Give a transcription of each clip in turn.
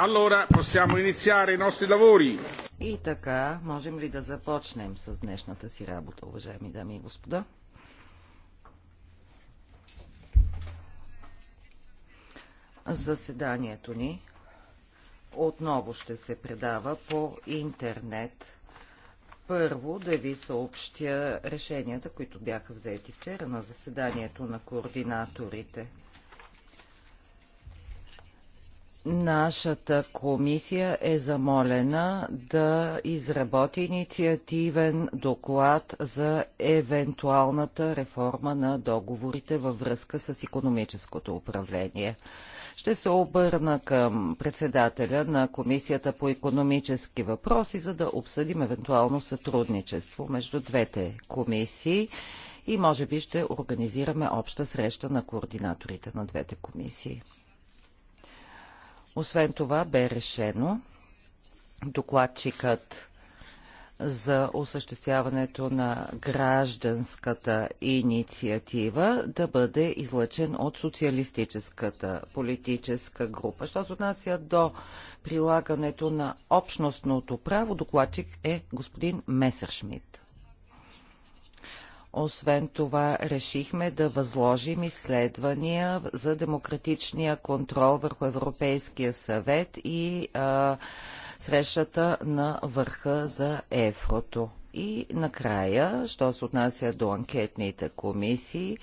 Allora possiamo iniziare i nostri lavori. И така, можем ли да започнем с днешната си работа, уважаеми дами и господа? Заседанието ни отново ще се предава по интернет. Първо да ви съобщя решенията, които бяха взети вчера на заседанието на координаторите. Нашата комисия е замолена да изработи инициативен доклад за евентуалната реформа на договорите във връзка с економическото управление. Ще се обърна към председателя на Комисията по економически въпроси, за да обсъдим евентуално сътрудничество между двете комисии и може би ще организираме обща среща на координаторите на двете комисии. Освен това бе решено докладчикът за осъществяването на гражданската инициатива да бъде излъчен от социалистическата политическа група. Що се отнася до прилагането на общностното право, докладчик е господин Месершмидт. Освен това, решихме да възложим изследвания за демократичния контрол върху Европейския съвет и а, срещата на върха за ефрото. И накрая, що се отнася до анкетните комисии,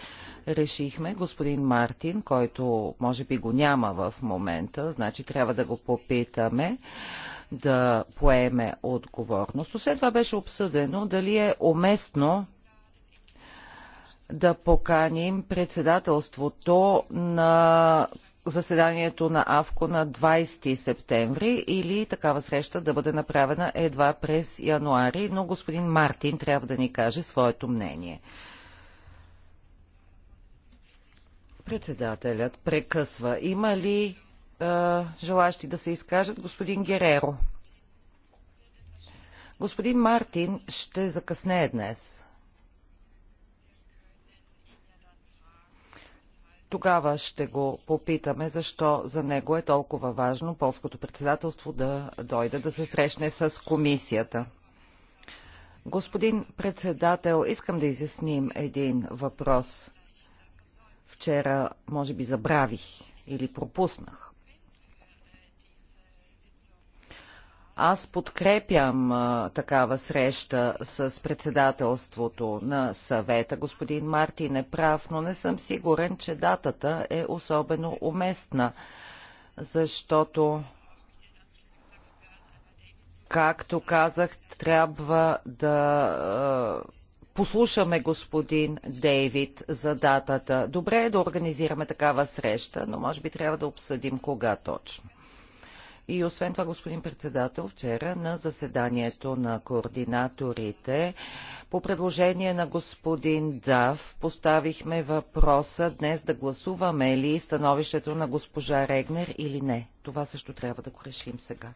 решихме господин Мартин, който може би го няма в момента, значи трябва да го попитаме, да поеме отговорност. След това беше обсъдено дали е уместно да поканим председателството на заседанието на АВКО на 20 септември или такава среща да бъде направена едва през януари, но господин Мартин трябва да ни каже своето мнение. Председателят прекъсва. Има ли е, желащи да се изкажат? Господин Гереро. Господин Мартин ще закъснее днес. Тогава ще го попитаме защо за него е толкова важно полското председателство да дойде да се срещне с комисията. Господин председател, искам да изясним един въпрос. Вчера, може би, забравих или пропуснах Аз подкрепям а, такава среща с председателството на съвета. Господин Мартин е прав, но не съм сигурен, че датата е особено уместна, защото, както казах, трябва да а, послушаме господин Дейвид за датата. Добре е да организираме такава среща, но може би трябва да обсъдим кога точно. И освен това, господин председател, вчера на заседанието на координаторите по предложение на господин Дав поставихме въпроса днес да гласуваме ли становището на госпожа Регнер или не. Това също трябва да го решим сега.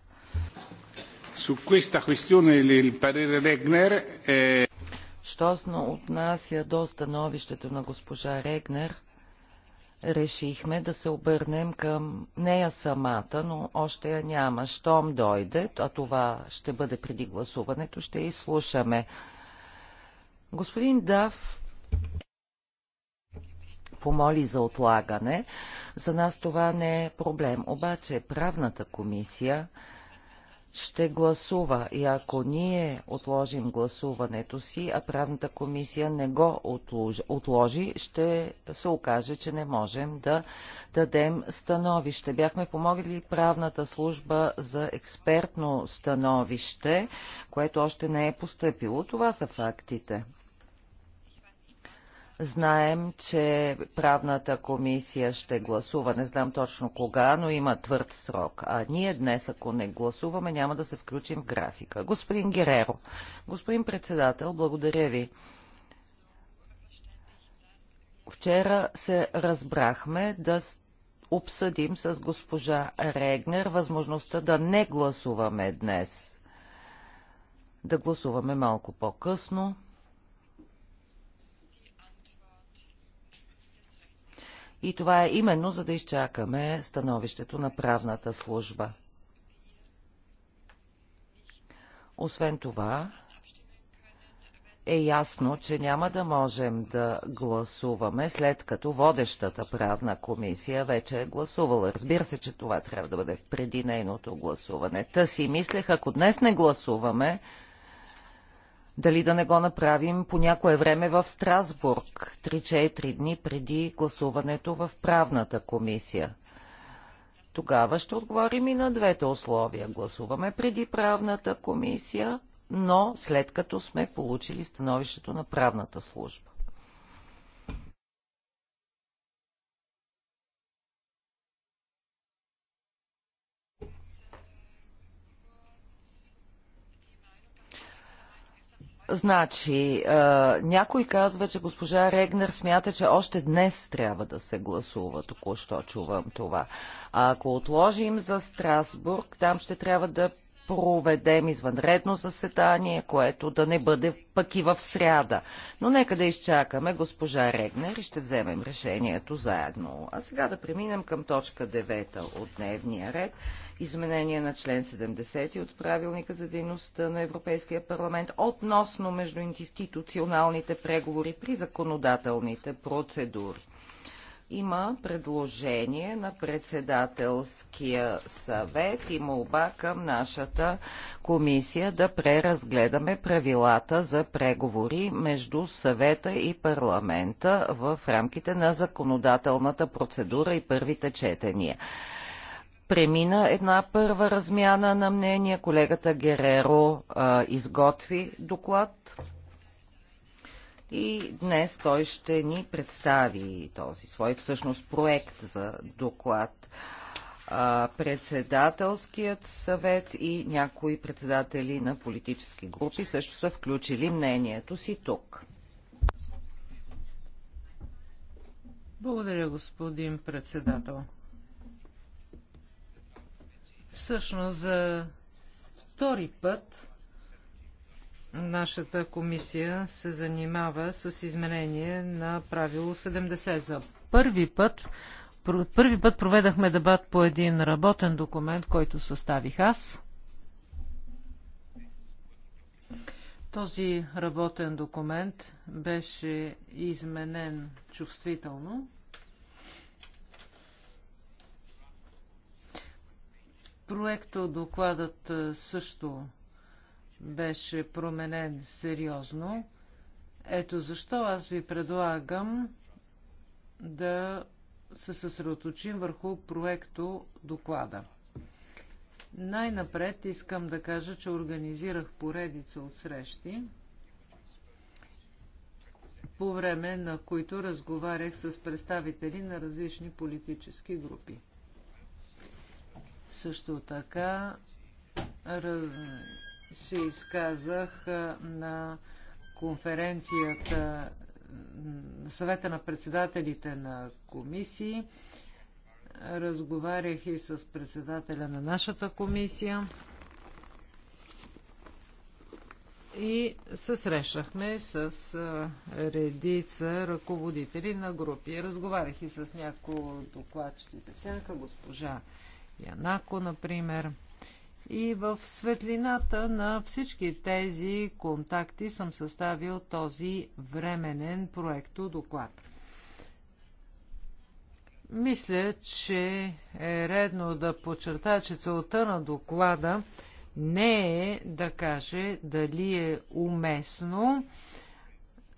Що отнася до становището на госпожа Регнер, решихме да се обърнем към нея самата, но още я няма. Щом дойде, а това ще бъде преди гласуването, ще изслушаме. Господин Дав помоли за отлагане. За нас това не е проблем. Обаче правната комисия ще гласува и ако ние отложим гласуването си, а правната комисия не го отложи, отложи, ще се окаже, че не можем да дадем становище. Бяхме помогли правната служба за експертно становище, което още не е поступило. Това са фактите. Знаем, че правната комисия ще гласува, не знам точно кога, но има твърд срок. А ние днес, ако не гласуваме, няма да се включим в графика. Господин Гереро, господин председател, благодаря ви. Вчера се разбрахме да обсъдим с госпожа Регнер възможността да не гласуваме днес. Да гласуваме малко по-късно. И това е именно за да изчакаме становището на правната служба. Освен това, е ясно, че няма да можем да гласуваме, след като водещата правна комисия вече е гласувала. Разбира се, че това трябва да бъде преди нейното гласуване. Та си мислех, ако днес не гласуваме, дали да не го направим по някое време в Страсбург, 3-4 дни преди гласуването в правната комисия? Тогава ще отговорим и на двете условия. Гласуваме преди правната комисия, но след като сме получили становището на правната служба. Значи, някой казва, че госпожа Регнер смята, че още днес трябва да се гласува. Току-що чувам това. А ако отложим за Страсбург, там ще трябва да проведем извънредно заседание, което да не бъде пък и в сряда. Но нека да изчакаме госпожа Регнер и ще вземем решението заедно. А сега да преминем към точка 9 от дневния ред. Изменение на член 70 от правилника за дейността на Европейския парламент относно междуинституционалните преговори при законодателните процедури. Има предложение на председателския съвет и молба към нашата комисия да преразгледаме правилата за преговори между съвета и парламента в рамките на законодателната процедура и първите четения. Премина една първа размяна на мнения. Колегата Гереро а, изготви доклад и днес той ще ни представи този свой всъщност проект за доклад. Председателският съвет и някои председатели на политически групи също са включили мнението си тук. Благодаря, господин председател. Всъщност за втори път Нашата комисия се занимава с изменение на правило 70. За първи път, първи път проведахме дебат по един работен документ, който съставих аз. Този работен документ беше изменен чувствително. Проекто докладът също беше променен сериозно. Ето защо аз ви предлагам да се съсредоточим върху проекто доклада. Най-напред искам да кажа, че организирах поредица от срещи, по време на които разговарях с представители на различни политически групи. Също така раз се изказах на конференцията на съвета на председателите на комисии. Разговарях и с председателя на нашата комисия и се срещахме с редица ръководители на групи. Разговарях и с някои докладчиците. Всяка госпожа Янако, например. И в светлината на всички тези контакти съм съставил този временен проекто доклад. Мисля, че е редно да подчертая, че целта на доклада не е да каже дали е уместно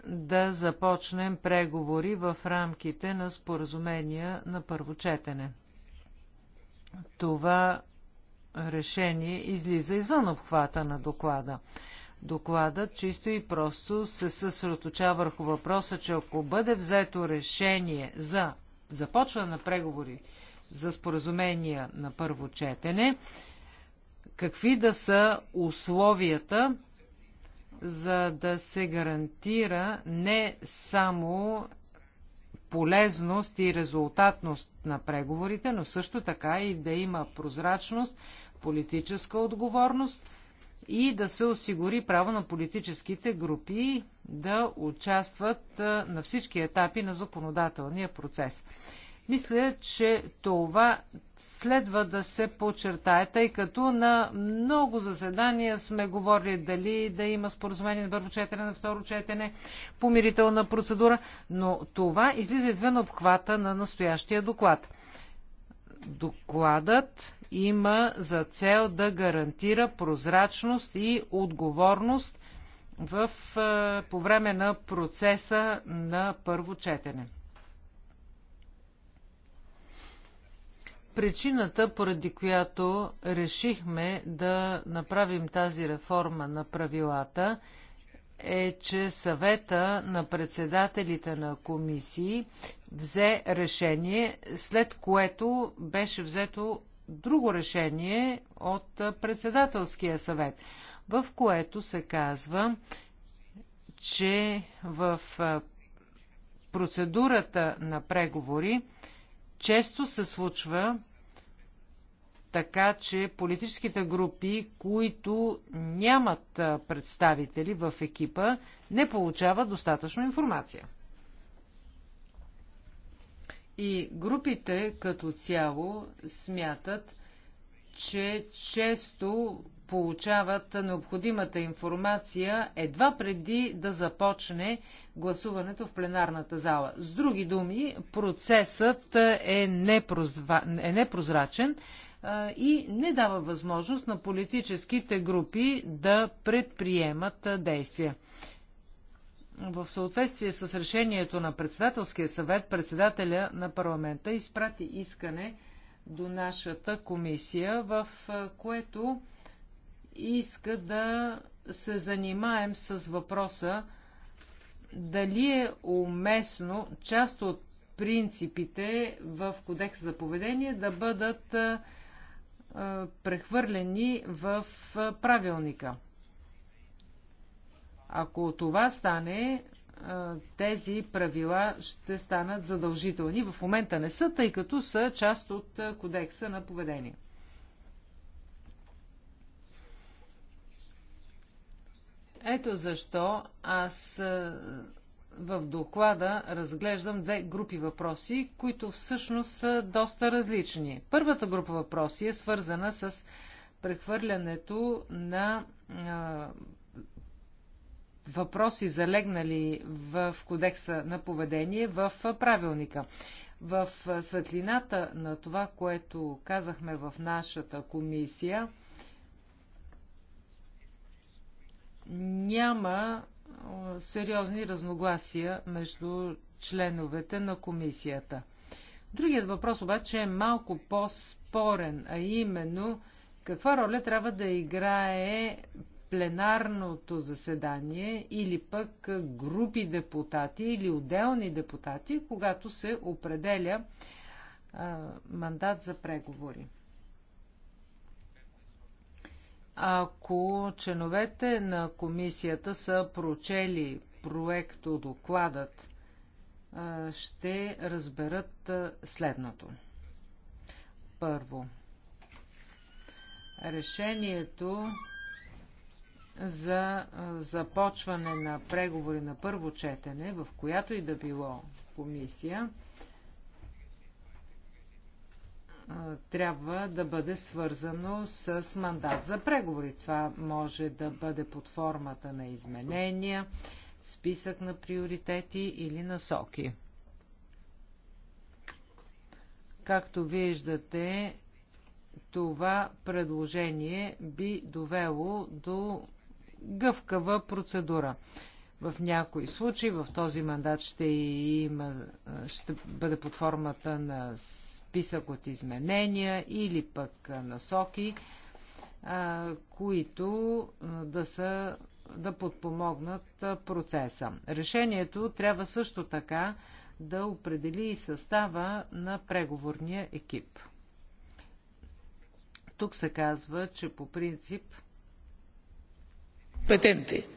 да започнем преговори в рамките на споразумения на първо четене. Това решение излиза извън обхвата на доклада. Докладът чисто и просто се съсредоточава върху въпроса, че ако бъде взето решение за започване на преговори за споразумения на първо четене, какви да са условията, за да се гарантира не само полезност и резултатност на преговорите, но също така и да има прозрачност, политическа отговорност и да се осигури право на политическите групи да участват на всички етапи на законодателния процес. Мисля, че това следва да се подчертае, тъй като на много заседания сме говорили дали да има споразумение на първо четене, на второ четене, помирителна процедура, но това излиза извън обхвата на настоящия доклад. Докладът има за цел да гарантира прозрачност и отговорност в, е, по време на процеса на първо четене. Причината, поради която решихме да направим тази реформа на правилата, е, че съвета на председателите на комисии взе решение, след което беше взето друго решение от председателския съвет, в което се казва, че в процедурата на преговори често се случва така, че политическите групи, които нямат представители в екипа, не получават достатъчно информация. И групите като цяло смятат, че често получават необходимата информация едва преди да започне гласуването в пленарната зала. С други думи, процесът е, непрозва... е непрозрачен а, и не дава възможност на политическите групи да предприемат действия. В съответствие с решението на председателския съвет, председателя на парламента изпрати искане до нашата комисия, в което иска да се занимаем с въпроса дали е уместно част от принципите в Кодекса за поведение да бъдат прехвърлени в правилника. Ако това стане, тези правила ще станат задължителни. В момента не са, тъй като са част от Кодекса на поведение. Ето защо аз е, в доклада разглеждам две групи въпроси, които всъщност са доста различни. Първата група въпроси е свързана с прехвърлянето на а, е, въпроси, залегнали в кодекса на поведение в е, правилника. В светлината на това, което казахме в нашата комисия, няма сериозни разногласия между членовете на комисията. Другият въпрос обаче е малко по-спорен, а именно каква роля трябва да играе пленарното заседание или пък групи депутати или отделни депутати, когато се определя а, мандат за преговори. Ако членовете на комисията са прочели проекто докладът, ще разберат следното. Първо, решението за започване на преговори на първо четене, в която и да било комисия, трябва да бъде свързано с мандат за преговори. Това може да бъде под формата на изменения, списък на приоритети или насоки. Както виждате, това предложение би довело до гъвкава процедура. В някои случаи в този мандат ще, има, ще бъде под формата на списък от изменения или пък насоки, които да са да подпомогнат процеса. Решението трябва също така да определи и състава на преговорния екип. Тук се казва, че по принцип компетенти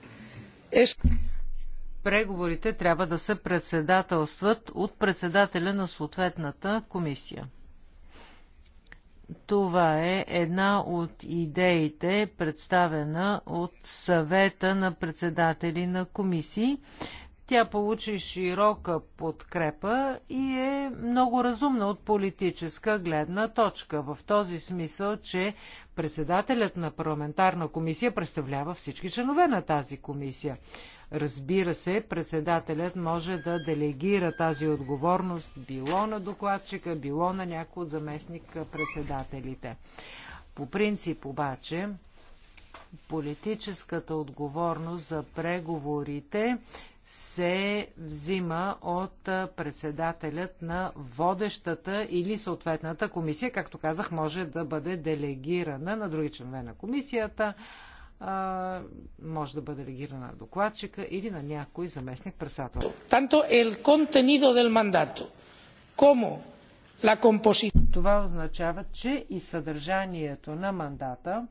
преговорите трябва да се председателстват от председателя на съответната комисия. Това е една от идеите, представена от съвета на председатели на комисии. Тя получи широка подкрепа и е много разумна от политическа гледна точка, в този смисъл, че председателят на парламентарна комисия представлява всички членове на тази комисия. Разбира се, председателят може да делегира тази отговорност било на докладчика, било на някой от заместник председателите. По принцип обаче, политическата отговорност за преговорите се взима от председателят на водещата или съответната комисия. Както казах, може да бъде делегирана на други членове на комисията, а, може да бъде легирана на докладчика или на някой заместник председател. Танто el контенидо дел мандато, como ла Това означава, че и съдържанието на мандата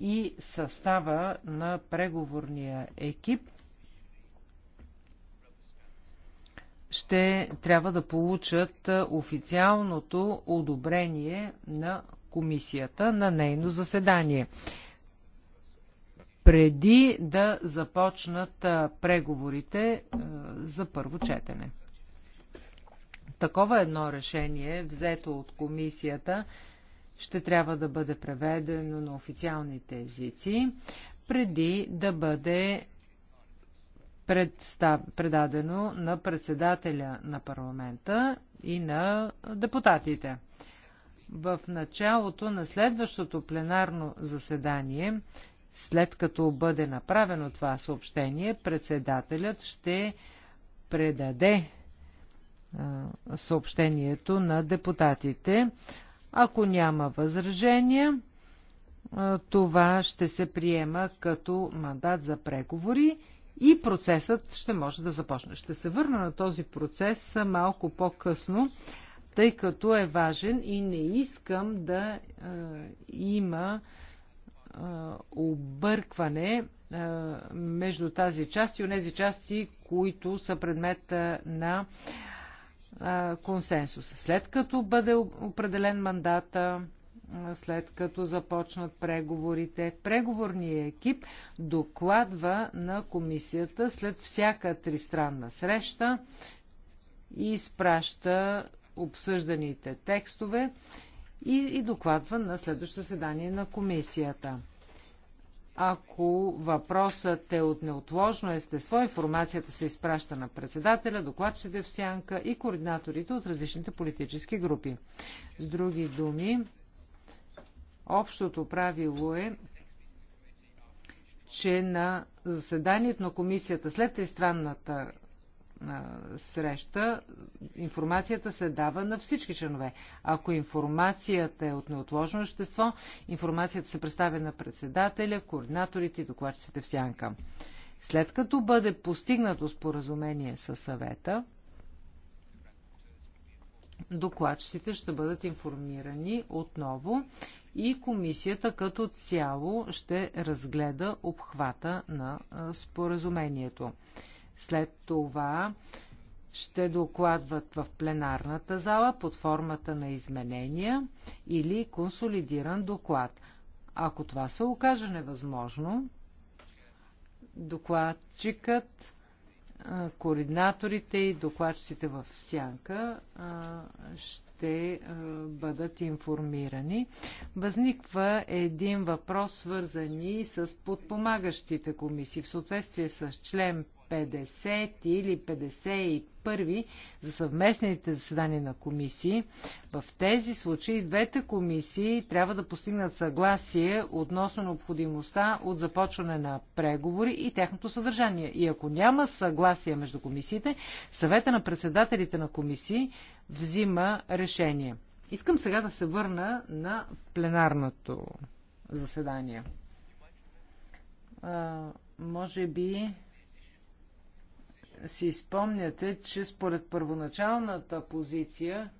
и състава на преговорния екип ще трябва да получат официалното одобрение на комисията на нейно заседание преди да започнат преговорите за първо четене. Такова едно решение, взето от комисията, ще трябва да бъде преведено на официалните езици, преди да бъде предадено на председателя на парламента и на депутатите. В началото на следващото пленарно заседание след като бъде направено това съобщение, председателят ще предаде съобщението на депутатите. Ако няма възражения, това ще се приема като мандат за преговори и процесът ще може да започне. Ще се върна на този процес малко по-късно, тъй като е важен и не искам да има объркване между тази част и тези части, които са предмет на консенсус. След като бъде определен мандата, след като започнат преговорите, преговорния екип докладва на комисията след всяка тристранна среща и изпраща обсъжданите текстове и, и докладва на следващото седание на комисията. Ако въпросът е от неотложно естество, информацията се изпраща на председателя, докладчите в сянка и координаторите от различните политически групи. С други думи, общото правило е, че на заседанието на комисията след тристранната среща, информацията се дава на всички членове. Ако информацията е от неотложно общество, информацията се представя на председателя, координаторите и докладчиците в сянка. След като бъде постигнато споразумение със съвета, докладчиците ще бъдат информирани отново и комисията като цяло ще разгледа обхвата на споразумението. След това ще докладват в пленарната зала под формата на изменения или консолидиран доклад. Ако това се окаже невъзможно, докладчикът, координаторите и докладчиците в сянка ще бъдат информирани. Възниква един въпрос, свързани с подпомагащите комисии. В съответствие с член 50 или 51 за съвместните заседания на комисии, в тези случаи двете комисии трябва да постигнат съгласие относно необходимостта от започване на преговори и тяхното съдържание. И ако няма съгласие между комисиите, съвета на председателите на комисии взима решение. Искам сега да се върна на пленарното заседание. А, може би си спомняте, че според първоначалната позиция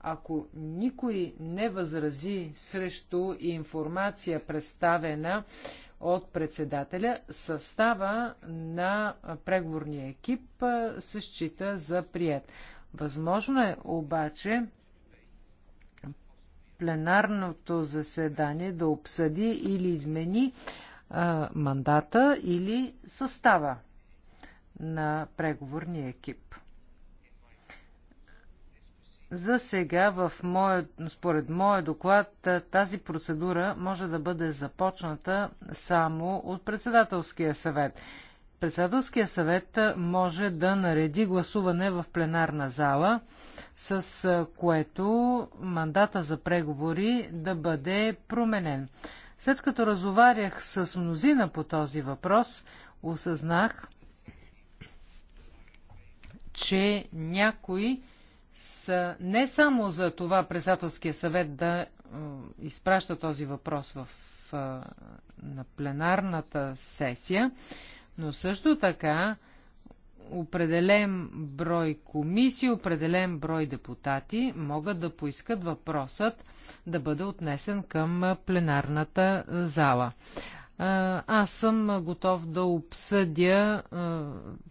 ако никой не възрази срещу информация представена от председателя, състава на преговорния екип се счита за прият. Възможно е обаче пленарното заседание да обсъди или измени мандата или състава на преговорния екип. За сега, в мое, според моя доклад, тази процедура може да бъде започната само от председателския съвет. Председателския съвет може да нареди гласуване в пленарна зала, с което мандата за преговори да бъде променен. След като разговарях с мнозина по този въпрос, осъзнах, че някои са не само за това председателския съвет да е, изпраща този въпрос в, е, на пленарната сесия, но също така определен брой комисии, определен брой депутати могат да поискат въпросът да бъде отнесен към пленарната зала. Аз съм готов да обсъдя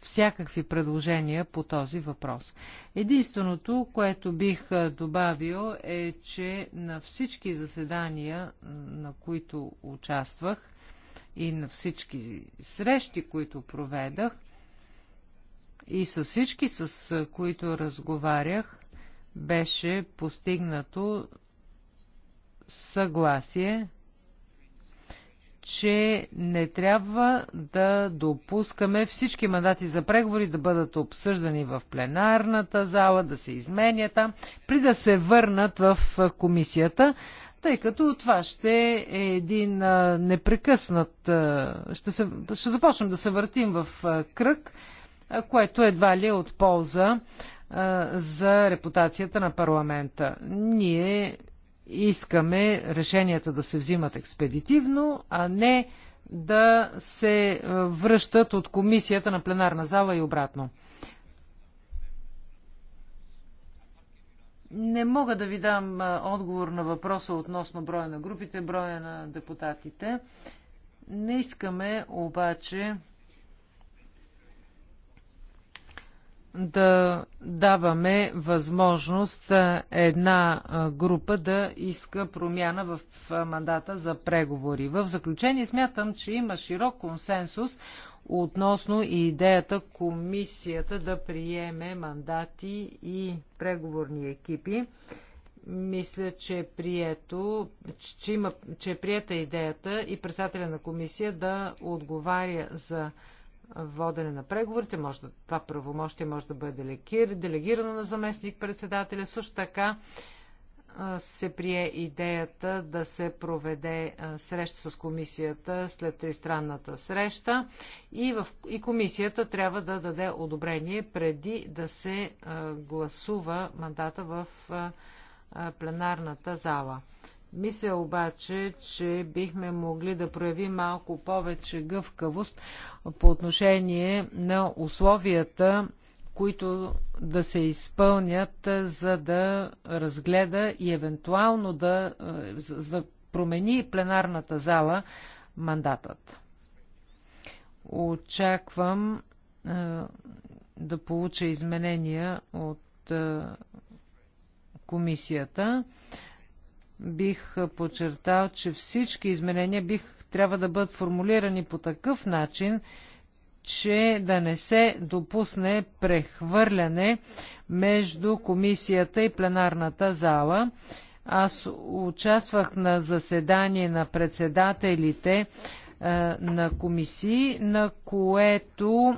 всякакви предложения по този въпрос. Единственото, което бих добавил е, че на всички заседания, на които участвах и на всички срещи, които проведах, и с всички, с които разговарях, беше постигнато съгласие, че не трябва да допускаме всички мандати за преговори да бъдат обсъждани в пленарната зала, да се изменят там, при да се върнат в комисията, тъй като това ще е един непрекъснат... Ще, се, ще започнем да се въртим в кръг което едва ли е от полза за репутацията на парламента. Ние искаме решенията да се взимат експедитивно, а не да се връщат от комисията на пленарна зала и обратно. Не мога да ви дам отговор на въпроса относно броя на групите, броя на депутатите. Не искаме обаче да даваме възможност една група да иска промяна в мандата за преговори. В заключение смятам, че има широк консенсус относно идеята комисията да приеме мандати и преговорни екипи. Мисля, че е, прието, че, има, че е прията идеята и председателя на комисия да отговаря за водене на преговорите. Може да, това правомощие може да бъде делегир, делегирано на заместник-председателя. Също така се прие идеята да се проведе среща с комисията след тристранната среща и, в, и комисията трябва да даде одобрение преди да се гласува мандата в пленарната зала. Мисля обаче, че бихме могли да проявим малко повече гъвкавост по отношение на условията, които да се изпълнят, за да разгледа и евентуално да, за да промени пленарната зала мандатът. Очаквам е, да получа изменения от е, комисията бих подчертал, че всички изменения бих трябва да бъдат формулирани по такъв начин, че да не се допусне прехвърляне между комисията и пленарната зала. Аз участвах на заседание на председателите е, на комисии, на което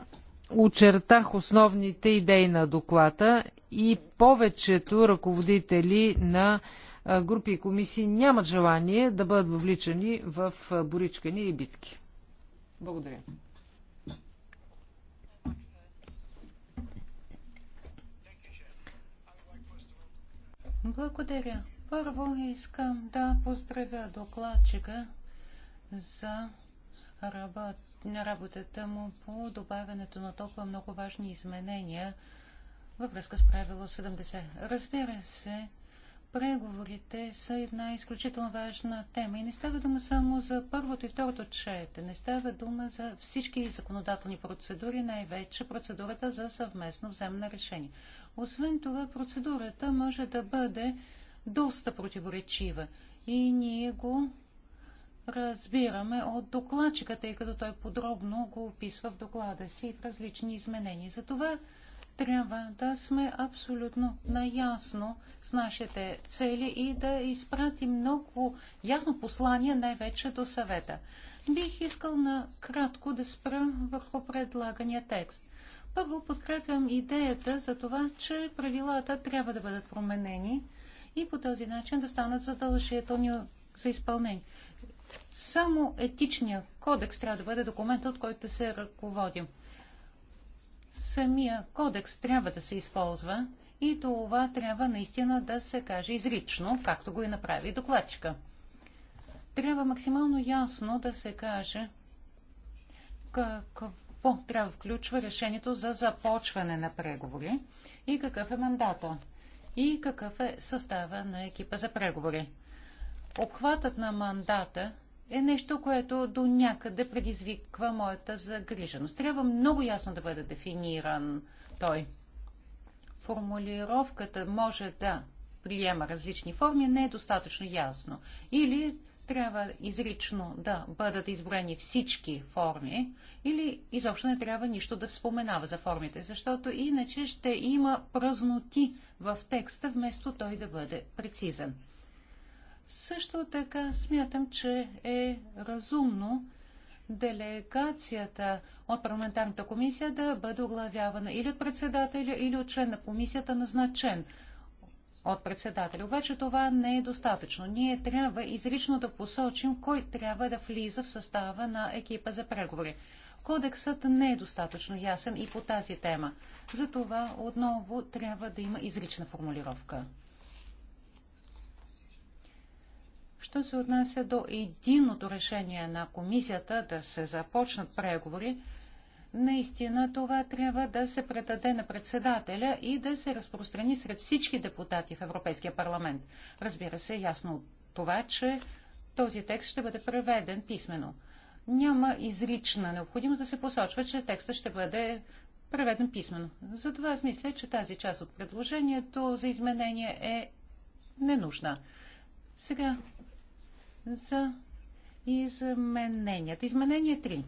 очертах основните идеи на доклада и повечето ръководители на е, групи и комисии нямат желание да бъдат въвличани в боричкани и битки. Благодаря. Благодаря. Първо искам да поздравя докладчика за работ... работата му по добавянето на толкова много важни изменения във връзка с правило 70. Разбира се, преговорите са една изключително важна тема. И не става дума само за първото и второто чете. Не става дума за всички законодателни процедури, най-вече процедурата за съвместно вземане на решение. Освен това, процедурата може да бъде доста противоречива. И ние го разбираме от докладчика, тъй като той подробно го описва в доклада си в различни изменения. Затова това трябва да сме абсолютно наясно с нашите цели и да изпратим много ясно послание най-вече до съвета. Бих искал на кратко да спра върху предлагания текст. Първо подкрепям идеята за това, че правилата трябва да бъдат променени и по този начин да станат задължителни за изпълнение. Само етичният кодекс трябва да бъде документът, от който се ръководим самия кодекс трябва да се използва и това трябва наистина да се каже изрично, както го и направи докладчика. Трябва максимално ясно да се каже какво трябва да включва решението за започване на преговори и какъв е мандата и какъв е състава на екипа за преговори. Обхватът на мандата е нещо, което до някъде предизвиква моята загриженост. Трябва много ясно да бъде дефиниран той. Формулировката може да приема различни форми, не е достатъчно ясно. Или трябва изрично да бъдат изброени всички форми, или изобщо не трябва нищо да споменава за формите, защото иначе ще има празноти в текста, вместо той да бъде прецизен. Също така смятам, че е разумно делегацията от парламентарната комисия да бъде оглавявана или от председателя, или от член на комисията, назначен от председателя. Обаче това не е достатъчно. Ние трябва изрично да посочим кой трябва да влиза в състава на екипа за преговори. Кодексът не е достатъчно ясен и по тази тема. Затова отново трябва да има изрична формулировка. Що се отнася до единното решение на комисията да се започнат преговори, наистина това трябва да се предаде на председателя и да се разпространи сред всички депутати в Европейския парламент. Разбира се, ясно това, че този текст ще бъде преведен писменно. Няма изрична необходимост да се посочва, че текстът ще бъде преведен писменно. Затова аз мисля, че тази част от предложението за изменение е ненужна. Сега за измененията. Изменение 3.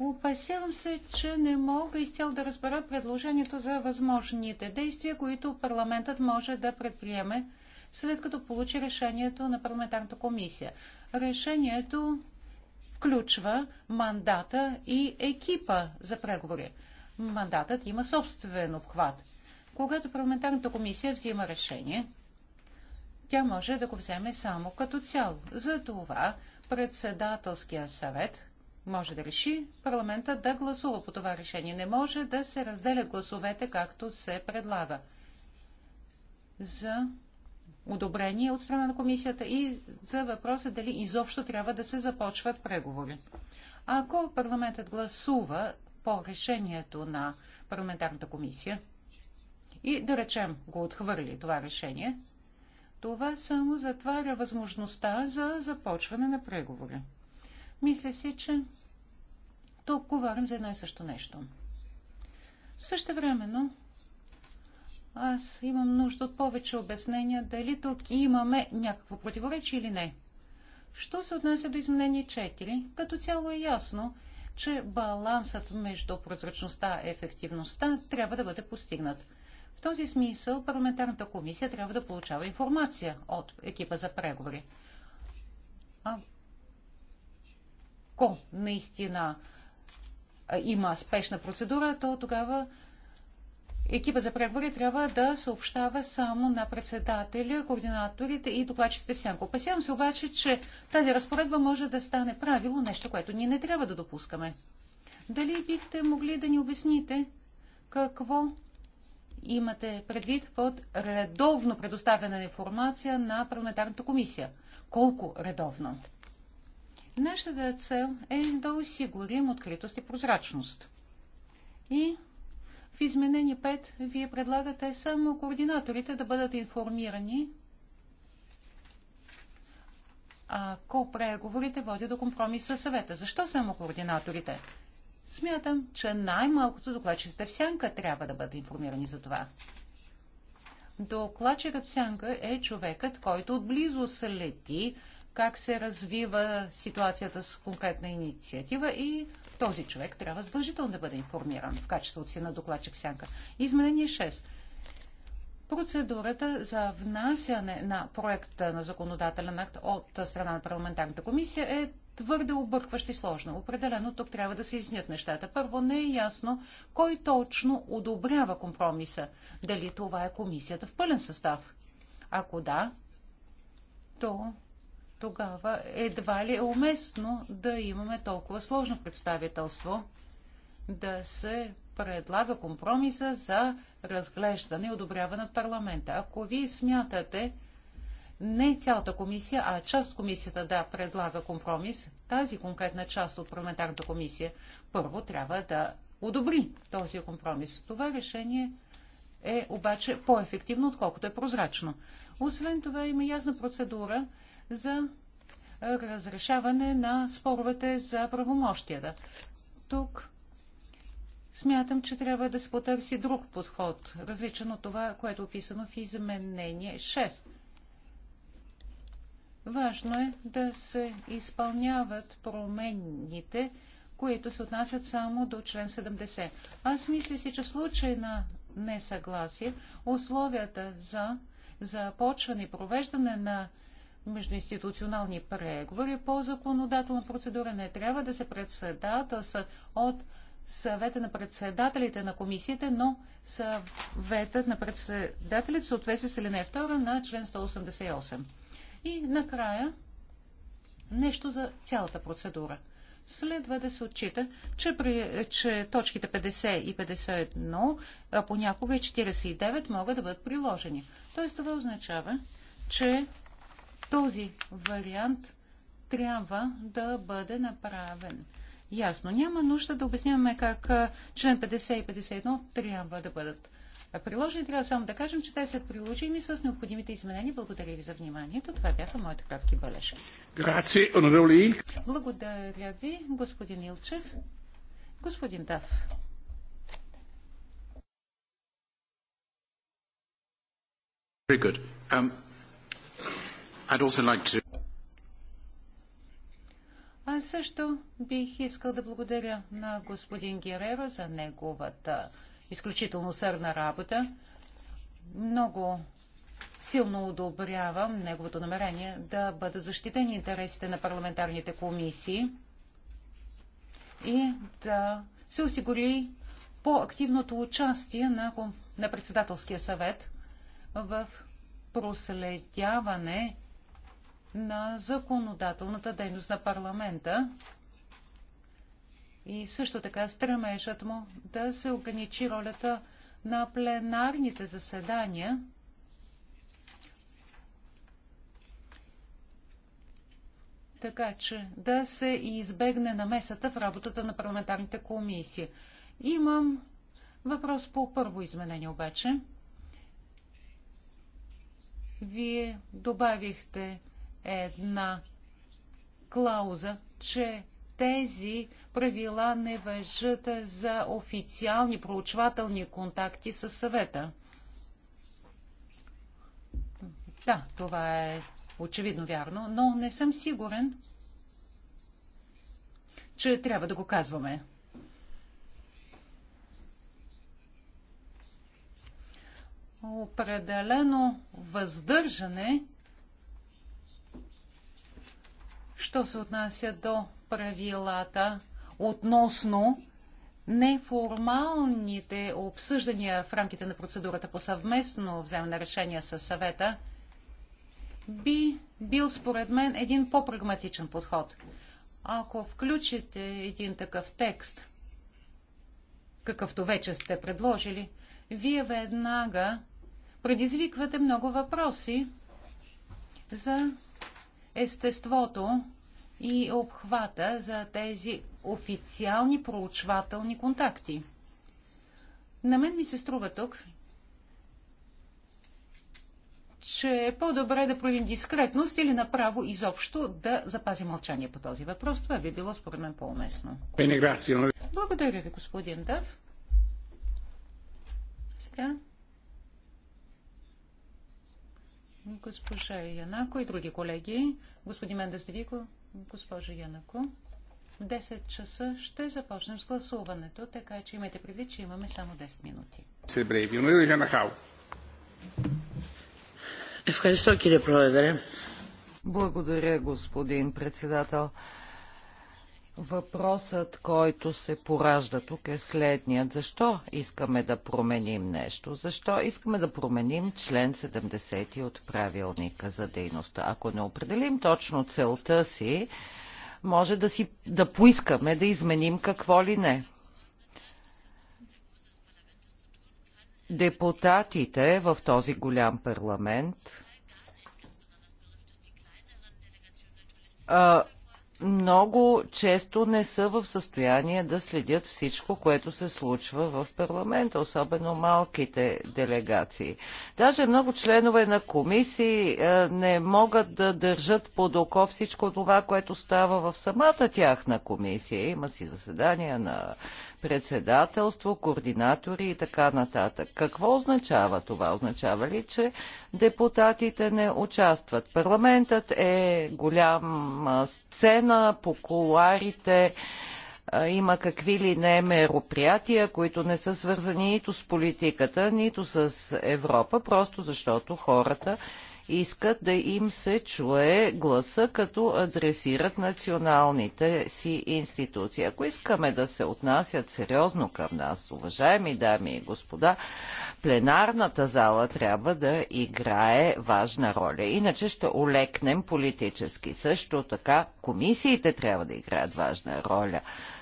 Опасявам се, че не мога изцяло да разбера предложението за възможните действия, които парламентът може да предприеме, след като получи решението на парламентарната комисия. Решението включва мандата и екипа за преговори. Мандатът има собствен обхват. Когато парламентарната комисия взима решение, тя може да го вземе само като цяло. За това председателския съвет може да реши парламента да гласува по това решение. Не може да се разделят гласовете, както се предлага за одобрение от страна на комисията и за въпроса дали изобщо трябва да се започват преговори. Ако парламентът гласува по решението на парламентарната комисия и да речем го отхвърли това решение, това само затваря възможността за започване на преговори. Мисля си, че тук говорим за едно и също нещо. Също времено, аз имам нужда от повече обяснения дали тук имаме някакво противоречие или не. Що се отнася до изменение 4, като цяло е ясно, че балансът между прозрачността и ефективността трябва да бъде постигнат – в този смисъл парламентарната комисия трябва да получава информация от екипа за преговори. Ако наистина има спешна процедура, то тогава екипа за преговори трябва да съобщава само на председателя, координаторите и докладчиците в сянко. Опасявам се обаче, че тази разпоредба може да стане правило, нещо, което ние не трябва да допускаме. Дали бихте могли да ни обясните какво имате предвид под редовно предоставяне на информация на парламентарната комисия. Колко редовно? Нашата цел е да осигурим откритост и прозрачност. И в изменение 5 вие предлагате само координаторите да бъдат информирани, ако преговорите водят до компромис със съвета. Защо само координаторите? Смятам, че най-малкото докладчиците в сянка трябва да бъдат информирани за това. Докладчикът в сянка е човекът, който отблизо следи как се развива ситуацията с конкретна инициатива и този човек трябва задължително да бъде информиран в качеството си на докладчик в сянка. Изменение 6. Процедурата за внасяне на проекта на законодателен акт от страна на парламентарната комисия е твърде объркващ и сложна. Определено тук трябва да се изнят нещата. Първо не е ясно кой точно одобрява компромиса. Дали това е комисията в пълен състав? Ако да, то тогава едва ли е уместно да имаме толкова сложно представителство, да се предлага компромиса за разглеждане и одобряване от парламента. Ако вие смятате, не цялата комисия, а част от комисията да предлага компромис, тази конкретна част от парламентарната комисия първо трябва да одобри този компромис. Това решение е обаче по-ефективно, отколкото е прозрачно. Освен това има ясна процедура за разрешаване на споровете за правомощията. Тук смятам, че трябва да се потърси друг подход, различен от това, което е описано в изменение 6. Важно е да се изпълняват промените, които се отнасят само до член 70. Аз мисля си, че в случай на несъгласие, условията за започване и провеждане на междуинституционални преговори по законодателна процедура не трябва да се председателстват от съвета на председателите на комисията, но съветът на председателите съответствие с Елене 2 на член 188. И накрая нещо за цялата процедура. Следва да се отчита, че, при, че точките 50 и 51, а понякога и 49 могат да бъдат приложени. Тоест това означава, че този вариант трябва да бъде направен. Ясно, няма нужда да обясняваме как член 50 и 51 трябва да бъдат приложени. Трябва само да кажем, че те са приложими с необходимите изменения. Благодаря ви за вниманието. Това бяха моите кратки бележки. Благодаря ви, господин Илчев. Господин Дав. Very good. Um, I'd also like to... Аз също бих искал да благодаря на господин Герера за неговата изключително усърдна работа. Много силно удобрявам неговото намерение да бъдат защитени интересите на парламентарните комисии и да се осигури по-активното участие на, на председателския съвет в проследяване на законодателната дейност на парламента и също така стремежът му да се ограничи ролята на пленарните заседания. Така че да се избегне намесата в работата на парламентарните комисии. Имам въпрос по първо изменение обаче. Вие добавихте една клауза, че тези правила не въжат за официални проучвателни контакти с съвета. Да, това е очевидно вярно, но не съм сигурен, че трябва да го казваме. Определено въздържане, що се отнася до правилата относно неформалните обсъждания в рамките на процедурата по съвместно вземане на решение със съвета би бил според мен един по-прагматичен подход. Ако включите един такъв текст, какъвто вече сте предложили, вие веднага предизвиквате много въпроси за естеството и обхвата за тези официални проучвателни контакти. На мен ми се струва тук, че е по-добре да проявим дискретност или направо изобщо да запази мълчание по този въпрос. Това би било според мен по-уместно. Нали? Благодаря ви, господин Дъв. Сега. Госпожа Янако и други колеги. Господин Мендес Девико госпожо Янако. В 10 часа ще започнем с гласуването, така че имайте предвид, че имаме само 10 минути. Се бреви, но и Янахао. Благодаря, господин председател. Въпросът, който се поражда тук е следният. Защо искаме да променим нещо? Защо искаме да променим член 70 от правилника за дейността? Ако не определим точно целта си, може да, си, да поискаме да изменим какво ли не. Депутатите в този голям парламент а, много често не са в състояние да следят всичко, което се случва в парламента, особено малките делегации. Даже много членове на комисии е, не могат да държат под око всичко това, което става в самата тяхна комисия. Има си заседания на председателство, координатори и така нататък. Какво означава това? Означава ли, че депутатите не участват? Парламентът е голяма сцена по коларите, има какви ли не мероприятия, които не са свързани нито с политиката, нито с Европа, просто защото хората искат да им се чуе гласа, като адресират националните си институции. Ако искаме да се отнасят сериозно към нас, уважаеми дами и господа, пленарната зала трябва да играе важна роля. Иначе ще олекнем политически. Също така комисиите трябва да играят важна роля.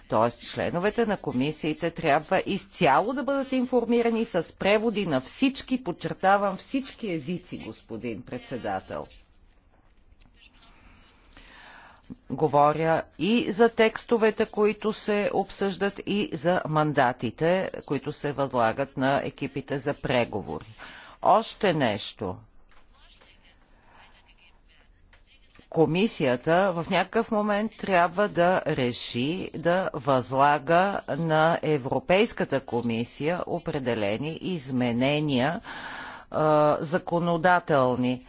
Т.е. членовете на комисиите трябва изцяло да бъдат информирани с преводи на всички, подчертавам всички езици, господин председател. Говоря и за текстовете, които се обсъждат, и за мандатите, които се възлагат на екипите за преговори. Още нещо. комисията в някакъв момент трябва да реши да възлага на Европейската комисия определени изменения законодателни.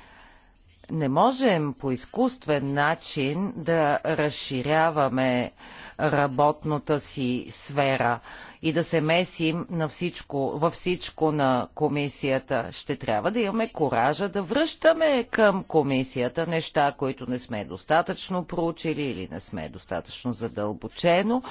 Не можем по изкуствен начин да разширяваме работната си сфера и да се месим на всичко, във всичко на комисията. Ще трябва да имаме коража да връщаме към комисията неща, които не сме достатъчно проучили или не сме достатъчно задълбочено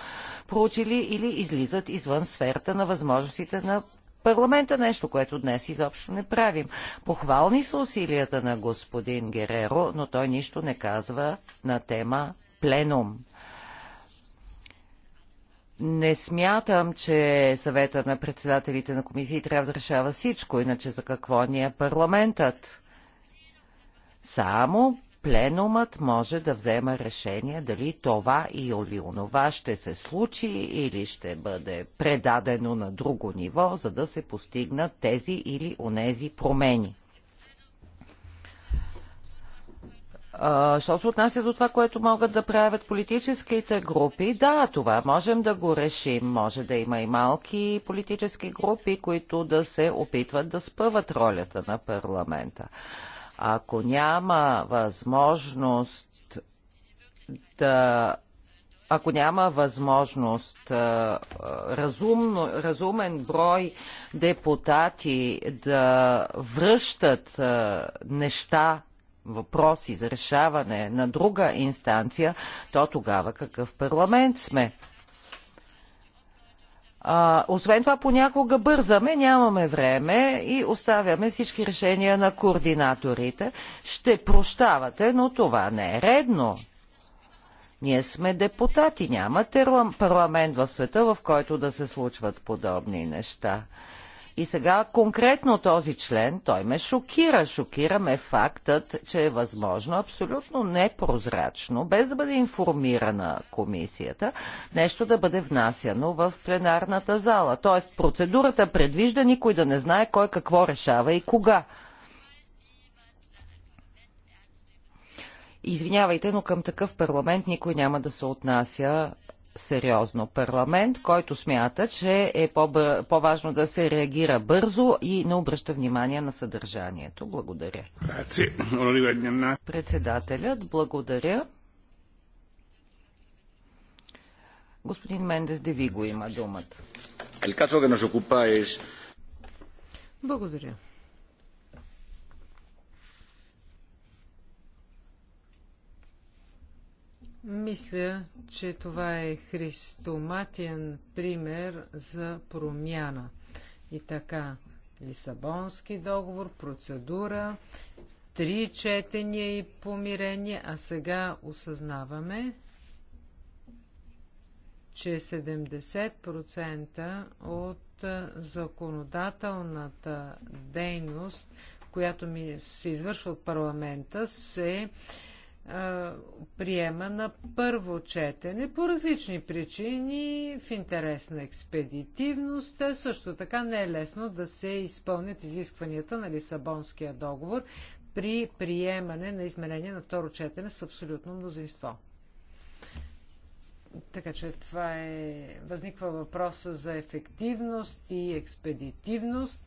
проучили или излизат извън сферата на възможностите на парламента, нещо, което днес изобщо не правим. Похвални са усилията на господин Гереро, но той нищо не казва на тема пленум. Не смятам, че съвета на председателите на комисии трябва да решава всичко, иначе за какво ни е парламентът? Само пленумът може да взема решение дали това или онова ще се случи или ще бъде предадено на друго ниво, за да се постигнат тези или онези промени. Що се отнася до това, което могат да правят политическите групи, да, това можем да го решим. Може да има и малки политически групи, които да се опитват да спъват ролята на парламента. Ако няма възможност да ако няма възможност разумно, разумен брой депутати да връщат неща въпроси за решаване на друга инстанция, то тогава какъв парламент сме? А, освен това, понякога бързаме, нямаме време и оставяме всички решения на координаторите. Ще прощавате, но това не е редно. Ние сме депутати, няма парламент в света, в който да се случват подобни неща. И сега конкретно този член, той ме шокира. Шокира ме фактът, че е възможно абсолютно непрозрачно, без да бъде информирана комисията, нещо да бъде внасяно в пленарната зала. Тоест процедурата предвижда никой да не знае кой какво решава и кога. Извинявайте, но към такъв парламент никой няма да се отнася сериозно. Парламент, който смята, че е по-важно да се реагира бързо и не обръща внимание на съдържанието. Благодаря. Председателят, благодаря. Господин Мендес Девиго има думата. Благодаря. Мисля, че това е христоматиен пример за промяна. И така, Лисабонски договор, процедура, три четения и помирение, а сега осъзнаваме, че 70% от законодателната дейност, която ми се извършва от парламента, се приема на първо четене по различни причини, в интерес на експедитивност. Също така не е лесно да се изпълнят изискванията на Лисабонския договор при приемане на изменение на второ четене с абсолютно мнозинство. Така че това е... Възниква въпроса за ефективност и експедитивност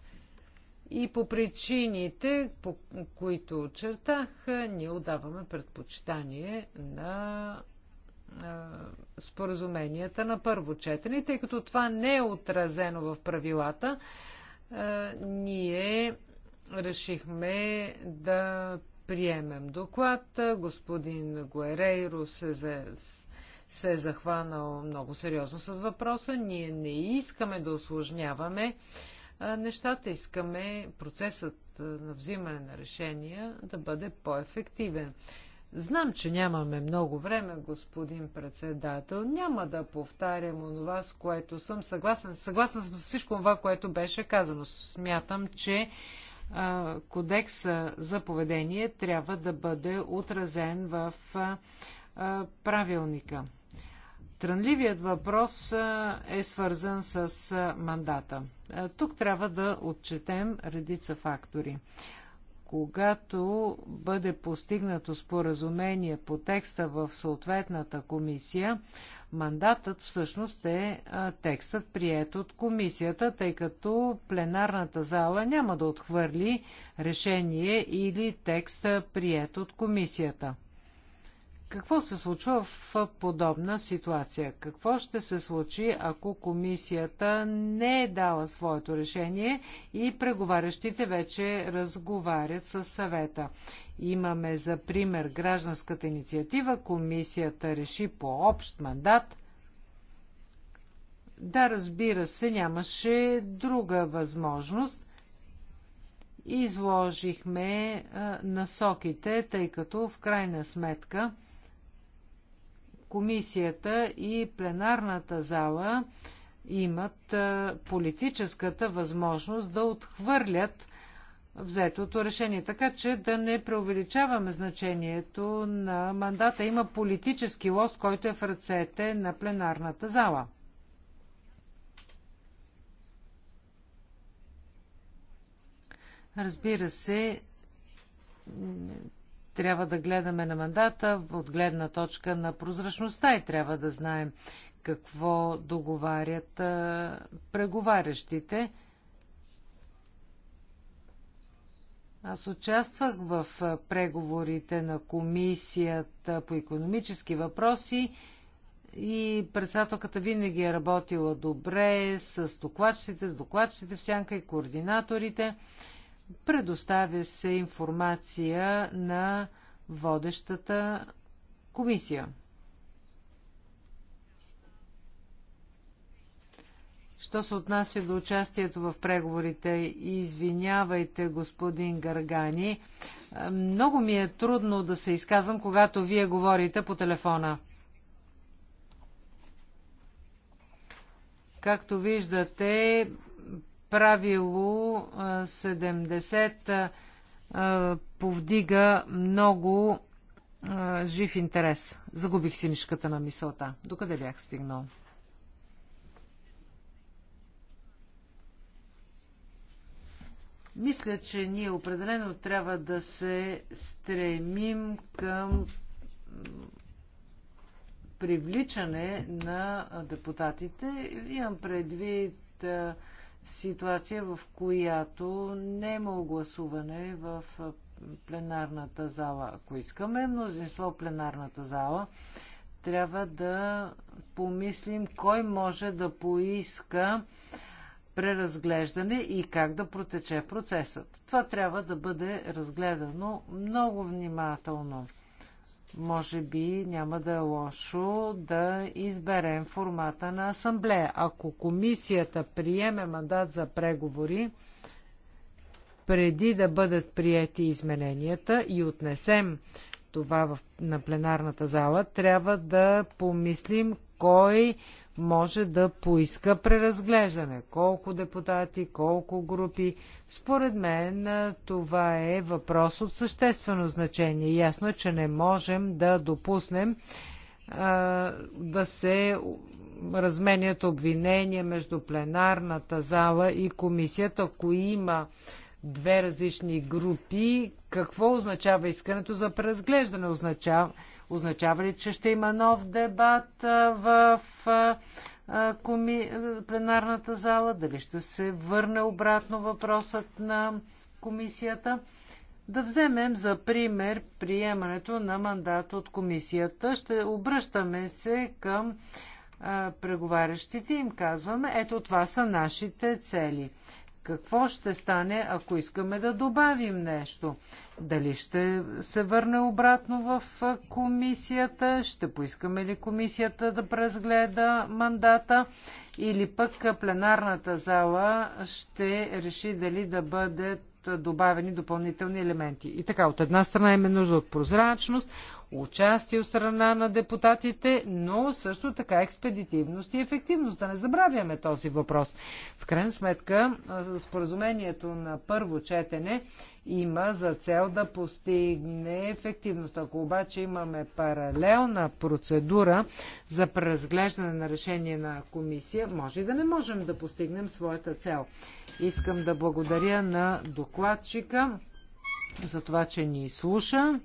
и по причините, по които очертах, ние отдаваме предпочитание на споразуменията на първо четене, тъй като това не е отразено в правилата, ние решихме да приемем доклад. Господин Гуерейро се, за... се е захванал много сериозно с въпроса. Ние не искаме да осложняваме нещата. Искаме процесът на взимане на решения да бъде по-ефективен. Знам, че нямаме много време, господин председател. Няма да повтарям онова, с което съм съгласен. Съгласен съм с всичко това, което беше казано. Смятам, че а, кодекса за поведение трябва да бъде отразен в а, правилника. Трънливият въпрос е свързан с мандата. Тук трябва да отчетем редица фактори. Когато бъде постигнато споразумение по текста в съответната комисия, мандатът всъщност е текстът прият от комисията, тъй като пленарната зала няма да отхвърли решение или текста прият от комисията. Какво се случва в подобна ситуация? Какво ще се случи, ако комисията не е дала своето решение и преговарящите вече разговарят с съвета? Имаме за пример гражданската инициатива. Комисията реши по общ мандат. Да, разбира се, нямаше друга възможност изложихме а, насоките, тъй като в крайна сметка комисията и пленарната зала имат политическата възможност да отхвърлят взетото решение. Така че да не преувеличаваме значението на мандата. Има политически лост, който е в ръцете на пленарната зала. Разбира се, трябва да гледаме на мандата от гледна точка на прозрачността и трябва да знаем какво договарят а, преговарящите. Аз участвах в преговорите на комисията по економически въпроси и председателката винаги е работила добре с докладчите, с докладчите в сянка и координаторите. Предоставя се информация на водещата комисия. Що се отнася до участието в преговорите, извинявайте, господин Гаргани, много ми е трудно да се изказвам, когато вие говорите по телефона. Както виждате, правило 70 повдига много жив интерес. Загубих си мишката на мисълта. Докъде бях стигнал? Мисля, че ние определено трябва да се стремим към привличане на депутатите. Имам предвид ситуация, в която не няма е огласуване в пленарната зала. Ако искаме мнозинство в пленарната зала, трябва да помислим кой може да поиска преразглеждане и как да протече процесът. Това трябва да бъде разгледано много внимателно. Може би няма да е лошо да изберем формата на асамблея. Ако комисията приеме мандат за преговори, преди да бъдат приети измененията и отнесем това в, на пленарната зала, трябва да помислим кой може да поиска преразглеждане. Колко депутати, колко групи. Според мен това е въпрос от съществено значение. Ясно е, че не можем да допуснем а, да се разменят обвинения между пленарната зала и комисията, ако има две различни групи. Какво означава искането за преразглеждане? Означава, означава ли, че ще има нов дебат в коми... пленарната зала? Дали ще се върне обратно въпросът на комисията? Да вземем за пример приемането на мандат от комисията. Ще обръщаме се към преговарящите им казваме, ето това са нашите цели. Какво ще стане, ако искаме да добавим нещо? Дали ще се върне обратно в комисията? Ще поискаме ли комисията да презгледа мандата? Или пък пленарната зала ще реши дали да бъдат добавени допълнителни елементи? И така, от една страна имаме нужда от прозрачност, участие от страна на депутатите, но също така експедитивност и ефективност. Да не забравяме този въпрос. В крайна сметка, споразумението на първо четене има за цел да постигне ефективност. Ако обаче имаме паралелна процедура за преразглеждане на решение на комисия, може и да не можем да постигнем своята цел. Искам да благодаря на докладчика за това, че ни слуша.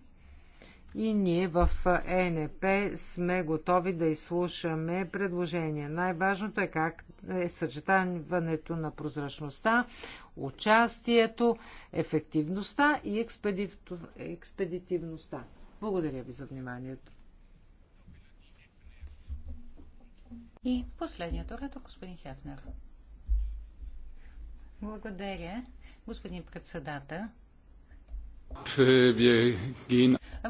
И ние в ЕНП сме готови да изслушаме предложения. Най-важното е как е съчетаването на прозрачността, участието, ефективността и експедитивността. Благодаря ви за вниманието. И последният оратор, господин Хефнер. Благодаря, господин председател.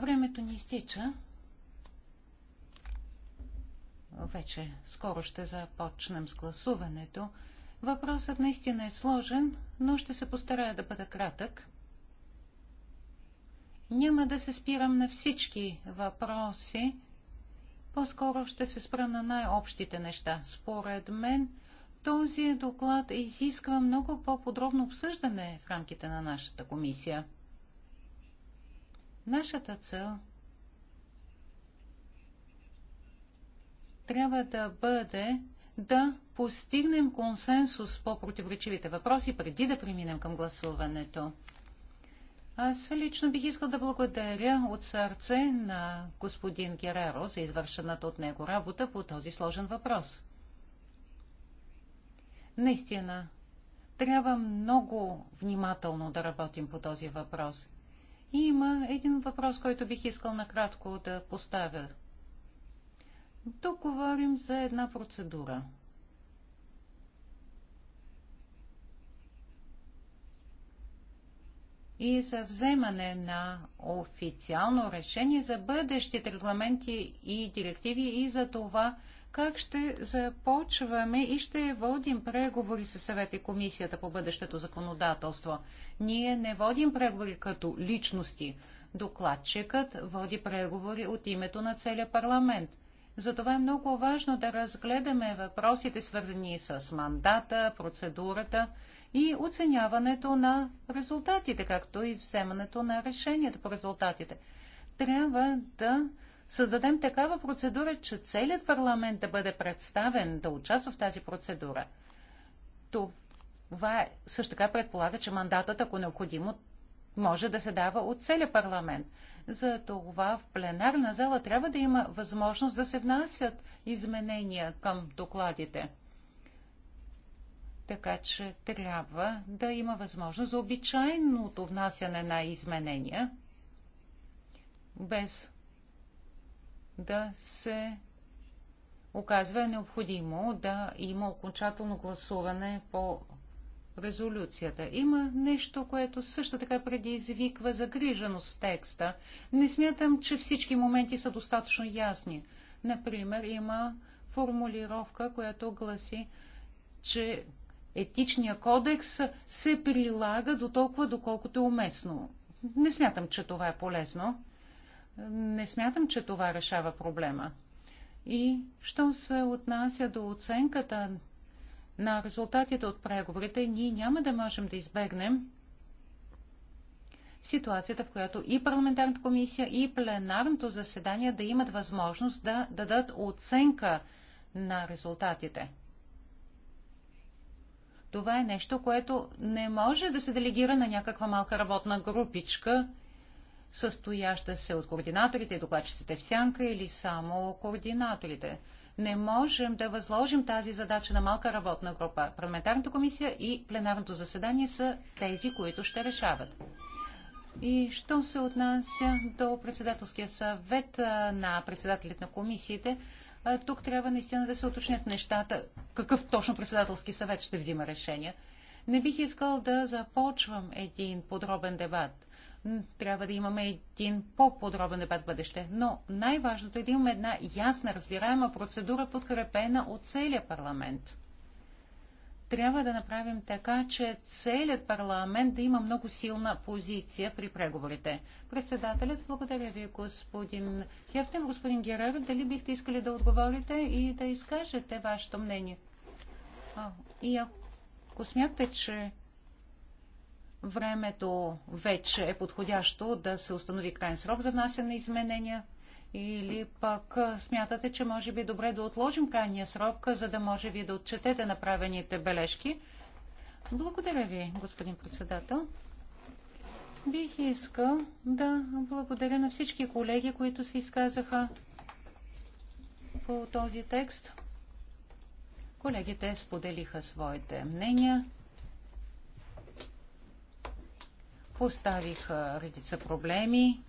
Времето ни изтича. Вече скоро ще започнем с гласуването. Въпросът наистина е сложен, но ще се постарая да бъда кратък. Няма да се спирам на всички въпроси. По-скоро ще се спра на най-общите неща. Според мен, този доклад изисква много по-подробно обсъждане в рамките на нашата комисия. Нашата цел трябва да бъде да постигнем консенсус по противоречивите въпроси преди да преминем към гласуването. Аз лично бих искал да благодаря от сърце на господин Гереро за извършената от него работа по този сложен въпрос. Наистина, трябва много внимателно да работим по този въпрос. И има един въпрос, който бих искал накратко да поставя. Тук говорим за една процедура. и за вземане на официално решение за бъдещите регламенти и директиви и за това как ще започваме и ще водим преговори с съвета и комисията по бъдещето законодателство. Ние не водим преговори като личности. Докладчикът води преговори от името на целия парламент. Затова е много важно да разгледаме въпросите, свързани с мандата, процедурата и оценяването на резултатите, както и вземането на решението по резултатите. Трябва да създадем такава процедура, че целият парламент да бъде представен, да участва в тази процедура. Това е- също така предполага, че мандатът, ако необходимо, може да се дава от целият парламент. За това в пленарна зала трябва да има възможност да се внасят изменения към докладите. Така че трябва да има възможност за обичайното внасяне на изменения, без да се оказва необходимо да има окончателно гласуване по резолюцията. Има нещо, което също така предизвиква загриженост в текста. Не смятам, че всички моменти са достатъчно ясни. Например, има формулировка, която гласи, че етичния кодекс се прилага до толкова, доколкото е уместно. Не смятам, че това е полезно не смятам, че това решава проблема. И що се отнася до оценката на резултатите от преговорите, ние няма да можем да избегнем ситуацията, в която и парламентарната комисия, и пленарното заседание да имат възможност да дадат оценка на резултатите. Това е нещо, което не може да се делегира на някаква малка работна групичка – състояща се от координаторите и докладчиците в сянка или само координаторите. Не можем да възложим тази задача на малка работна група. Парламентарната комисия и пленарното заседание са тези, които ще решават. И що се отнася до председателския съвет на председателите на комисиите, тук трябва наистина да се уточнят нещата, какъв точно председателски съвет ще взима решения. Не бих искал да започвам един подробен дебат – трябва да имаме един по-подробен дебат в бъдеще. Но най-важното е да имаме една ясна, разбираема процедура, подкрепена от целия парламент. Трябва да направим така, че целият парламент да има много силна позиция при преговорите. Председателят, благодаря ви, господин Хефтен. Господин Герер, дали бихте искали да отговорите и да изкажете вашето мнение? А, и ако смятате, че времето вече е подходящо да се установи крайен срок за внасяне на изменения? Или пък смятате, че може би е добре да отложим крайния срок, за да може ви да отчетете направените бележки? Благодаря ви, господин председател. Бих искал да благодаря на всички колеги, които се изказаха по този текст. Колегите споделиха своите мнения. Поставих редица проблеми.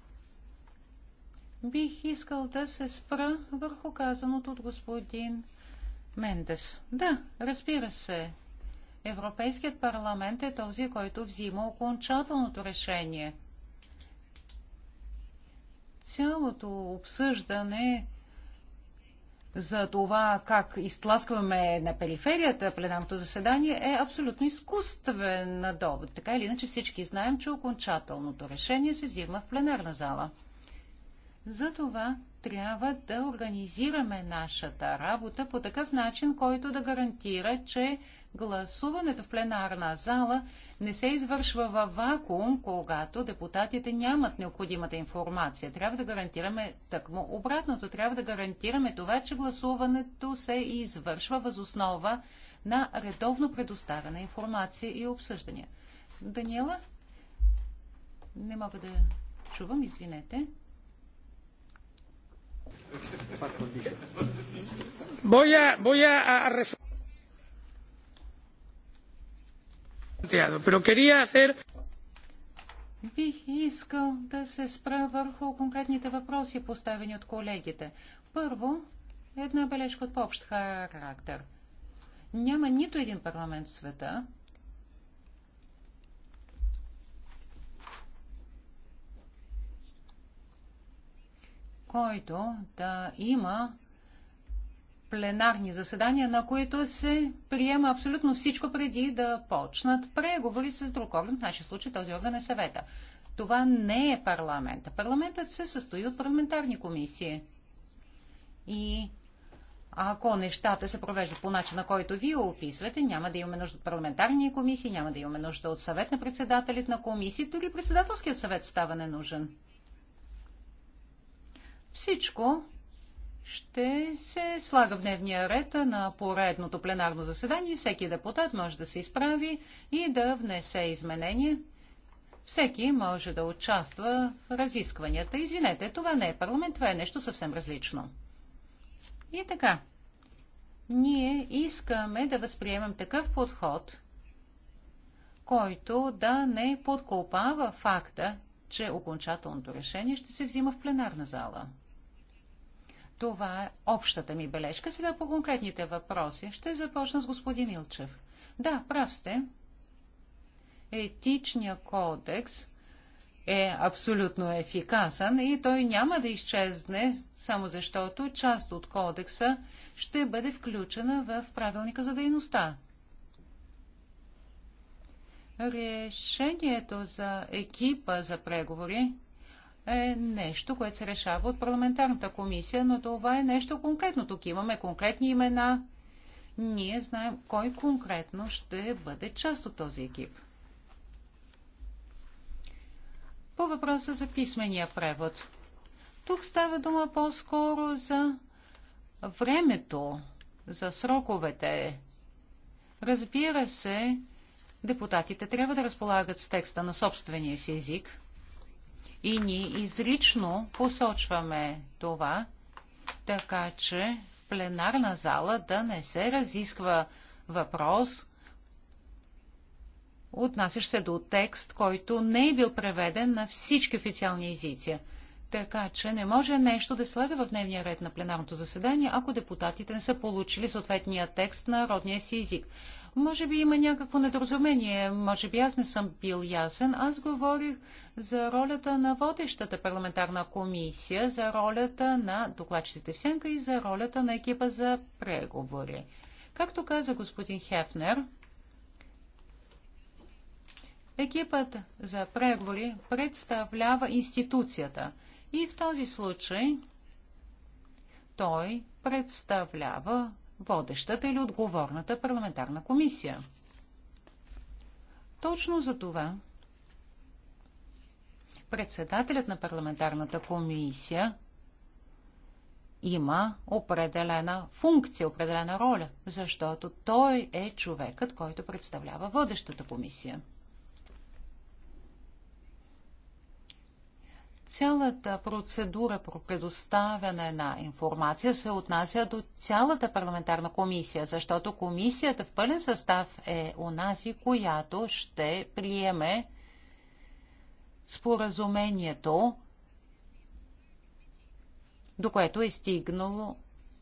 Бих искал да се спра върху казаното от господин Мендес. Да, разбира се, Европейският парламент е този, който взима окончателното решение. Цялото обсъждане за това как изтласкваме на периферията пленарното заседание е абсолютно изкуствен довод. Така или иначе всички знаем, че окончателното решение се взима в пленарна зала. Затова трябва да организираме нашата работа по такъв начин, който да гарантира, че Гласуването в пленарна зала не се извършва във вакуум, когато депутатите нямат необходимата информация. Трябва да гарантираме тъкмо обратното. Трябва да гарантираме това, че гласуването се извършва възоснова на редовно предоставена информация и обсъждания. Даниела? Не мога да чувам, извинете. Боя, боя, а, Бих искал да се спра върху конкретните въпроси, поставени от колегите. Първо, една бележка от по-общ характер. Няма нито един парламент в света, който да има пленарни заседания, на които се приема абсолютно всичко преди да почнат преговори с друг орган, в нашия случай този орган е съвета. Това не е парламента. Парламентът се състои от парламентарни комисии. И ако нещата се провеждат по начина, който вие описвате, няма да имаме нужда от парламентарни комисии, няма да имаме нужда от съвет на председателите на комисии, дори председателският съвет става ненужен. Всичко ще се слага в дневния ред на поредното пленарно заседание. Всеки депутат може да се изправи и да внесе изменения. Всеки може да участва в разискванията. Извинете, това не е парламент, това е нещо съвсем различно. И така, ние искаме да възприемем такъв подход, който да не подкопава факта, че окончателното решение ще се взима в пленарна зала. Това е общата ми бележка. Сега по конкретните въпроси. Ще започна с господин Илчев. Да, прав сте. Етичният кодекс е абсолютно ефикасен и той няма да изчезне, само защото част от кодекса ще бъде включена в правилника за дейността. Решението за екипа за преговори е нещо, което се решава от парламентарната комисия, но това е нещо конкретно. Тук имаме конкретни имена. Ние знаем кой конкретно ще бъде част от този екип. По въпроса за писмения превод. Тук става дума по-скоро за времето, за сроковете. Разбира се, депутатите трябва да разполагат с текста на собствения си език – и ние изрично посочваме това, така че в пленарна зала да не се разисква въпрос, отнасящ се до текст, който не е бил преведен на всички официални езици. Така че не може нещо да слага в дневния ред на пленарното заседание, ако депутатите не са получили съответния текст на родния си език. Може би има някакво недоразумение, може би аз не съм бил ясен. Аз говорих за ролята на водещата парламентарна комисия, за ролята на докладчиците в сянка и за ролята на екипа за преговори. Както каза господин Хефнер, екипът за преговори представлява институцията и в този случай той представлява водещата или отговорната парламентарна комисия. Точно за това председателят на парламентарната комисия има определена функция, определена роля, защото той е човекът, който представлява водещата комисия. Цялата процедура по предоставяне на информация се отнася до цялата парламентарна комисия, защото комисията в пълен състав е онази, която ще приеме споразумението, до което е стигнало,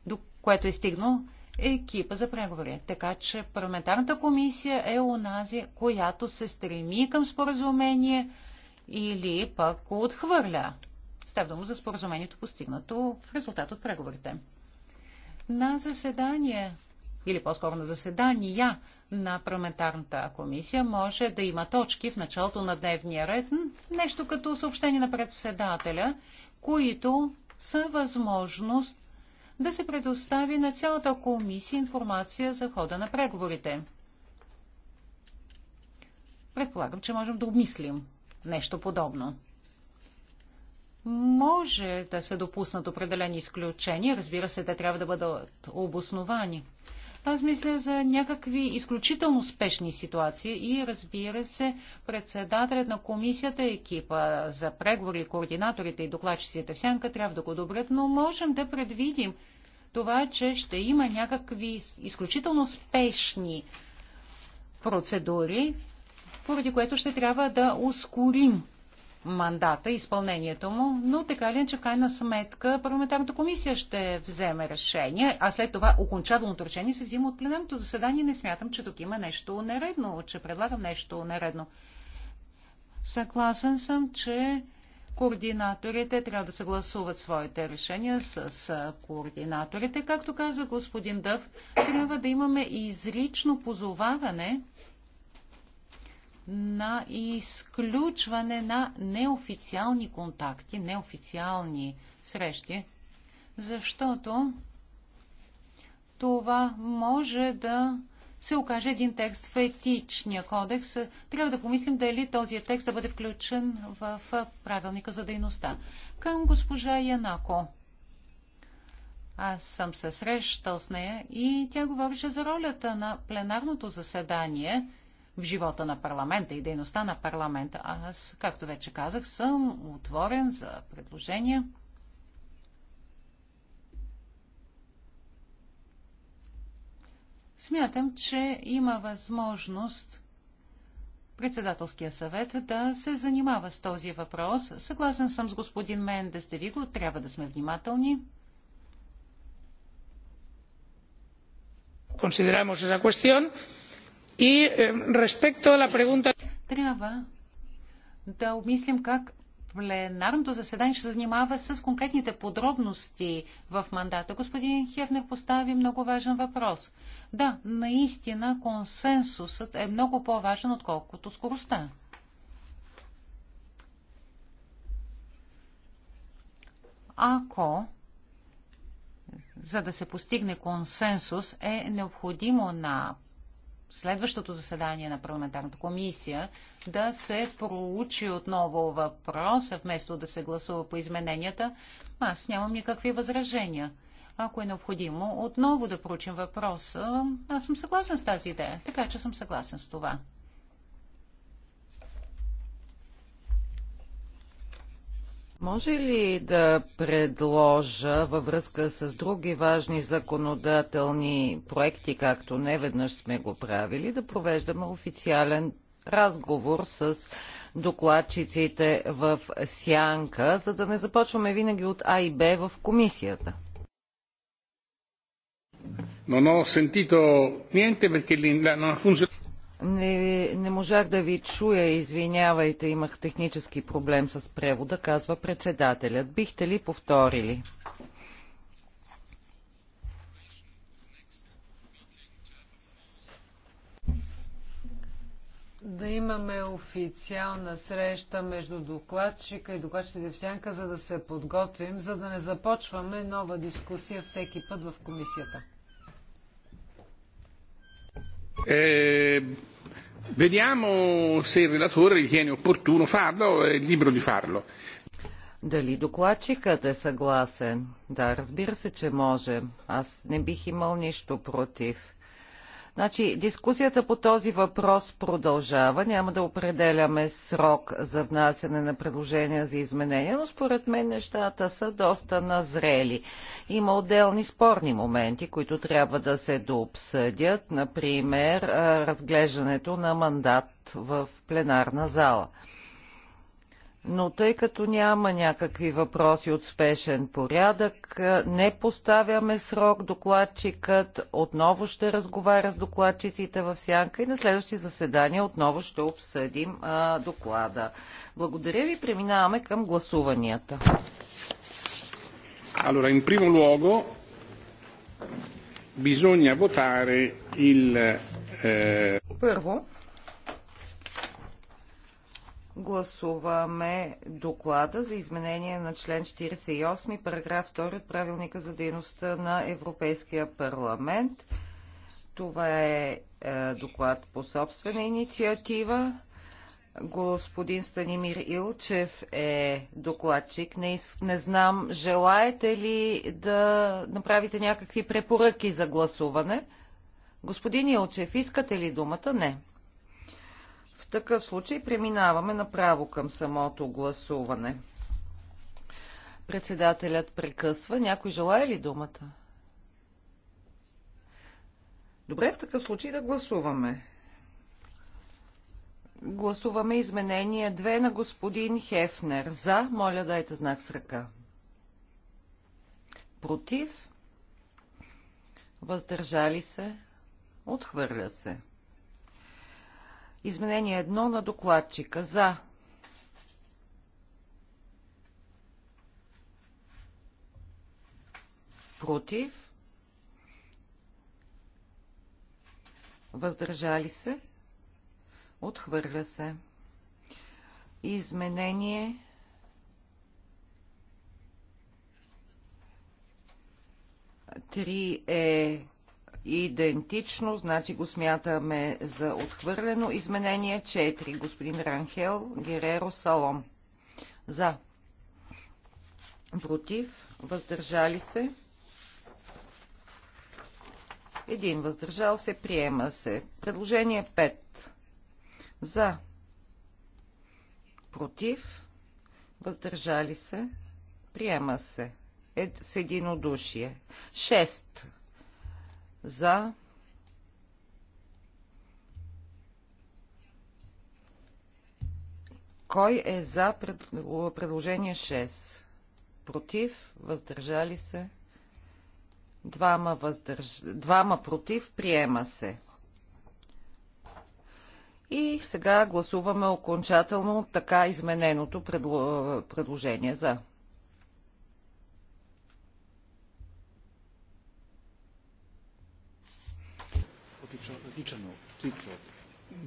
до което е стигнал екипа за преговори. Така че парламентарната комисия е унази, която се стреми към споразумение или пък отхвърля. Става дума за споразумението постигнато в резултат от преговорите. На заседание, или по-скоро на заседания на парламентарната комисия може да има точки в началото на дневния ред, нещо като съобщение на председателя, които са възможност да се предостави на цялата комисия информация за хода на преговорите. Предполагам, че можем да обмислим нещо подобно. Може да се допуснат определени изключения, разбира се, те трябва да бъдат обосновани. Аз мисля за някакви изключително спешни ситуации и разбира се, председателят на комисията, екипа за преговори, координаторите и докладчиците в сянка трябва да го добрят, но можем да предвидим това, че ще има някакви изключително спешни процедури, поради което ще трябва да ускорим мандата, изпълнението му, но така или иначе в крайна сметка парламентарната комисия ще вземе решение, а след това окончателното решение се взима от пленарното заседание. Не смятам, че тук има нещо нередно, че предлагам нещо нередно. Съгласен съм, че координаторите трябва да съгласуват своите решения с координаторите. Както каза господин Дъв, трябва да имаме изрично позоваване на изключване на неофициални контакти, неофициални срещи, защото това може да се окаже един текст в етичния кодекс. Трябва да помислим дали този текст да бъде включен в правилника за дейността. Към госпожа Янако. Аз съм се срещал с нея и тя говореше за ролята на пленарното заседание – в живота на парламента и дейността на парламента. Аз, както вече казах, съм отворен за предложения. Смятам, че има възможност председателския съвет да се занимава с този въпрос. Съгласен съм с господин Мендес Девиго, трябва да сме внимателни. Consideramos esa cuestión и е, respecto a la Трябва да обмислим как пленарното заседание ще занимава с конкретните подробности в мандата. Господин Хевнер постави много важен въпрос. Да, наистина консенсусът е много по-важен, отколкото скоростта. Ако за да се постигне консенсус е необходимо на следващото заседание на парламентарната комисия да се проучи отново въпроса, вместо да се гласува по измененията, аз нямам никакви възражения. Ако е необходимо, отново да проучим въпроса. Аз съм съгласен с тази идея, така че съм съгласен с това. Може ли да предложа във връзка с други важни законодателни проекти, както не веднъж сме го правили, да провеждаме официален разговор с докладчиците в Сянка, за да не започваме винаги от А и Б в комисията? Non ho sentito niente perché la, non ha funzionato. Не, не можах да ви чуя, извинявайте, имах технически проблем с превода, казва председателят. Бихте ли повторили? да имаме официална среща между докладчика и докладчиците в сянка, за да се подготвим, за да не започваме нова дискусия всеки път в комисията. Е, Vediamo se il relatore ritiene opportuno farlo, è e libero di farlo. Дали докладчикът е съгласен? Да, разбира се, че може. Аз не бих имал нищо против. Значи, дискусията по този въпрос продължава. Няма да определяме срок за внасяне на предложения за изменения, но според мен нещата са доста назрели. Има отделни спорни моменти, които трябва да се дообсъдят, например разглеждането на мандат в пленарна зала но тъй като няма някакви въпроси от спешен порядък, не поставяме срок, докладчикът отново ще разговаря с докладчиците в сянка и на следващи заседания отново ще обсъдим а, доклада. Благодаря ви, преминаваме към гласуванията. Allora, in primo luogo bisogna votare il... Eh... Първо, гласуваме доклада за изменение на член 48, параграф 2 от правилника за дейността на Европейския парламент. Това е, е доклад по собствена инициатива. Господин Станимир Илчев е докладчик. Не, не знам, желаете ли да направите някакви препоръки за гласуване? Господин Илчев, искате ли думата? Не такъв случай преминаваме направо към самото гласуване. Председателят прекъсва. Някой желая ли думата? Добре, в такъв случай да гласуваме. Гласуваме изменение 2 на господин Хефнер. За, моля дайте знак с ръка. Против, въздържали се, отхвърля се. Изменение едно на докладчика. За. Против. Въздържали се. Отхвърля се. Изменение Три е идентично, значи го смятаме за отхвърлено. Изменение 4. Господин Ранхел Гереро Салом. За. Против. Въздържали се. Един въздържал се. Приема се. Предложение 5. За. Против. Въздържали се. Приема се. Е, с единодушие. 6 за, Кой е за предложение 6? Против? Въздържали се? Двама, въздърж... Двама против? Приема се. И сега гласуваме окончателно така измененото предло... предложение за.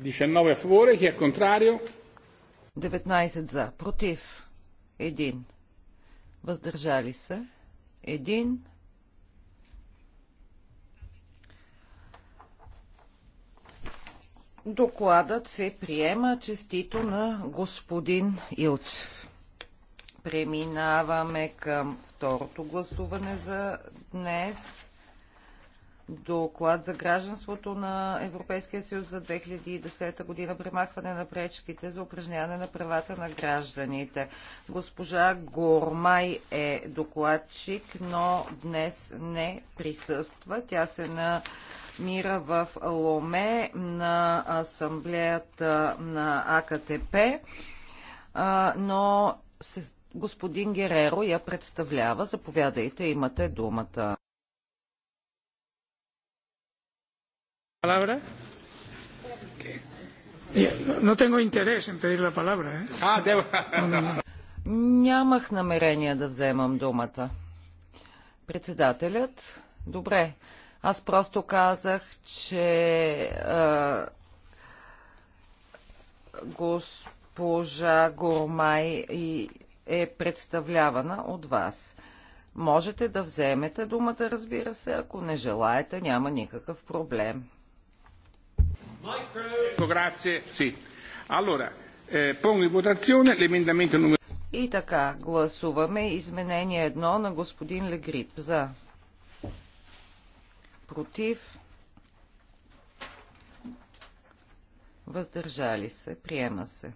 19 a favore, chi è contrario? 19 за, против 1, въздържали се 1. Докладът се приема честито на господин Илчев. Преминаваме към второто гласуване за днес доклад за гражданството на Европейския съюз за 2010 година, премахване на пречките за упражняване на правата на гражданите. Госпожа Гормай е докладчик, но днес не присъства. Тя се на мира в Ломе на асамблеята на АКТП, но господин Гереро я представлява. Заповядайте, имате думата. palabra? Eh, eh. ah, Нямах намерение да вземам думата. Председателят? Добре. Аз просто казах, че а, госпожа Гормай е представлявана от вас. Можете да вземете думата, разбира се, ако не желаете, няма никакъв проблем. Eh, И така, гласуваме изменение едно на господин Легрип. За. Против. Въздържали се. Приема се.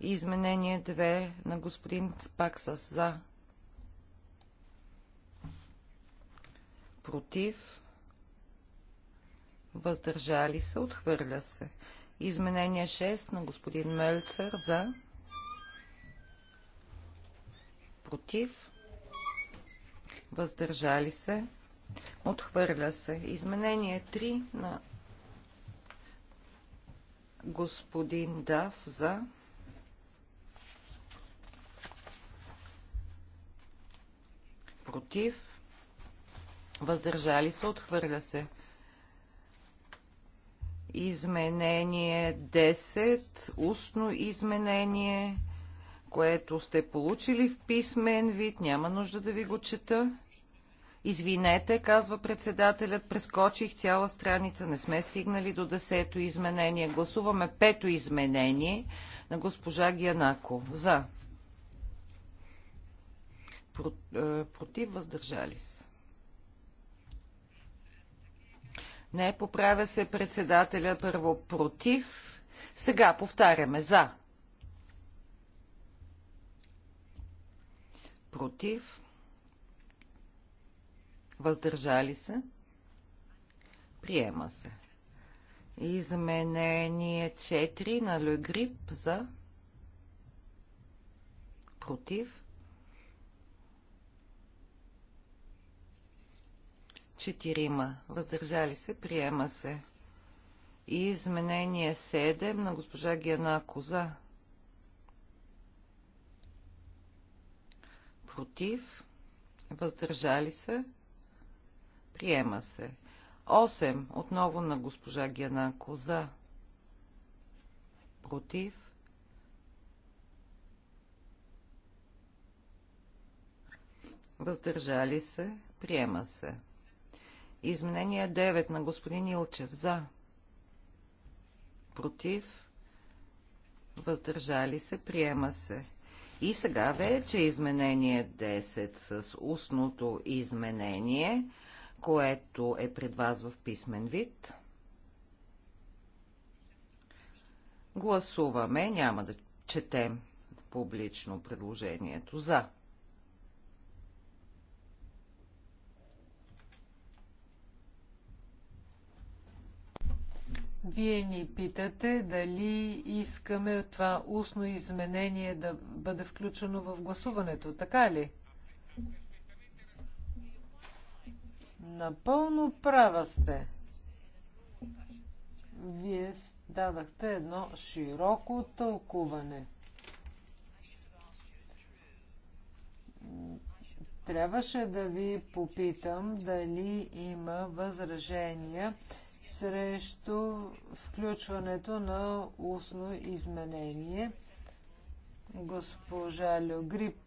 Изменение 2 на господин Спаксас за. Против въздържали се, отхвърля се. Изменение 6 на господин Мелцер за против, въздържали се, отхвърля се. Изменение 3 на господин Дав за против, въздържали се, отхвърля се изменение 10, устно изменение, което сте получили в писмен вид, няма нужда да ви го чета. Извинете, казва председателят, прескочих цяла страница, не сме стигнали до десето изменение. Гласуваме пето изменение на госпожа Гянако. За. Е, против въздържали се. Не, поправя се председателя първо против. Сега повтаряме за. Против. Въздържали се. Приема се. Изменение 4 на Легрип за. Против. четирима. Въздържали се, приема се. И изменение 7 на госпожа Гена за. Против. Въздържали се. Приема се. 8 отново на госпожа Гена за. Против. Въздържали се. Приема се. Изменение 9 на господин Илчев. За. Против. Въздържали се. Приема се. И сега вече изменение 10 с устното изменение, което е пред вас в писмен вид. Гласуваме, няма да четем публично предложението за. Вие ни питате дали искаме това устно изменение да бъде включено в гласуването, така ли? Напълно права сте. Вие дадахте едно широко тълкуване. Трябваше да ви попитам дали има възражения срещу включването на устно изменение. Госпожа Грип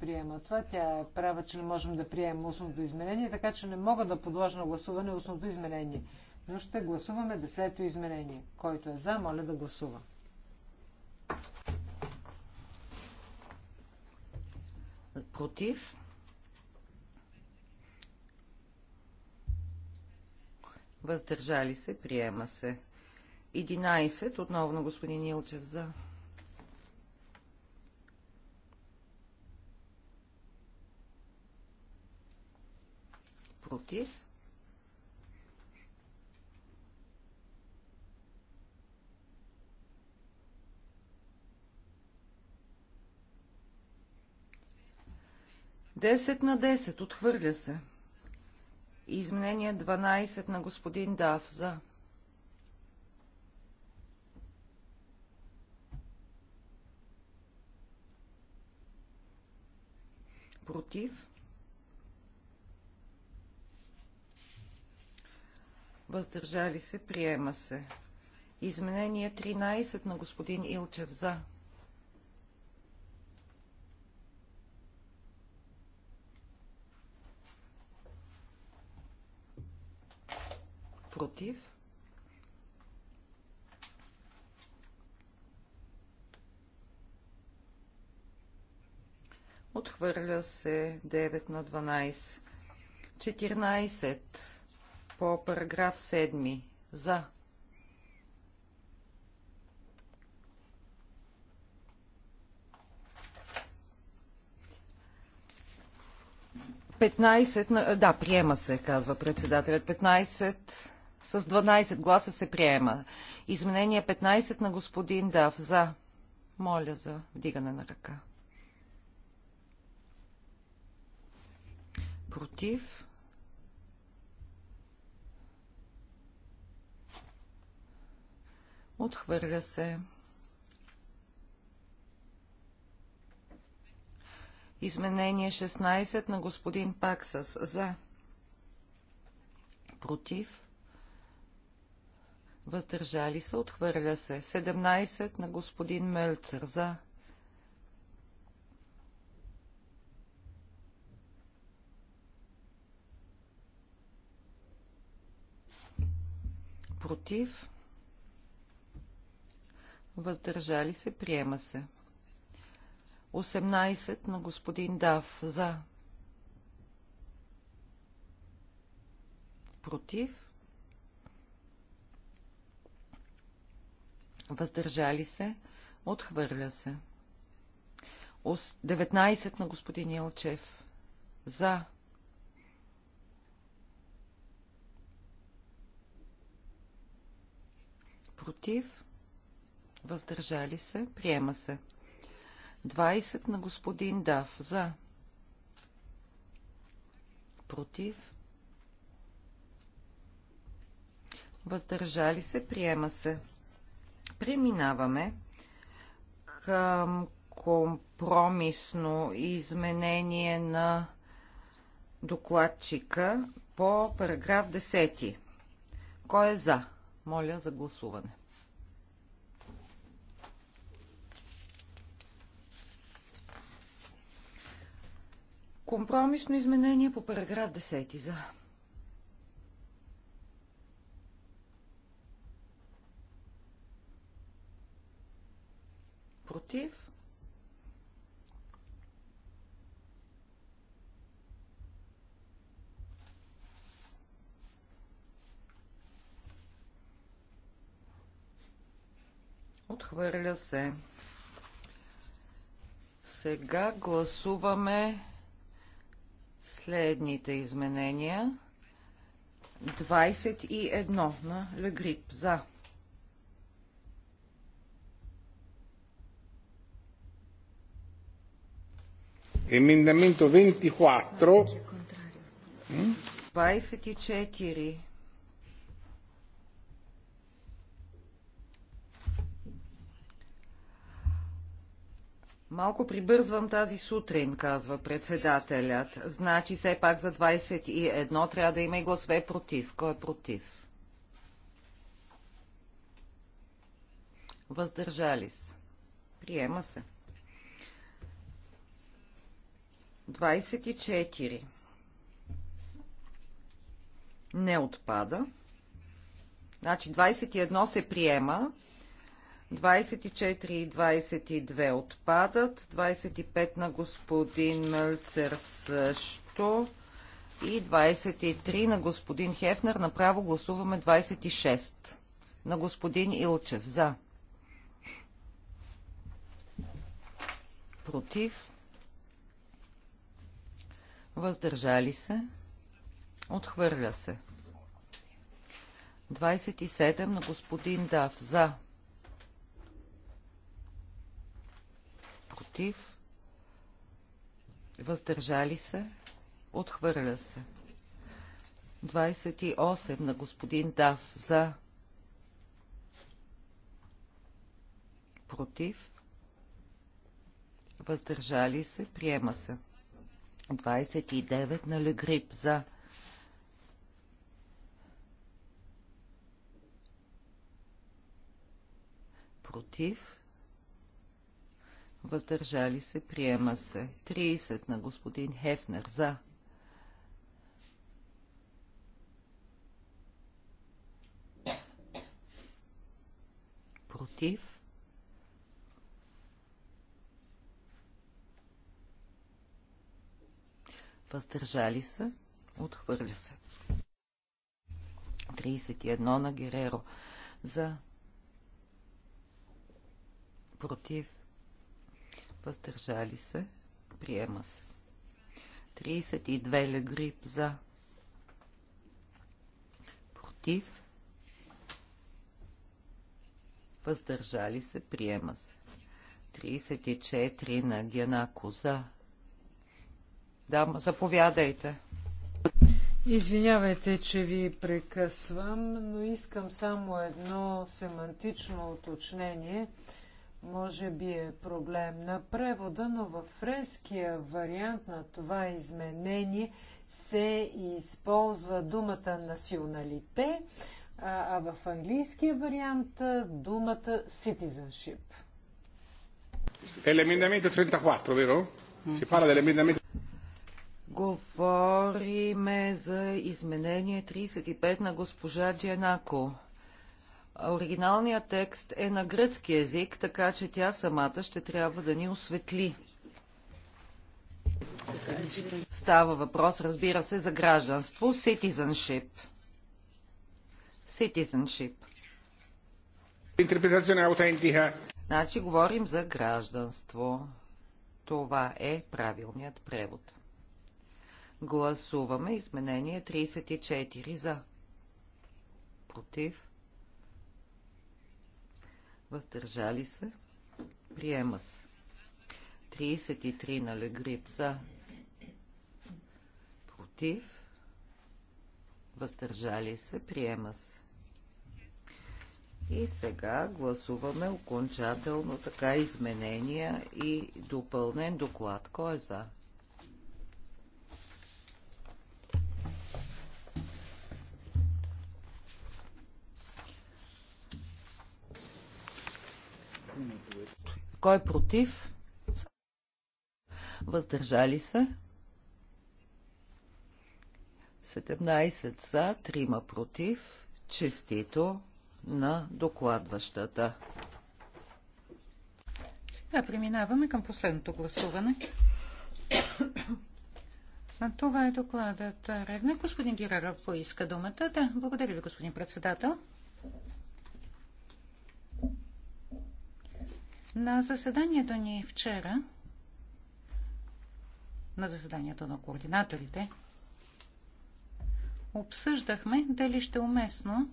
приема това. Тя е права, че не можем да приемем устното изменение, така че не мога да подложа на гласуване устното изменение. Но ще гласуваме десето изменение. Който е за, моля да гласува. Против? въздържали се, приема се. 11, отново на господин Илчев за. Против. Десет на десет, отхвърля се. Изменение 12 на господин Дав за. Против. Въздържали се. Приема се. Изменение 13 на господин Илчев за. против, отхвърля се 9 на 12, 14 по параграф 7 за Петнайсет, да, приема се, казва председателят. Петнайсет 15... С 12 гласа се приема. Изменение 15 на господин Дав. За. Моля за вдигане на ръка. Против. Отхвърля се. Изменение 16 на господин Паксас. За. Против въздържали се, отхвърля се. 17 на господин Мелцер за. Против. Въздържали се, приема се. 18 на господин Дав за. Против въздържали се, отхвърля се. 19 на господин Елчев. за, против, въздържали се, приема се. 20 на господин Дав, за, против, въздържали се, приема се. Преминаваме към компромисно изменение на докладчика по параграф 10. Кой е за? Моля за гласуване. Компромисно изменение по параграф 10 за. против. Отхвърля се. Сега гласуваме следните изменения. 21 на Легрип за. Emendamento 24. 24. Малко прибързвам тази сутрин, казва председателят. Значи все пак за 21 трябва да има и гласове против. Кой е против? Въздържали се. Приема се. 24 не отпада. Значи 21 се приема, 24 и 22 отпадат, 25 на господин Мълцер също и 23 на господин Хефнер. Направо гласуваме 26 на господин Илчев. За. Против въздържали се, отхвърля се. 27 на господин Дав за, против, въздържали се, отхвърля се. 28 на господин Дав за, против, въздържали се, приема се. 29 на Легрип за. Против. Въздържали се. Приема се. 30 на господин Хефнер за. Против въздържали се, отхвърля се. 31 на Гереро за против, въздържали се, приема се. 32 легрип за против, въздържали се, приема се. 34 на Генако за да, заповядайте. Извинявайте, че ви прекъсвам, но искам само едно семантично уточнение. Може би е проблем на превода, но във френския вариант на това изменение се използва думата националите, а, в английския вариант думата citizenship. Е 34, веро? Si пара dell'emendamento Говориме за изменение 35 на госпожа Джианако. Оригиналният текст е на гръцки език, така че тя самата ще трябва да ни осветли. Става въпрос, разбира се, за гражданство, citizenship. Citizenship. Интерпретация аутентика. Значи говорим за гражданство. Това е правилният превод. Гласуваме изменение 34 за. Против. Въздържали се. Приема се. 33 на Легрип за. Против. Въздържали се. Приема се. И сега гласуваме окончателно така изменения и допълнен доклад. Кой е за? Кой е против? Въздържали се? 17 са, 3 против. Честито на докладващата. Сега преминаваме към последното гласуване. А това е докладът. Редна. господин Гирара поиска думата. Да, благодаря ви, господин председател. На заседанието ни вчера, на заседанието на координаторите, обсъждахме дали ще е уместно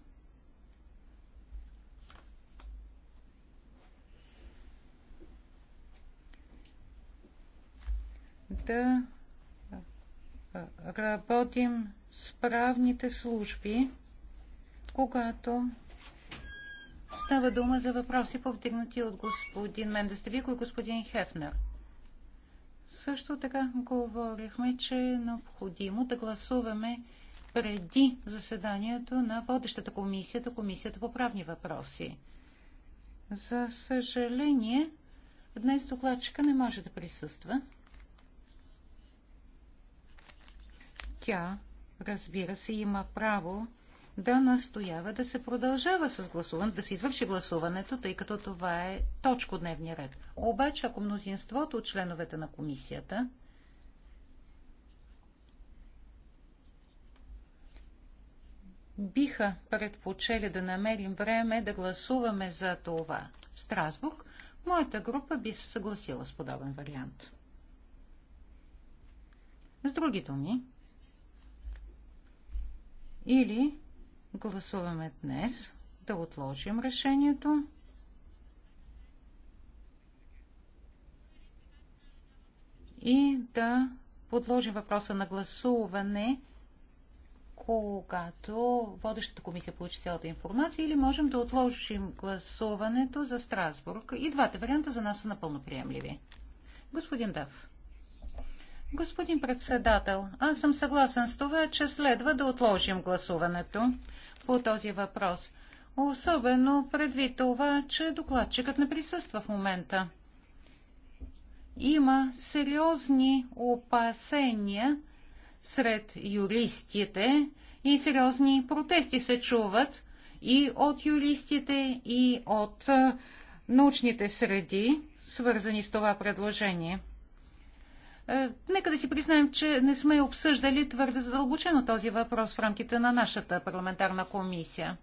да работим с правните служби, когато Става дума за въпроси, повдигнати от господин Мендес и господин Хефнер. Също така говорихме, че е необходимо да гласуваме преди заседанието на водещата комисията, комисията по правни въпроси. За съжаление, днес докладчика не може да присъства. Тя, разбира се, има право да настоява да се продължава с гласуването, да се извърши гласуването, тъй като това е точко дневния ред. Обаче, ако мнозинството от членовете на комисията биха предпочели да намерим време да гласуваме за това в Страсбург, моята група би се съгласила с подобен вариант. С други думи, или гласуваме днес, да отложим решението. И да подложим въпроса на гласуване, когато водещата комисия получи цялата информация, или можем да отложим гласуването за Страсбург. И двата варианта за нас са напълно приемливи. Господин Дав. Господин председател, аз съм съгласен с това, че следва да отложим гласуването по този въпрос. Особено предвид това, че докладчикът не присъства в момента. Има сериозни опасения сред юристите и сериозни протести се чуват и от юристите, и от научните среди, свързани с това предложение. Е, нека да си признаем, че не сме обсъждали твърде задълбочено този въпрос в рамките на нашата парламентарна комисия.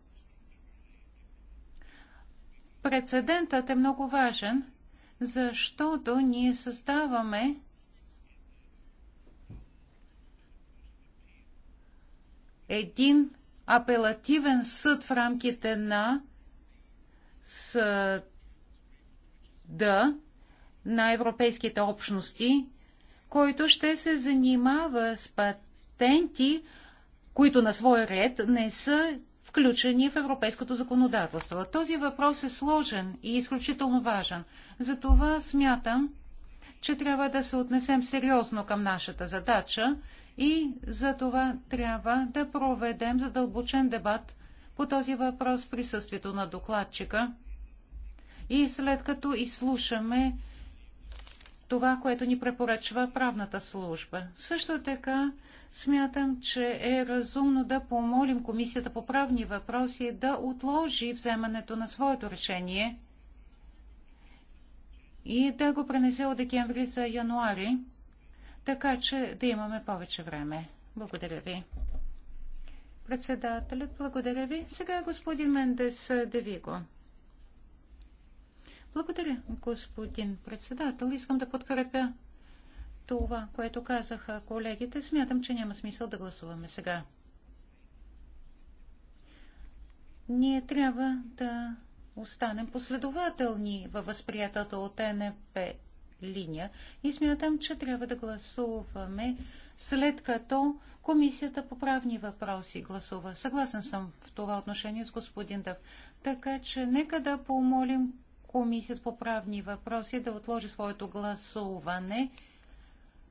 Прецедентът е много важен, защото ние създаваме един апелативен съд в рамките на съда на европейските общности, който ще се занимава с патенти, които на свой ред не са включени в европейското законодателство. Този въпрос е сложен и изключително важен. Затова смятам, че трябва да се отнесем сериозно към нашата задача и за това трябва да проведем задълбочен дебат по този въпрос в присъствието на докладчика. И след като изслушаме това, което ни препоръчва правната служба. Също така смятам, че е разумно да помолим Комисията по правни въпроси да отложи вземането на своето решение и да го пренесе от декември за януари, така че да имаме повече време. Благодаря ви. Председателят, благодаря ви. Сега господин Мендес Девиго. Благодаря, господин председател. Искам да подкрепя това, което казаха колегите. Смятам, че няма смисъл да гласуваме сега. Ние трябва да останем последователни във възприятата от НП линия и смятам, че трябва да гласуваме след като Комисията по правни въпроси гласува. Съгласен съм в това отношение с господин Дъв. Така че нека да помолим Комисията по правни въпроси да отложи своето гласуване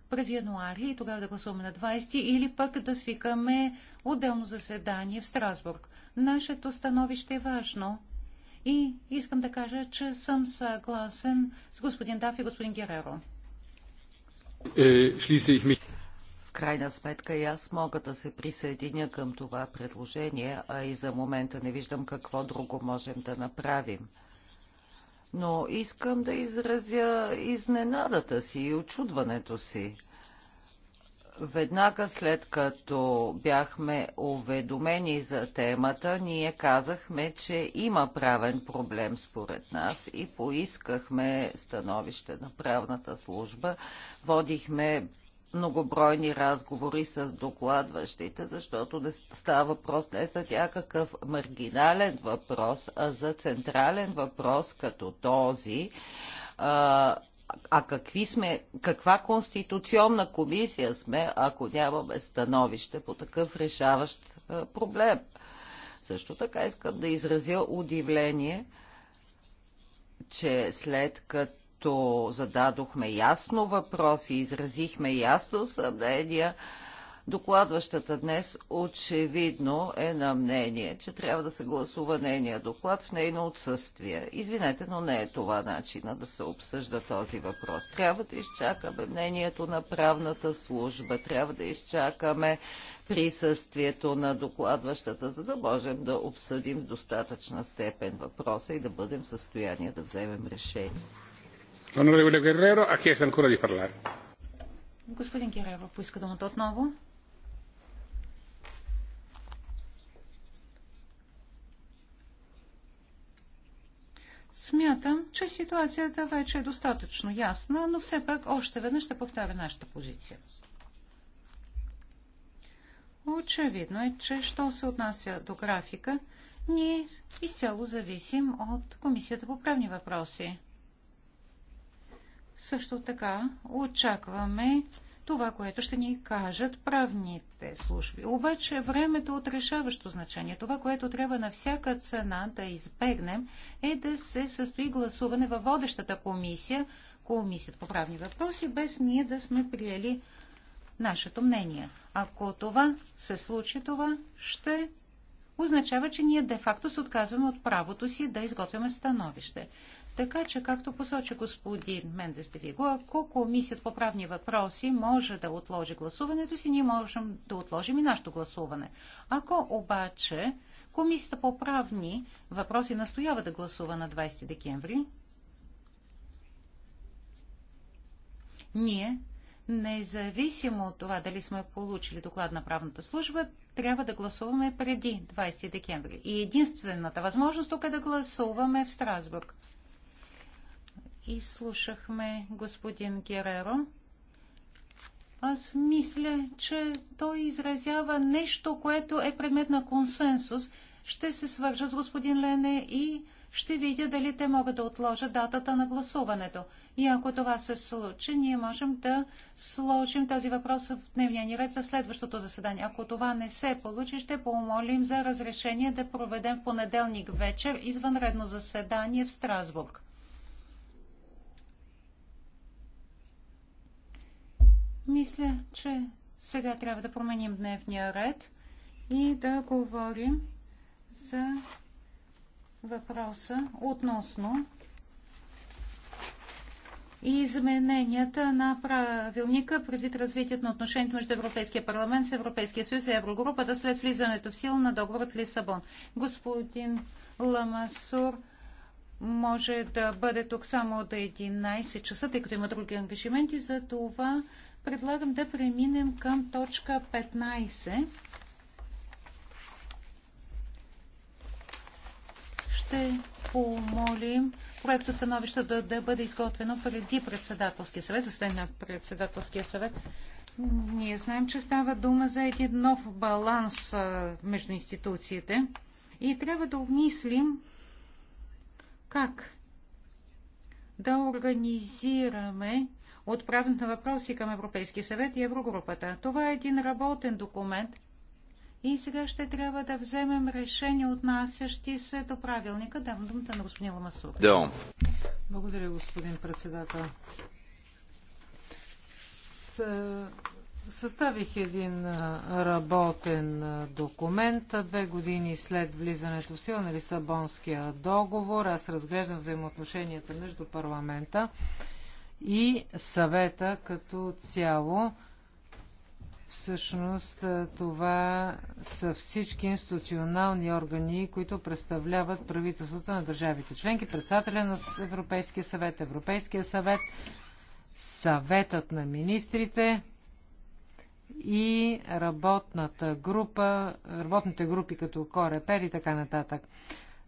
през януари и тогава да гласуваме на 20 или пък да свикаме отделно заседание в Страсбург. Нашето становище е важно и искам да кажа, че съм съгласен с господин Даф и господин Гереро. Е, в крайна сметка и аз мога да се присъединя към това предложение, а и за момента не виждам какво друго можем да направим но искам да изразя изненадата си и очудването си. Веднага след като бяхме уведомени за темата, ние казахме, че има правен проблем според нас и поискахме становище на правната служба. Водихме многобройни разговори с докладващите, защото не става въпрос не за някакъв маргинален въпрос, а за централен въпрос като този. А, а какви сме, каква конституционна комисия сме, ако нямаме становище по такъв решаващ проблем? Също така искам да изразя удивление, че след като като зададохме ясно въпроси, изразихме ясно съмнения, докладващата днес очевидно е на мнение, че трябва да се гласува нейния доклад в нейно отсъствие. Извинете, но не е това начина да се обсъжда този въпрос. Трябва да изчакаме мнението на правната служба, трябва да изчакаме присъствието на докладващата, за да можем да обсъдим в достатъчна степен въпроса и да бъдем в състояние да вземем решение. Господин Герева поиска думата отново. Смятам, че ситуацията вече е достатъчно ясна, но все пак още веднъж ще повторя нашата позиция. Очевидно е, че що се отнася до графика, ние изцяло зависим от Комисията по правни въпроси. Също така очакваме това, което ще ни кажат правните служби. Обаче времето е от решаващо значение. Това, което трябва на всяка цена да избегнем, е да се състои гласуване във водещата комисия, комисията по правни въпроси, без ние да сме приели нашето мнение. Ако това се случи, това ще означава, че ние де-факто се отказваме от правото си да изготвяме становище. Така че, както посочи господин Мендес де Виго, ако комисията по правни въпроси може да отложи гласуването си, ние можем да отложим и нашето гласуване. Ако обаче комисията по правни въпроси настоява да гласува на 20 декември, ние, независимо от това дали сме получили доклад на правната служба, трябва да гласуваме преди 20 декември. И единствената възможност тук е да гласуваме в Страсбург изслушахме господин Гереро. Аз мисля, че той изразява нещо, което е предмет на консенсус. Ще се свържа с господин Лене и ще видя дали те могат да отложат датата на гласуването. И ако това се случи, ние можем да сложим този въпрос в дневния ни ред за следващото заседание. Ако това не се получи, ще помолим за разрешение да проведем понеделник вечер извънредно заседание в Страсбург. Мисля, че сега трябва да променим дневния ред и да говорим за въпроса относно и измененията на правилника предвид развитието на отношението между Европейския парламент с Европейския съюз и Еврогрупата след влизането в сила на договорът в Лисабон. Господин Ламасур може да бъде тук само до 11 часа, тъй като има други ангажименти, за това предлагам да преминем към точка 15. Ще помолим проекто становище да, да бъде изготвено преди председателския съвет, заседание на председателския съвет. Ние знаем, че става дума за един нов баланс а, между институциите и трябва да обмислим как да организираме от на въпроси към Европейски съвет и Еврогрупата. Това е един работен документ и сега ще трябва да вземем решение, отнасящи се до правилника. Дам думата на господин Ламасур. Да. Благодаря, господин председател. С... Съставих един работен документ две години след влизането в сила на Лисабонския договор. Аз разглеждам взаимоотношенията между парламента и съвета като цяло. Всъщност това са всички институционални органи, които представляват правителството на държавите членки, председателя на Европейския съвет, Европейския съвет, съветът на министрите и работната група, работните групи като Корепер и така нататък.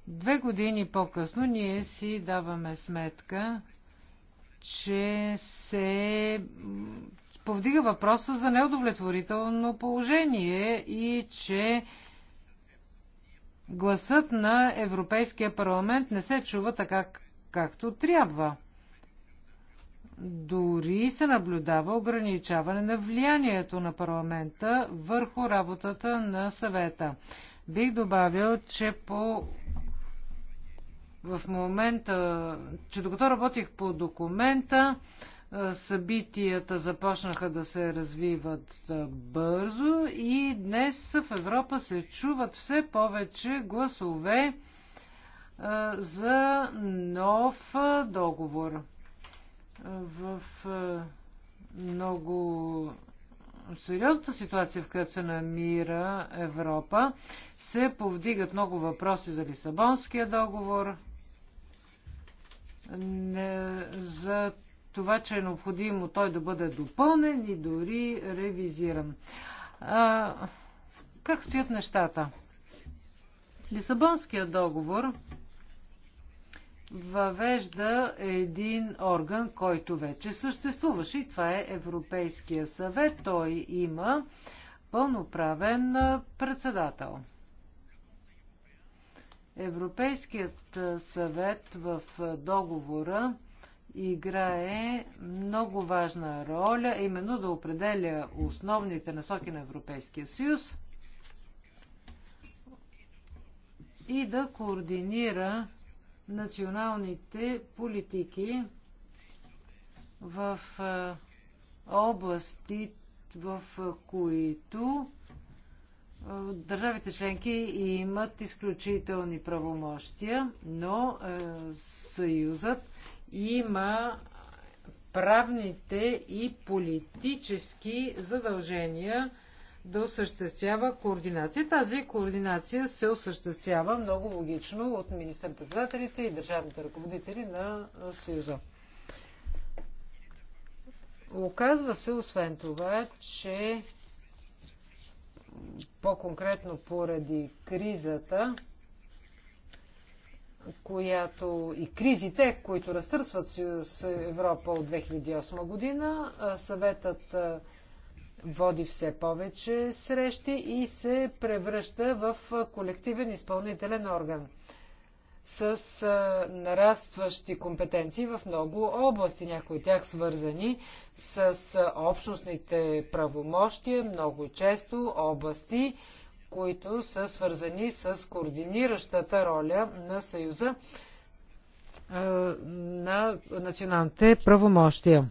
Две години по-късно ние си даваме сметка, че се повдига въпроса за неудовлетворително положение и че гласът на Европейския парламент не се чува така, както трябва. Дори се наблюдава ограничаване на влиянието на парламента върху работата на съвета. Бих добавил, че по в момента, че докато работих по документа, събитията започнаха да се развиват бързо и днес в Европа се чуват все повече гласове за нов договор. В много сериозната ситуация, в която се намира Европа, се повдигат много въпроси за Лисабонския договор, не, за това, че е необходимо той да бъде допълнен и дори ревизиран. А, как стоят нещата? Лисабонския договор въвежда един орган, който вече съществуваше и това е Европейския съвет. Той има пълноправен председател. Европейският съвет в договора играе много важна роля, именно да определя основните насоки на Европейския съюз и да координира националните политики в области, в които е, държавите членки имат изключителни правомощия, но е, Съюзът има правните и политически задължения да осъществява координация. Тази координация се осъществява много логично от министър-председателите и държавните ръководители на е, Съюза. Оказва се, освен това, че по-конкретно поради кризата, която и кризите, които разтърсват с Европа от 2008 година, съветът води все повече срещи и се превръща в колективен изпълнителен орган с нарастващи компетенции в много области, някои от тях свързани с общностните правомощия, много често области, които са свързани с координиращата роля на Съюза на националните правомощия.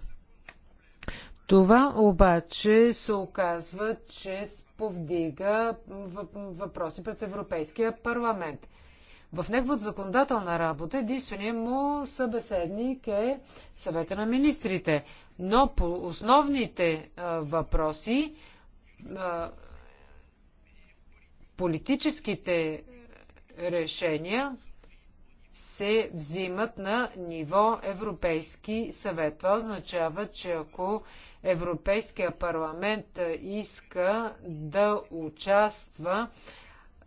Това обаче се оказва, че повдига въпроси пред Европейския парламент. В неговата законодателна работа единственият му събеседник е съвета на министрите. Но по основните а, въпроси а, политическите решения се взимат на ниво Европейски съвет. Това означава, че ако Европейския парламент иска да участва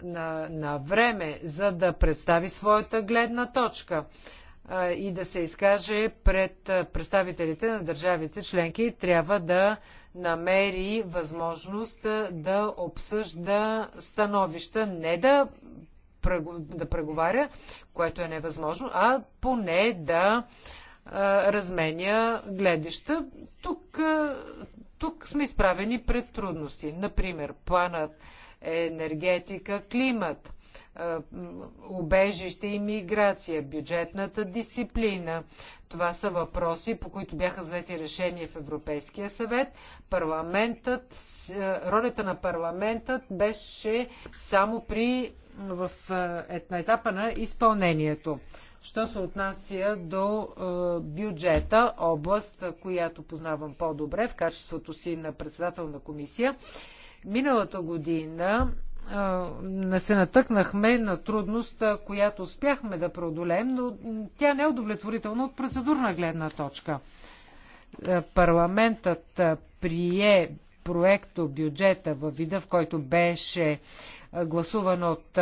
на, на време, за да представи своята гледна точка а, и да се изкаже пред представителите на държавите членки, трябва да намери възможност да обсъжда становища, не да, да преговаря, което е невъзможно, а поне да а, разменя гледища. Тук, а, тук сме изправени пред трудности. Например, планът е енергетика, климат, убежище и миграция, бюджетната дисциплина. Това са въпроси, по които бяха взети решения в Европейския съвет. Парламентът, ролята на парламентът беше само при в, на етапа на изпълнението. Що се отнася до е, бюджета, област, която познавам по-добре в качеството си на председател на комисия, Миналата година не се натъкнахме на трудност, която успяхме да преодолеем, но тя не е удовлетворителна от процедурна гледна точка. Парламентът прие проекто бюджета във вида, в който беше гласуван от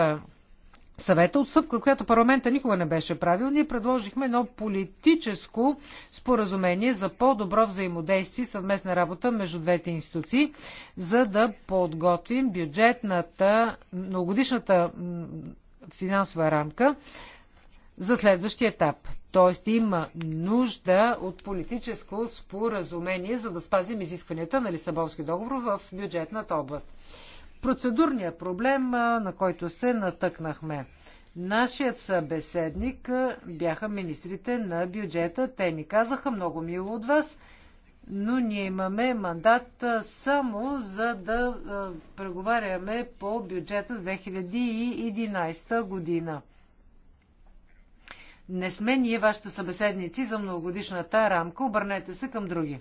съвета, отстъпка, която парламента никога не беше правил, ние предложихме едно политическо споразумение за по-добро взаимодействие и съвместна работа между двете институции, за да подготвим бюджетната, многогодишната финансова рамка за следващия етап. Тоест има нужда от политическо споразумение, за да спазим изискванията на Лисабонски договор в бюджетната област процедурния проблем, на който се натъкнахме. Нашият събеседник бяха министрите на бюджета. Те ни казаха много мило от вас, но ние имаме мандат само за да преговаряме по бюджета с 2011 година. Не сме ние вашите събеседници за многогодишната рамка. Обърнете се към други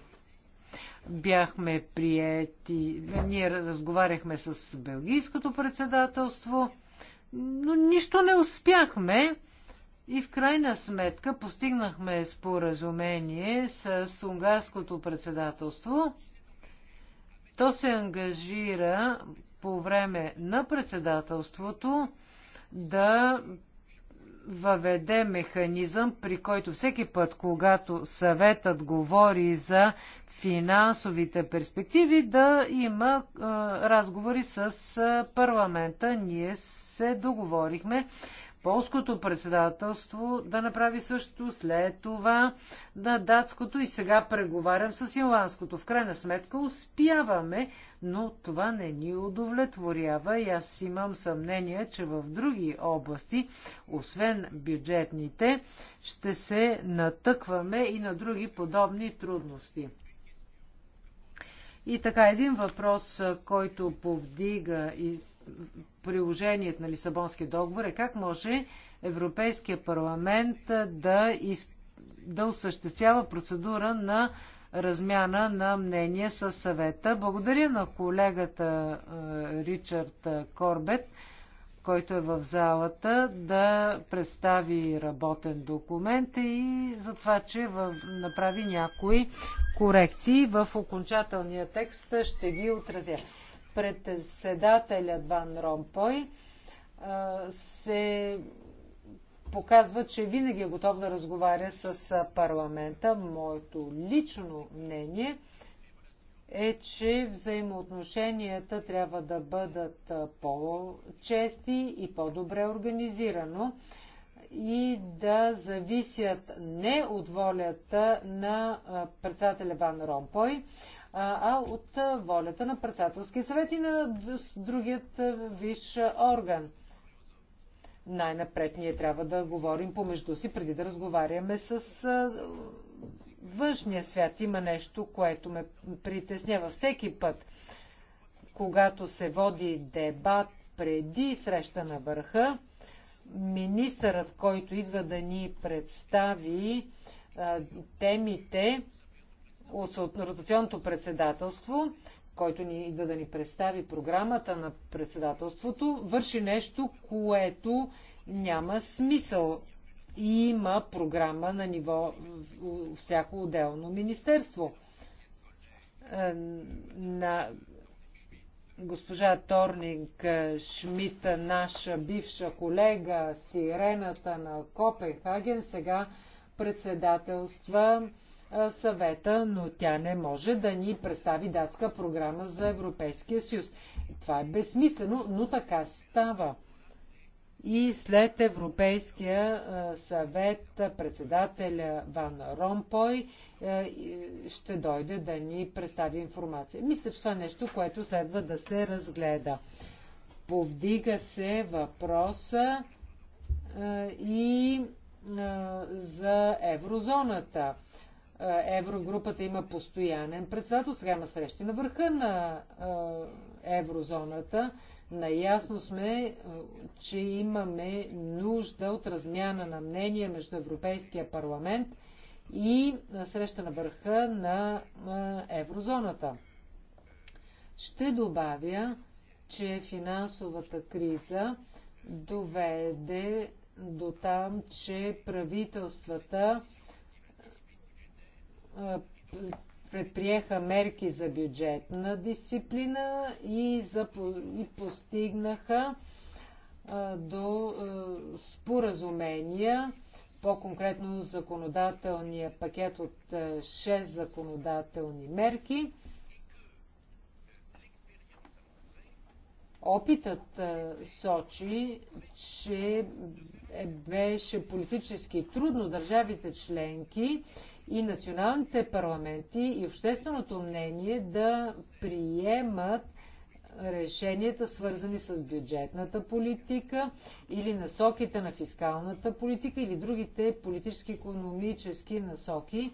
бяхме приети, ние разговаряхме с Белгийското председателство, но нищо не успяхме и в крайна сметка постигнахме споразумение с унгарското председателство. То се ангажира по време на председателството да въведе механизъм, при който всеки път, когато съветът говори за финансовите перспективи, да има е, разговори с парламента. Ние се договорихме полското председателство да направи също, след това на датското и сега преговарям с ирландското. В крайна сметка успяваме, но това не ни удовлетворява и аз имам съмнение, че в други области, освен бюджетните, ще се натъкваме и на други подобни трудности. И така, един въпрос, който повдига и приложението на Лисабонския договор е как може Европейския парламент да, из... да осъществява процедура на размяна на мнение с съвета. Благодаря на колегата Ричард Корбет, който е в залата, да представи работен документ и за това, че направи някои корекции в окончателния текст ще ги отразя председателят Ван Ромпой се показва, че винаги е готов да разговаря с парламента. Моето лично мнение е, че взаимоотношенията трябва да бъдат по-чести и по-добре организирано и да зависят не от волята на председателя Ван Ромпой, а от волята на председателски съвет и на другият виш орган. Най-напред ние трябва да говорим помежду си, преди да разговаряме с външния свят. Има нещо, което ме притеснява всеки път, когато се води дебат преди среща на върха, министърът, който идва да ни представи а, темите, от ротационното председателство, който ни идва да ни представи програмата на председателството, върши нещо, което няма смисъл. И има програма на ниво всяко отделно министерство. Е, на госпожа Торник Шмидт, наша бивша колега, сирената на Копенхаген, сега председателства съвета, но тя не може да ни представи датска програма за Европейския съюз. Това е безсмислено, но така става. И след Европейския съвет председателя Ван Ромпой ще дойде да ни представи информация. Мисля, че това е нещо, което следва да се разгледа. Повдига се въпроса и за еврозоната. Еврогрупата има постоянен председател, сега има срещи на върха на еврозоната. Наясно сме, че имаме нужда от размяна на мнения между Европейския парламент и среща на върха на еврозоната. Ще добавя, че финансовата криза доведе до там, че правителствата предприеха мерки за бюджетна дисциплина и, за, и постигнаха а, до а, споразумения, по-конкретно законодателния пакет от 6 законодателни мерки. Опитът сочи, че е, беше политически трудно държавите членки и националните парламенти и общественото мнение да приемат решенията, свързани с бюджетната политика или насоките на фискалната политика или другите политически-економически насоки,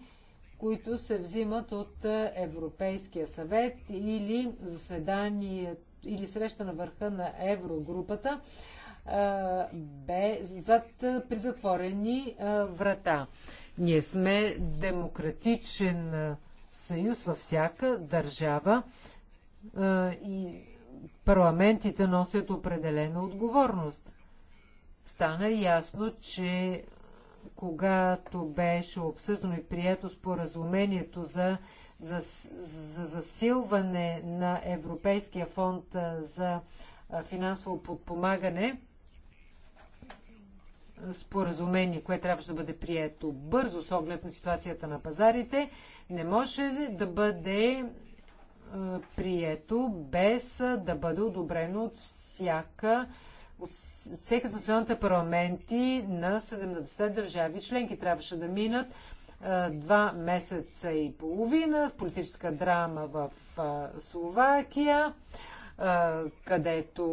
които се взимат от е, Европейския съвет или заседание или среща на върха на Еврогрупата е, бе зад, при затворени е, врата. Ние сме демократичен съюз във всяка държава и парламентите носят определена отговорност. Стана ясно, че когато беше обсъждано и прието споразумението за, за, за засилване на Европейския фонд за финансово подпомагане, споразумение, което трябваше да бъде прието бързо с оглед на ситуацията на пазарите, не може да бъде е, прието без да бъде одобрено от всяка от всеки от националните парламенти на 70 държави членки. Трябваше да минат е, два месеца и половина с политическа драма в е, Словакия, където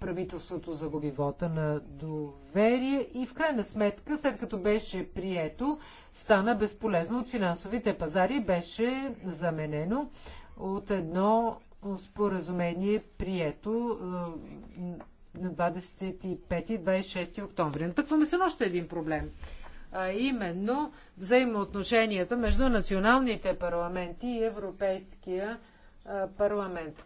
правителството загуби вота на доверие и в крайна сметка, след като беше прието, стана безполезно от финансовите пазари, беше заменено от едно споразумение, прието е, на 25-26 октомври. Натъкваме се на още един проблем а именно взаимоотношенията между националните парламенти и Европейския е, парламент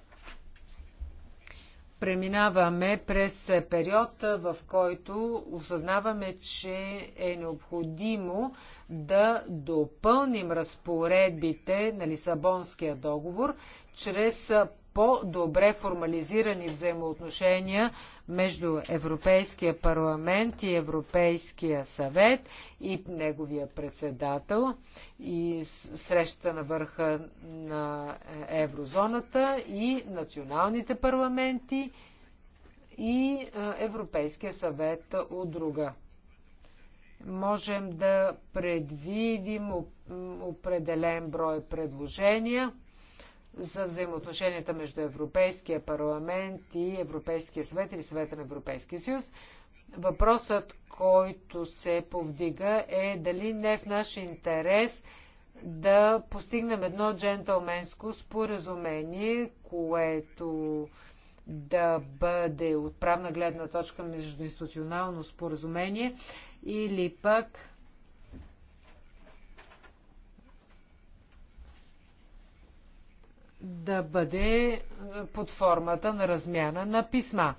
преминаваме през период, в който осъзнаваме, че е необходимо да допълним разпоредбите на Лисабонския договор чрез по-добре формализирани взаимоотношения между Европейския парламент и Европейския съвет и неговия председател и среща на върха на еврозоната и националните парламенти и Европейския съвет от друга. Можем да предвидим определен брой предложения за взаимоотношенията между Европейския парламент и Европейския съвет или съвета на Европейския съюз. Въпросът, който се повдига е дали не е в наш интерес да постигнем едно джентълменско споразумение, което да бъде отправна гледна точка между институционално споразумение или пък да бъде е, под формата на размяна на писма.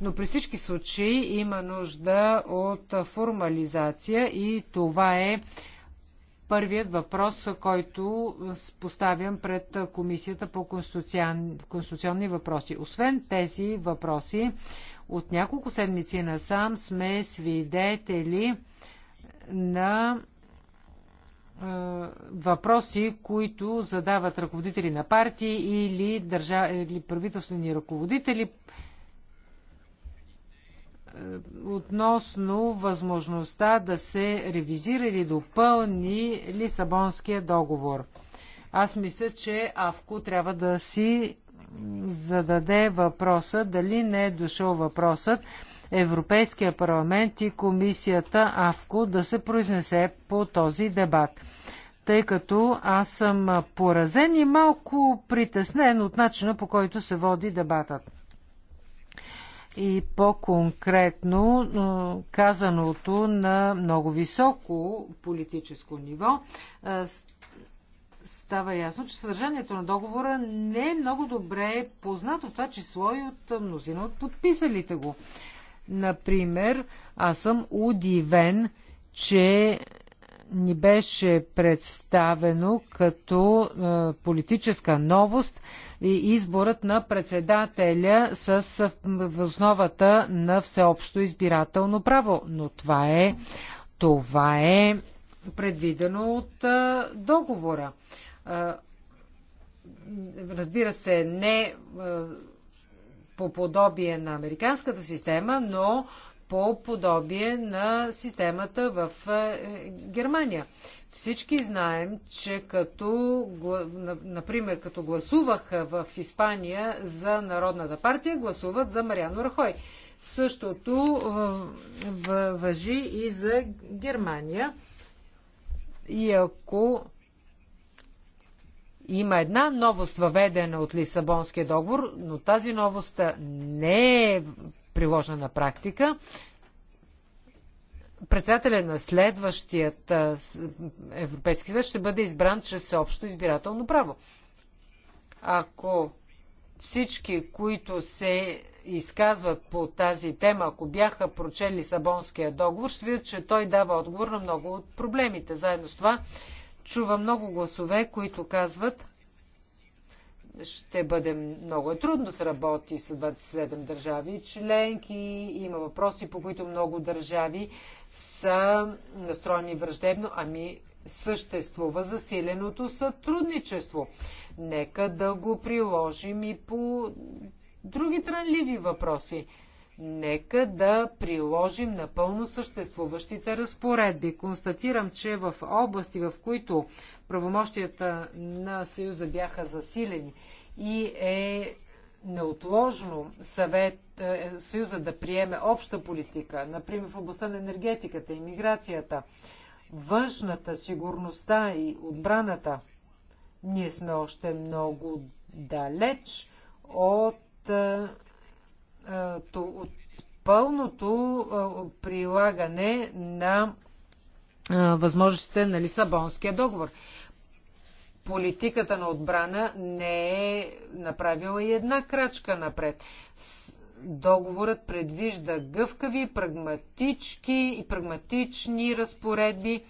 Но при всички случаи има нужда от формализация и това е първият въпрос, който поставям пред Комисията по конституционни въпроси. Освен тези въпроси, от няколко седмици насам сме свидетели на въпроси, които задават ръководители на партии или, държа... или правителствени ръководители относно възможността да се ревизира или допълни Лисабонския договор. Аз мисля, че Авко трябва да си зададе въпроса, дали не е дошъл въпросът Европейския парламент и комисията АВКО да се произнесе по този дебат. Тъй като аз съм поразен и малко притеснен от начина по който се води дебатът. И по-конкретно казаното на много високо политическо ниво става ясно, че съдържанието на договора не е много добре познато в това число и от мнозина от подписалите го. Например, аз съм удивен, че ни беше представено като политическа новост и изборът на председателя с основата на всеобщо избирателно право. Но това е, това е предвидено от договора. разбира се, не по подобие на американската система, но по подобие на системата в е, Германия. Всички знаем, че като, например, като гласуваха в Испания за Народната партия, гласуват за Мариано Рахой. Същото е, въжи и за Германия. И ако има една новост въведена от Лисабонския договор, но тази новост не е приложена на практика. Председателя на следващият Европейски съвет ще бъде избран чрез общо избирателно право. Ако всички, които се изказват по тази тема, ако бяха прочели Сабонския договор, ще видят, че той дава отговор на много от проблемите. Заедно с това чува много гласове, които казват, ще бъде много е трудно се работи с 27 държави членки. Има въпроси, по които много държави са настроени враждебно. Ами съществува засиленото сътрудничество. Нека да го приложим и по други трънливи въпроси. Нека да приложим напълно съществуващите разпоредби. Констатирам, че в области, в които правомощията на Съюза бяха засилени и е неотложно съвет, е, Съюза да приеме обща политика, например в областта на енергетиката, иммиграцията, външната сигурността и отбраната, ние сме още много далеч от е, от пълното прилагане на възможностите на Лисабонския договор. Политиката на отбрана не е направила и една крачка напред. Договорът предвижда гъвкави, прагматички и прагматични разпоредби,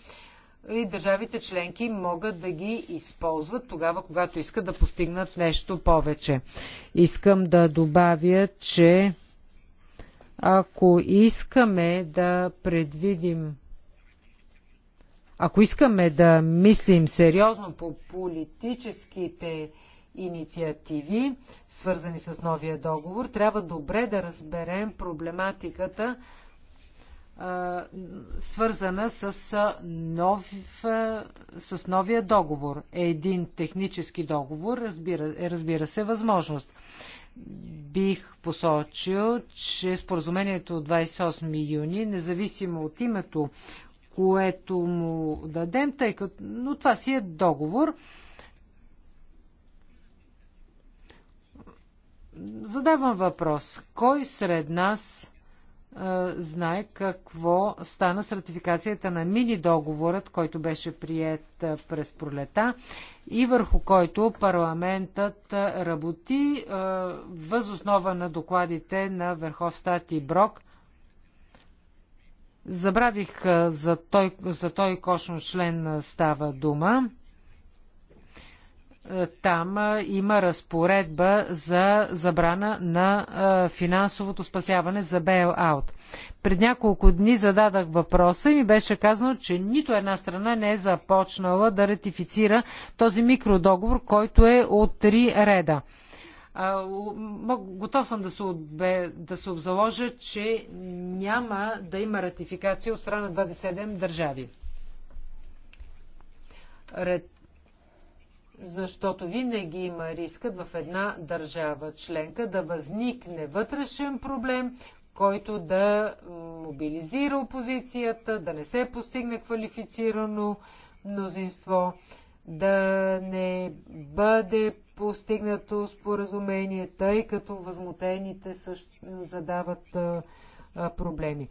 и държавите членки могат да ги използват тогава, когато искат да постигнат нещо повече. Искам да добавя, че ако искаме да предвидим ако искаме да мислим сериозно по политическите инициативи, свързани с новия договор, трябва добре да разберем проблематиката свързана с, нов, с новия договор. Е един технически договор, разбира, е, разбира се, възможност. Бих посочил, че споразумението от 28 юни, независимо от името, което му дадем, тъй като, но това си е договор, задавам въпрос. Кой сред нас знае какво стана с ратификацията на мини договорът, който беше прият през пролета и върху който парламентът работи възоснова на докладите на Верховстат и Брок. Забравих за той, за той кошно член става дума. Е, там е, има разпоредба за забрана на е, финансовото спасяване за бейл-аут. Пред няколко дни зададах въпроса и ми беше казано, че нито една страна не е започнала да ратифицира този микродоговор, който е от три реда. Готов съм да се, отбе, да се обзаложа, че няма да има ратификация от страна 27 държави защото винаги има рискът в една държава членка да възникне вътрешен проблем, който да мобилизира опозицията, да не се постигне квалифицирано мнозинство, да не бъде постигнато споразумение, тъй като възмутените също задават проблеми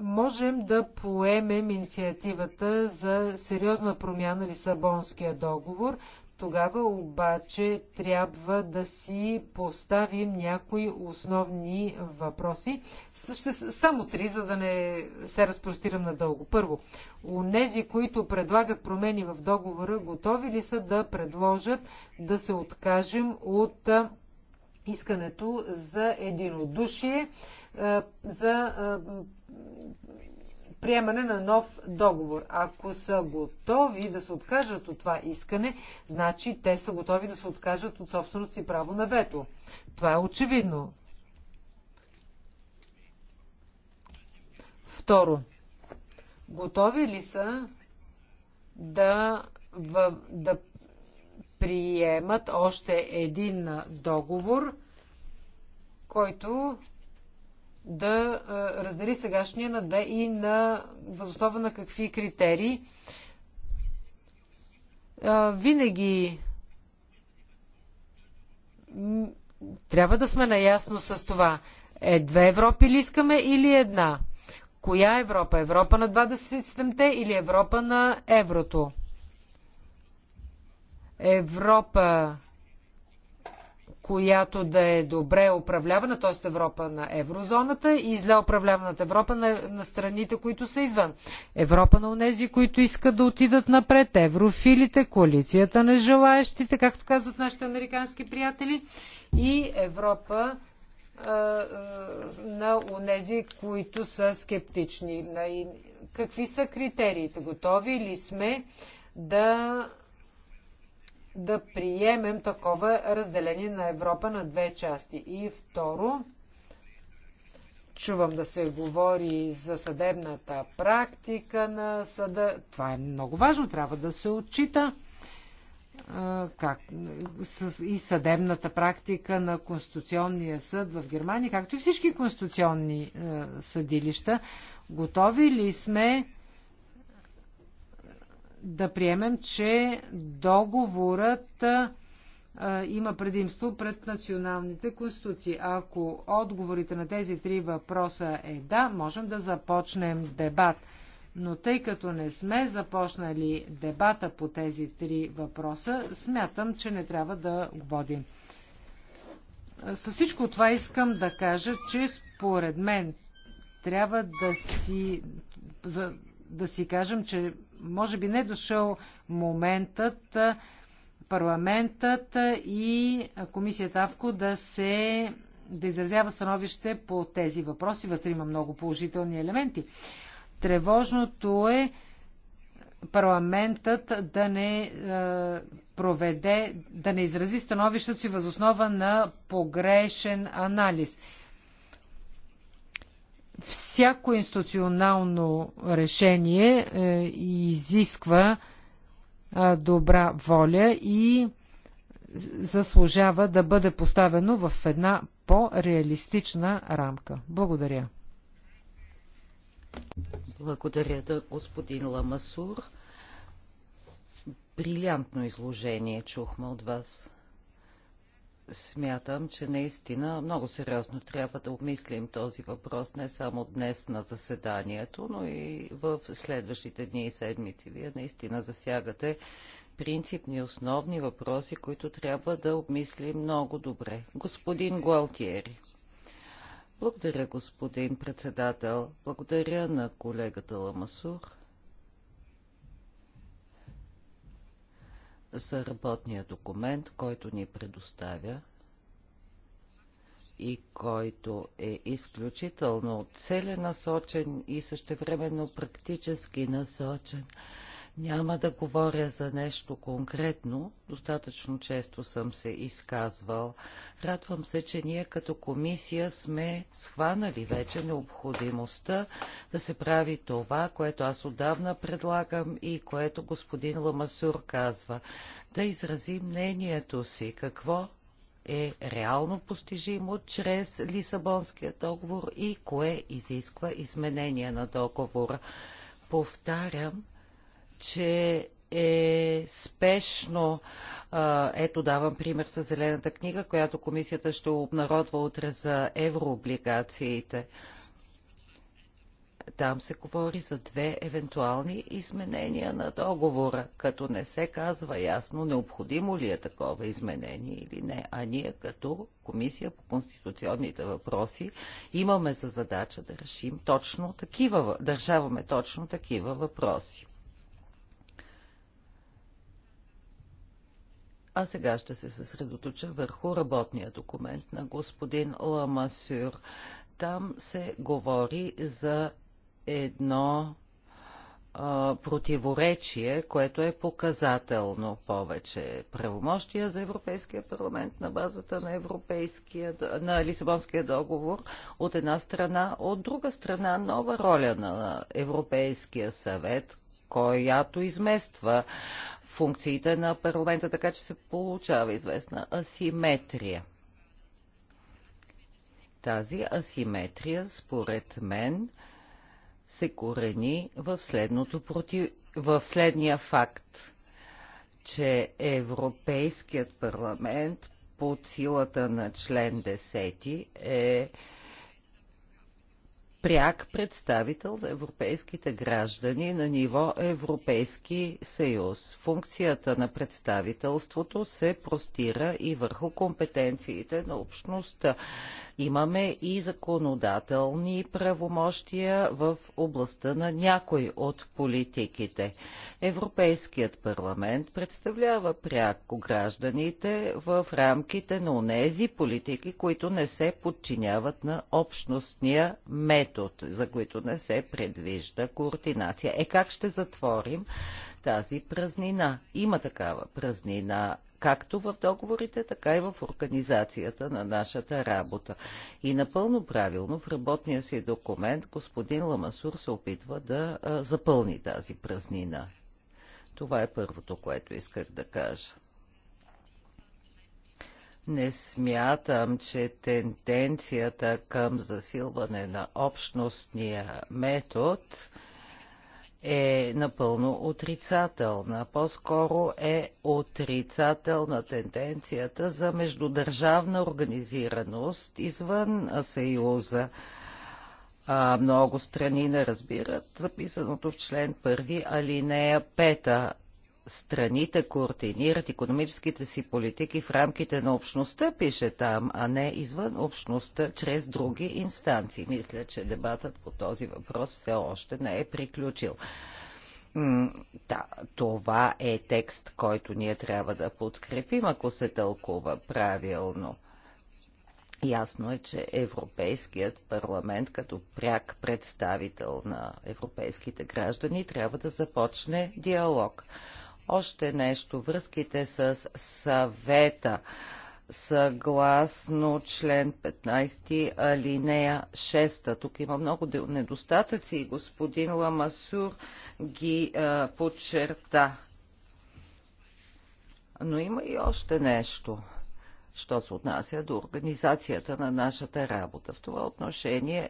можем да поемем инициативата за сериозна промяна Лисабонския договор. Тогава обаче трябва да си поставим някои основни въпроси. Ще, само три, за да не се разпростирам надълго. Първо, нези, които предлагат промени в договора, готови ли са да предложат да се откажем от искането за единодушие за приемане на нов договор. Ако са готови да се откажат от това искане, значи те са готови да се откажат от собственото си право на вето. Това е очевидно. Второ, готови ли са да, в, да приемат още един договор, който да раздели сегашния на две и на възоснова на какви критерии. Винаги трябва да сме наясно с това. Е, две Европи ли искаме или една? Коя Европа? Европа на 27-те или Европа на еврото? Европа която да е добре управлявана, т.е. Европа на еврозоната и зле управляваната Европа на, на страните, които са извън. Европа на унези, които искат да отидат напред, еврофилите, коалицията на желаящите, както казват нашите американски приятели, и Европа а, а, на унези, които са скептични. Какви са критериите? Готови ли сме да да приемем такова разделение на Европа на две части. И второ, чувам да се говори за съдебната практика на съда. Това е много важно, трябва да се отчита как, и съдебната практика на Конституционния съд в Германия, както и всички конституционни съдилища. Готови ли сме да приемем, че договорът има предимство пред националните конституции. Ако отговорите на тези три въпроса е да, можем да започнем дебат. Но тъй като не сме започнали дебата по тези три въпроса, смятам, че не трябва да водим. Със всичко това искам да кажа, че според мен трябва да си, да си кажем, че може би не е дошъл моментът парламентът и комисията АВКО да се да изразява становище по тези въпроси. Вътре има много положителни елементи. Тревожното е парламентът да не проведе, да не изрази становището си възоснова на погрешен анализ всяко институционално решение е, изисква добра воля и заслужава да бъде поставено в една по-реалистична рамка. Благодаря. Благодаря, да, господин Ламасур. Брилянтно изложение чухме от вас смятам, че наистина много сериозно трябва да обмислим този въпрос не само днес на заседанието, но и в следващите дни и седмици. Вие наистина засягате принципни основни въпроси, които трябва да обмислим много добре. Господин Гуалтиери. Благодаря, господин председател. Благодаря на колегата Ламасур. са работния документ, който ни предоставя и който е изключително целенасочен и същевременно практически насочен – няма да говоря за нещо конкретно, достатъчно често съм се изказвал. Радвам се, че ние като комисия сме схванали вече необходимостта да се прави това, което аз отдавна предлагам и което господин Ламасур казва. Да изрази мнението си какво е реално постижимо чрез Лисабонския договор и кое изисква изменение на договора. Повтарям, че е спешно. Ето давам пример с Зелената книга, която комисията ще обнародва утре за еврооблигациите. Там се говори за две евентуални изменения на договора, като не се казва ясно необходимо ли е такова изменение или не. А ние като Комисия по конституционните въпроси имаме за задача да решим точно такива, държаваме точно такива въпроси. А сега ще се съсредоточа върху работния документ на господин Ламасюр. Там се говори за едно а, противоречие, което е показателно повече. Правомощия за Европейския парламент на базата на, европейския, на Лисабонския договор от една страна, от друга страна нова роля на Европейския съвет, която измества функциите на парламента, така че се получава известна асиметрия. Тази асиметрия, според мен, се корени в, следното против... в следния факт, че Европейският парламент под силата на член 10 е пряк представител на европейските граждани на ниво Европейски съюз. Функцията на представителството се простира и върху компетенциите на общността. Имаме и законодателни правомощия в областта на някой от политиките. Европейският парламент представлява пряко гражданите в рамките на онези политики, които не се подчиняват на общностния метод които, за които не се предвижда координация. Е как ще затворим тази празнина? Има такава празнина както в договорите, така и в организацията на нашата работа. И напълно правилно в работния си документ господин Ламасур се опитва да запълни тази празнина. Това е първото, което исках да кажа. Не смятам, че тенденцията към засилване на общностния метод е напълно отрицателна. По-скоро е отрицателна тенденцията за междудържавна организираност извън Съюза. А, много страни не разбират записаното в член 1 алинея страните координират економическите си политики в рамките на общността, пише там, а не извън общността, чрез други инстанции. Мисля, че дебатът по този въпрос все още не е приключил. Да, това е текст, който ние трябва да подкрепим, ако се тълкува правилно. Ясно е, че Европейският парламент като пряк представител на европейските граждани трябва да започне диалог. Още нещо, връзките с съвета съгласно член 15 алинея 6. Тук има много недостатъци и господин Ламасур ги а, подчерта. Но има и още нещо, що се отнася до организацията на нашата работа. В това отношение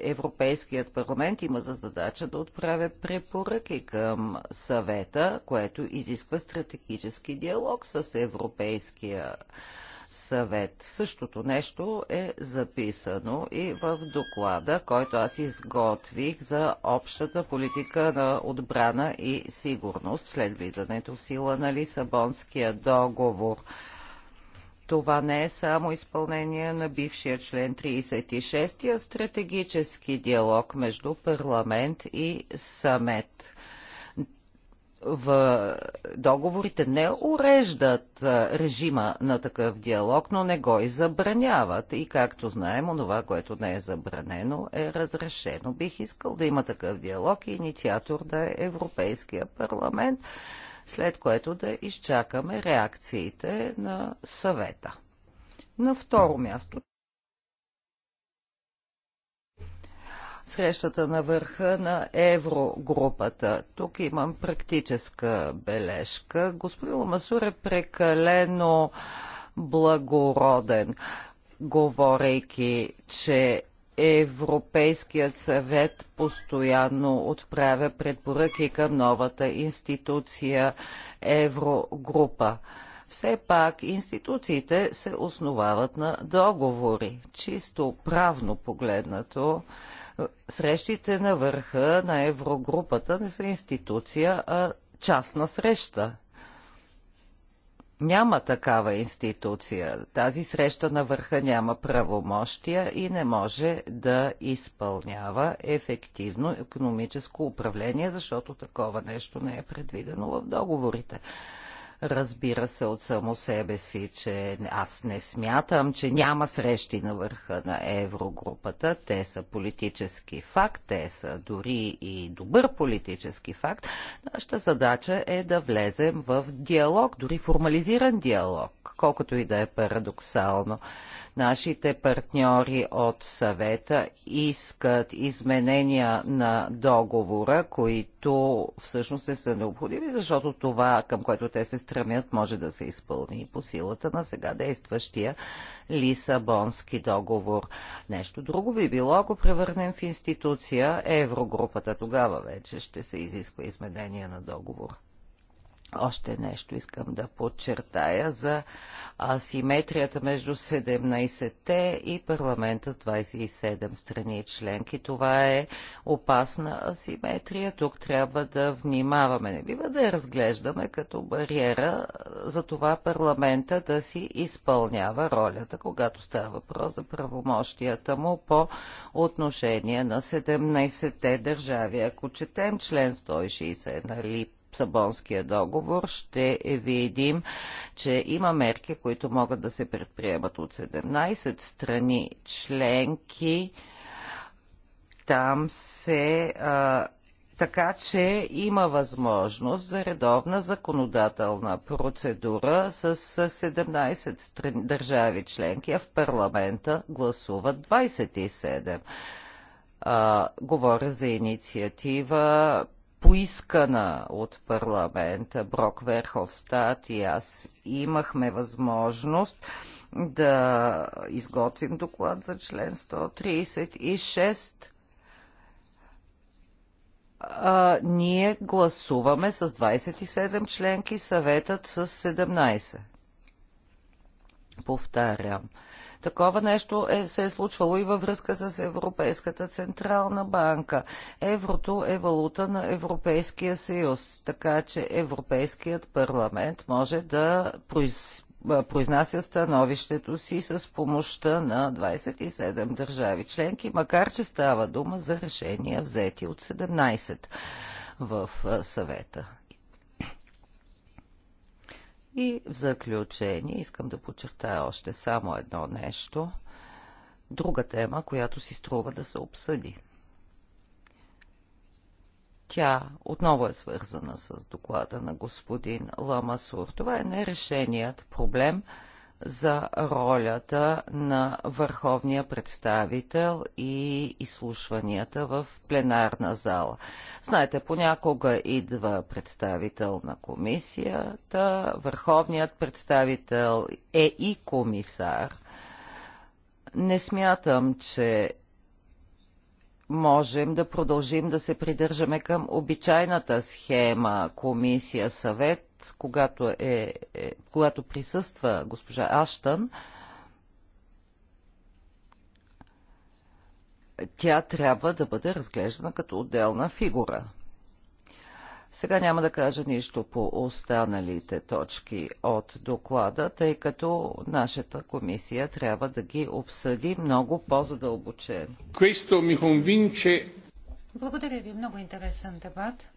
Европейският парламент има за задача да отправя препоръки към съвета, което изисква стратегически диалог с Европейския съвет. Същото нещо е записано и в доклада, който аз изготвих за общата политика на отбрана и сигурност след влизането в сила на Лисабонския договор това не е само изпълнение на бившия член 36, а стратегически диалог между парламент и самет. В договорите не уреждат режима на такъв диалог, но не го и забраняват. И както знаем, онова, което не е забранено, е разрешено. Бих искал да има такъв диалог и инициатор да е Европейския парламент след което да изчакаме реакциите на съвета. На второ място. Срещата на върха на Еврогрупата. Тук имам практическа бележка. Господин Ламасур е прекалено благороден, говорейки, че Европейският съвет постоянно отправя предпоръки към новата институция Еврогрупа. Все пак институциите се основават на договори. Чисто правно погледнато, срещите на върха на Еврогрупата не са институция, а частна среща. Няма такава институция. Тази среща на върха няма правомощия и не може да изпълнява ефективно економическо управление, защото такова нещо не е предвидено в договорите. Разбира се от само себе си, че аз не смятам, че няма срещи на върха на Еврогрупата. Те са политически факт, те са дори и добър политически факт. Нашата задача е да влезем в диалог, дори формализиран диалог, колкото и да е парадоксално. Нашите партньори от съвета искат изменения на договора, които всъщност не са необходими, защото това, към което те се стремят, може да се изпълни по силата на сега действащия Лисабонски договор. Нещо друго би било, ако превърнем в институция Еврогрупата. Тогава вече ще се изисква изменения на договора. Още нещо искам да подчертая за асиметрията между 17-те и парламента с 27 страни членки. Това е опасна асиметрия. Тук трябва да внимаваме. Не бива да я разглеждаме като бариера за това парламента да си изпълнява ролята, когато става въпрос за правомощията му по отношение на 17-те държави. Ако четем член 160 на ЛИП Лисабонския договор, ще видим, че има мерки, които могат да се предприемат от 17 страни членки. Там се а, така че има възможност за редовна законодателна процедура с 17 страни, държави членки, а в парламента гласуват 27. А, говоря за инициатива поискана от парламента Брок Верховстат и аз имахме възможност да изготвим доклад за член 136 а, ние гласуваме с 27 членки, съветът с 17. Повтарям. Такова нещо е, се е случвало и във връзка с Европейската централна банка. Еврото е валута на Европейския съюз, така че Европейският парламент може да произ произнася становището си с помощта на 27 държави членки, макар че става дума за решения взети от 17 в съвета. И в заключение искам да подчертая още само едно нещо. Друга тема, която си струва да се обсъди. Тя отново е свързана с доклада на господин Ламасур. Това е нерешеният проблем – за ролята на върховния представител и изслушванията в пленарна зала. Знаете, понякога идва представител на комисията, върховният представител е и комисар. Не смятам, че можем да продължим да се придържаме към обичайната схема комисия-съвет когато, е, е, когато присъства госпожа Аштън, тя трябва да бъде разглеждана като отделна фигура. Сега няма да кажа нищо по останалите точки от доклада, тъй като нашата комисия трябва да ги обсъди много по-задълбочено. Благодаря ви, много интересен дебат.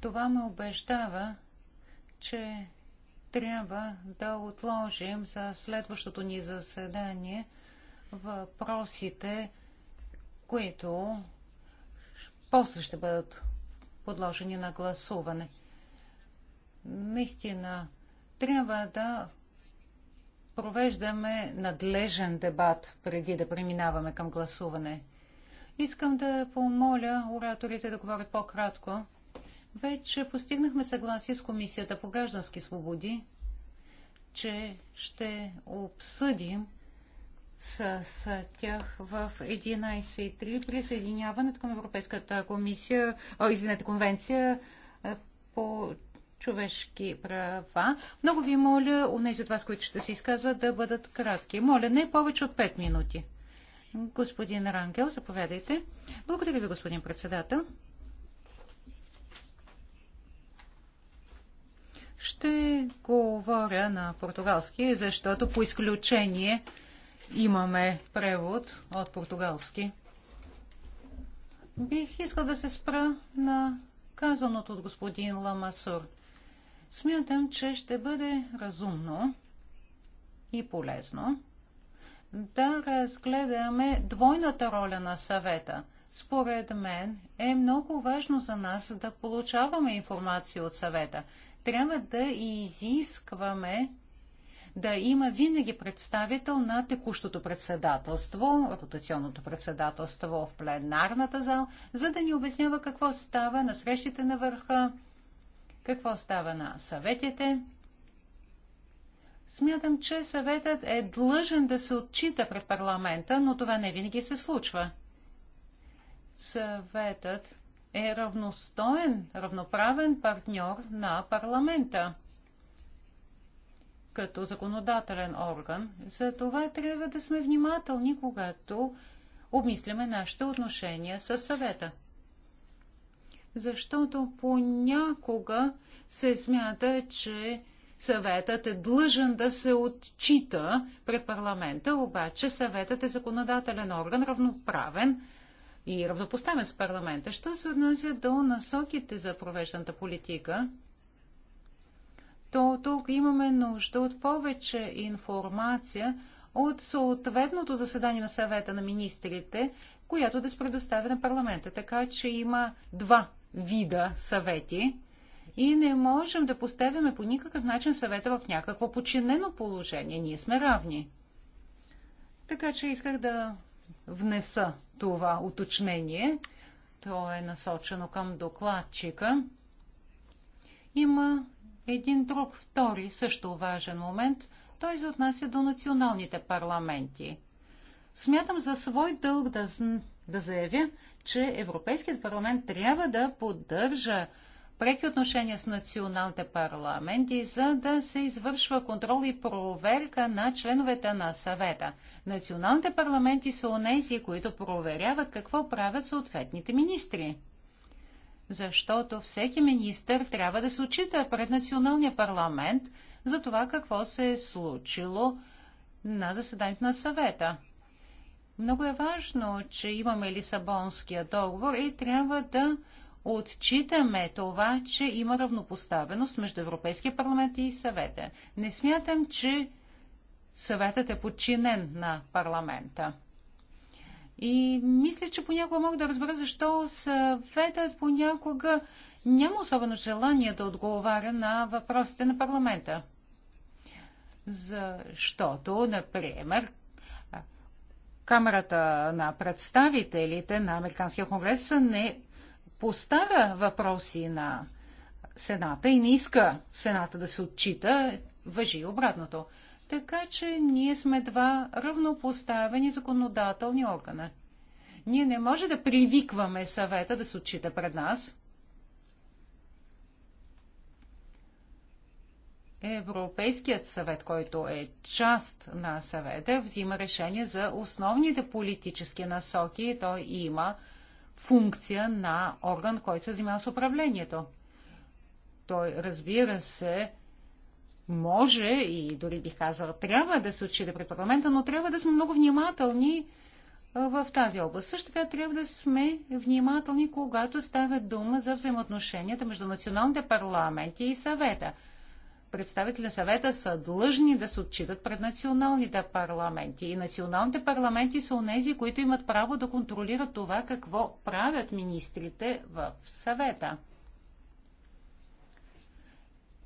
Това ме убеждава, че трябва да отложим за следващото ни заседание въпросите, които после ще бъдат подложени на гласуване. Наистина, трябва да провеждаме надлежен дебат преди да преминаваме към гласуване. Искам да помоля ораторите да говорят по-кратко, вече постигнахме съгласие с Комисията по граждански свободи, че ще обсъдим с, с тях в 11.3 присъединяването към Европейската комисия, о, извинете, конвенция е, по човешки права. Много ви моля, у нези от вас, които ще се изказват, да бъдат кратки. Моля, не повече от 5 минути. Господин Рангел, заповядайте. Благодаря ви, господин председател. Ще говоря на португалски, защото по изключение имаме превод от португалски. Бих искал да се спра на казаното от господин Ламасур. Смятам, че ще бъде разумно и полезно да разгледаме двойната роля на съвета. Според мен е много важно за нас да получаваме информация от съвета – трябва да изискваме да има винаги представител на текущото председателство, ротационното председателство в пленарната зал, за да ни обяснява какво става на срещите на върха, какво става на съветите. Смятам, че съветът е длъжен да се отчита пред парламента, но това не винаги се случва. Съветът е равностоен, равноправен партньор на парламента като законодателен орган. За това трябва да сме внимателни, когато обмисляме нашите отношения с съвета. Защото понякога се смята, че съветът е длъжен да се отчита пред парламента, обаче съветът е законодателен орган, равноправен и равнопоставен с парламента. Що се отнася до насоките за провежданата политика, то тук имаме нужда от повече информация от съответното заседание на съвета на министрите, която да се предоставя на парламента. Така че има два вида съвети и не можем да поставяме по никакъв начин съвета в някакво подчинено положение. Ние сме равни. Така че исках да внеса това уточнение. То е насочено към докладчика. Има един друг, втори, също важен момент. Той се отнася до националните парламенти. Смятам за свой дълг да, да заявя, че Европейският парламент трябва да поддържа преки отношения с националните парламенти, за да се извършва контрол и проверка на членовете на съвета. Националните парламенти са онези, които проверяват какво правят съответните министри. Защото всеки министр трябва да се отчита пред националния парламент за това какво се е случило на заседанието на съвета. Много е важно, че имаме Лисабонския договор и трябва да отчитаме това, че има равнопоставеност между Европейския парламент и съвета. Не смятам, че съветът е подчинен на парламента. И мисля, че понякога мога да разбера защо съветът понякога няма особено желание да отговаря на въпросите на парламента. Защото, например, Камерата на представителите на Американския конгрес не поставя въпроси на Сената и не иска Сената да се отчита, въжи обратното. Така че ние сме два равнопоставени законодателни органа. Ние не може да привикваме съвета да се отчита пред нас. Европейският съвет, който е част на съвета, взима решение за основните политически насоки. Той има функция на орган, който се занимава с управлението. Той, разбира се, може и дори бих казала, трябва да се отчита при парламента, но трябва да сме много внимателни в тази област. Също така трябва да сме внимателни, когато става дума за взаимоотношенията между националните парламенти и съвета – представителя съвета са длъжни да се отчитат пред националните парламенти. И националните парламенти са онези, които имат право да контролират това какво правят министрите в съвета.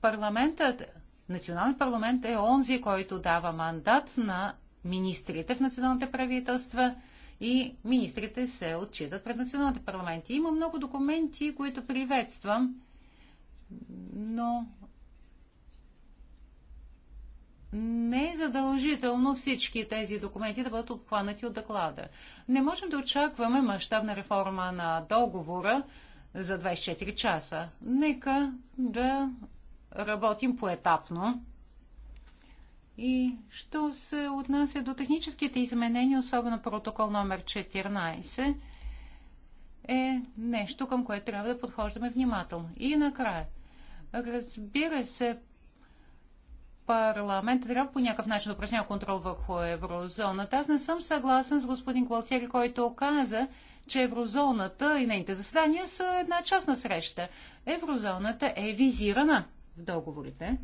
Парламентът, националният парламент е онзи, който дава мандат на министрите в националните правителства и министрите се отчитат пред националните парламенти. Има много документи, които приветствам, но не е задължително всички тези документи да бъдат обхванати от доклада. Не можем да очакваме мащабна реформа на договора за 24 часа. Нека да работим поетапно. И що се отнася до техническите изменения, особено протокол номер 14, е нещо, към което трябва да подхождаме внимателно. И накрая. Разбира се, парламент трябва по някакъв начин да упражнява контрол върху еврозоната. Аз не съм съгласен с господин Гуалтери, който каза, че еврозоната и нейните заседания са една частна среща. Еврозоната е визирана в договорите.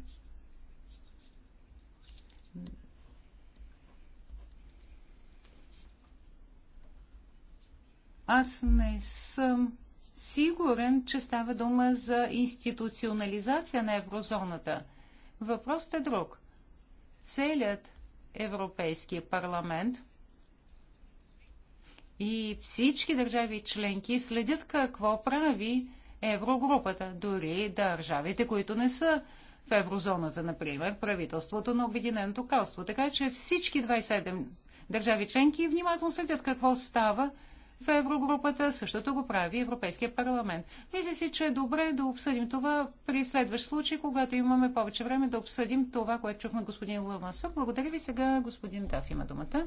Аз не съм сигурен, че става дума за институционализация на еврозоната – Въпросът е друг. Целият Европейски парламент и всички държави членки следят какво прави Еврогрупата, дори държавите, които не са в еврозоната, например, правителството на Обединеното кралство. Така че всички 27 държави членки внимателно следят какво става в Еврогрупата, същото го прави Европейския парламент. Мисля си, че е добре да обсъдим това при следващ случай, когато имаме повече време да обсъдим това, което чухме господин Лъвмасов. Благодаря ви сега, господин Даф има думата.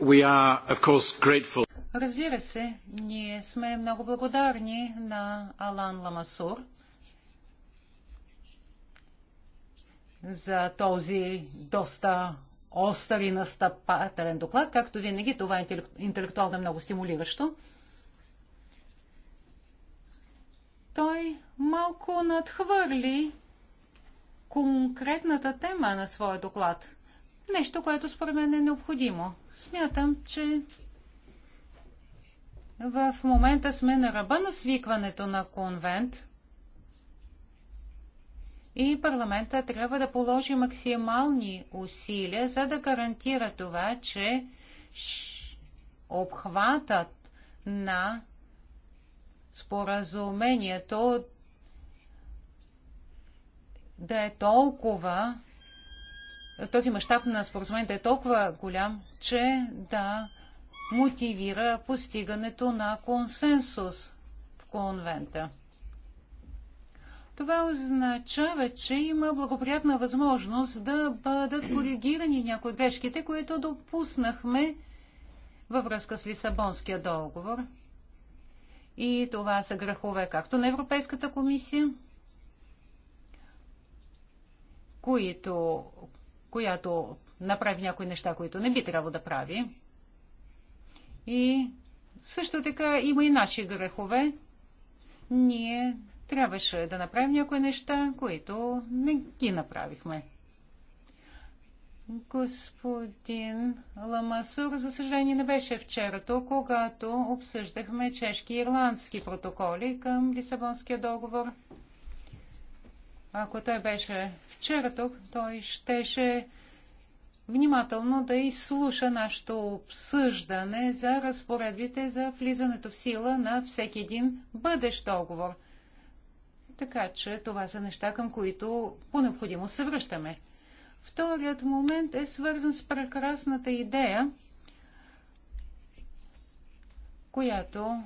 We are, of course, Разбира се, ние сме много благодарни на Алан Ламасур за този доста остър и настъпателен доклад. Както винаги, това е интелектуално е много стимулиращо. Той малко надхвърли конкретната тема на своя доклад. Нещо, което според мен е необходимо. Смятам, че в момента сме на ръба на свикването на конвент и парламента трябва да положи максимални усилия, за да гарантира това, че обхватът на споразумението да е толкова, този мащаб на споразумението е толкова голям, че да мотивира постигането на консенсус в конвента. Това означава, че има благоприятна възможност да бъдат коригирани някои грешките, които допуснахме във връзка с Лисабонския договор. И това са грехове както на Европейската комисия, които, която направи някои неща, които не би трябвало да прави. И също така има и наши грехове. Ние трябваше да направим някои неща, които не ги направихме. Господин Ламасур, за съжаление, не беше вчера когато обсъждахме чешки и ирландски протоколи към Лисабонския договор. Ако той беше вчера тук, той щеше внимателно да изслуша нашето обсъждане за разпоредбите за влизането в сила на всеки един бъдещ договор – така че това са неща, към които по необходимо се връщаме. Вторият момент е свързан с прекрасната идея, която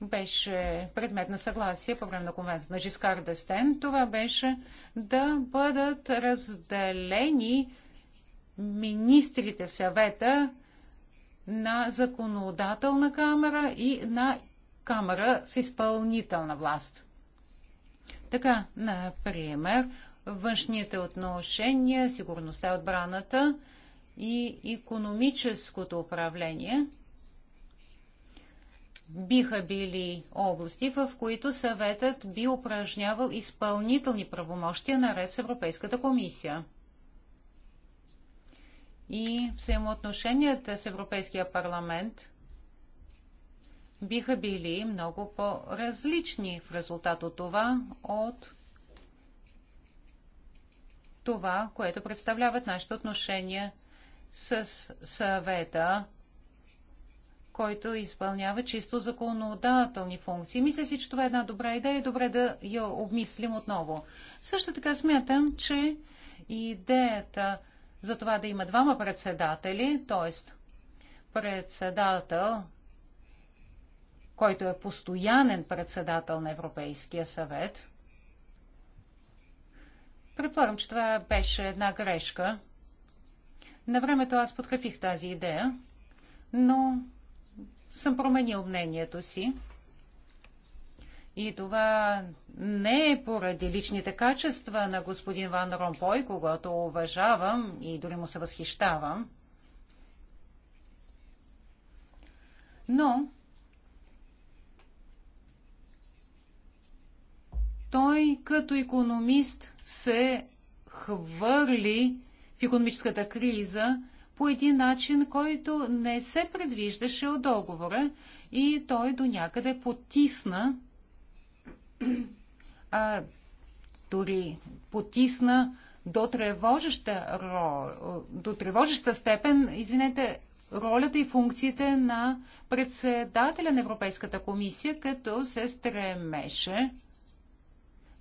беше предмет на съгласие по време на конвенцията на Жискар Дестен. Това беше да бъдат разделени министрите в съвета на законодателна камера и на камера с изпълнителна власт. Така, например, външните отношения, сигурността и отбраната и економическото управление биха били области, в които съветът би упражнявал изпълнителни правомощия наред с Европейската комисия. И взаимоотношенията с Европейския парламент – биха били много по-различни в резултат от това, от това, което представляват нашите отношения с съвета, който изпълнява чисто законодателни функции. Мисля си, че това е една добра идея. Добре да я обмислим отново. Също така смятам, че идеята за това да има двама председатели, т.е. председател който е постоянен председател на Европейския съвет. Предполагам, че това беше една грешка. На времето аз подкрепих тази идея, но съм променил мнението си. И това не е поради личните качества на господин Ван Ромпой, когато уважавам и дори му се възхищавам. Но Той като економист се хвърли в економическата криза по един начин, който не се предвиждаше от договора и той до някъде потисна, а, дори потисна до тревожеща, до тревожеща степен, извинете, ролята и функциите на председателя на Европейската комисия, като се стремеше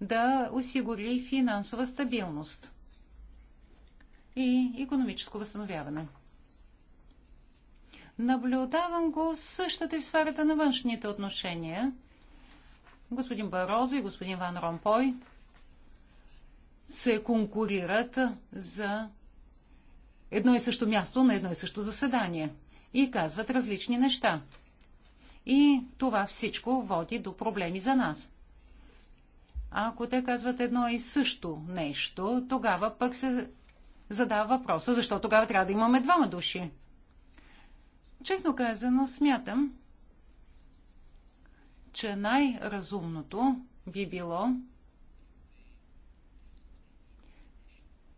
да осигури финансова стабилност и економическо възстановяване. Наблюдавам го същото и в сферата на външните отношения. Господин Барозо и господин Ван Ромпой се конкурират за едно и също място на едно и също заседание и казват различни неща. И това всичко води до проблеми за нас. Ако те казват едно и също нещо, тогава пък се задава въпроса, защо тогава трябва да имаме двама души. Честно казано, смятам, че най-разумното би било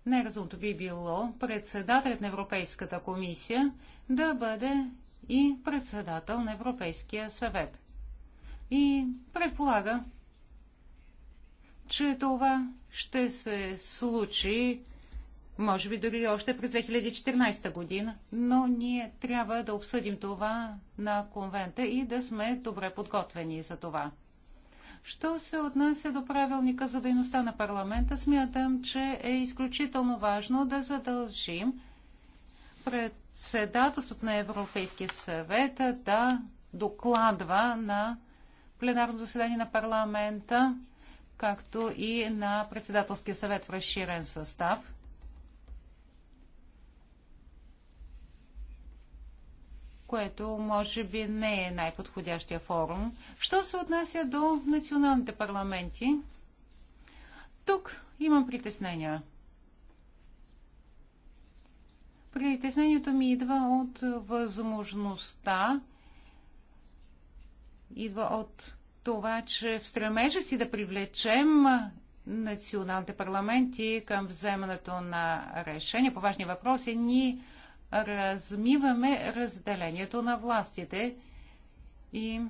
най-разумното би било председателят на Европейската комисия да бъде и председател на Европейския съвет. И предполага, че това ще се случи, може би дори още през 2014 година, но ние трябва да обсъдим това на конвента и да сме добре подготвени за това. Що се отнася до правилника за дейността на парламента, смятам, че е изключително важно да задължим председателството на Европейския съвет да докладва на пленарно заседание на парламента както и на председателския съвет в разширен състав. което може би не е най-подходящия форум. Що се отнася до националните парламенти, тук имам притеснения. Притеснението ми идва от възможността, идва от това, че в стремежа си да привлечем националните парламенти към вземането на решения по важни въпроси, ние размиваме разделението на властите и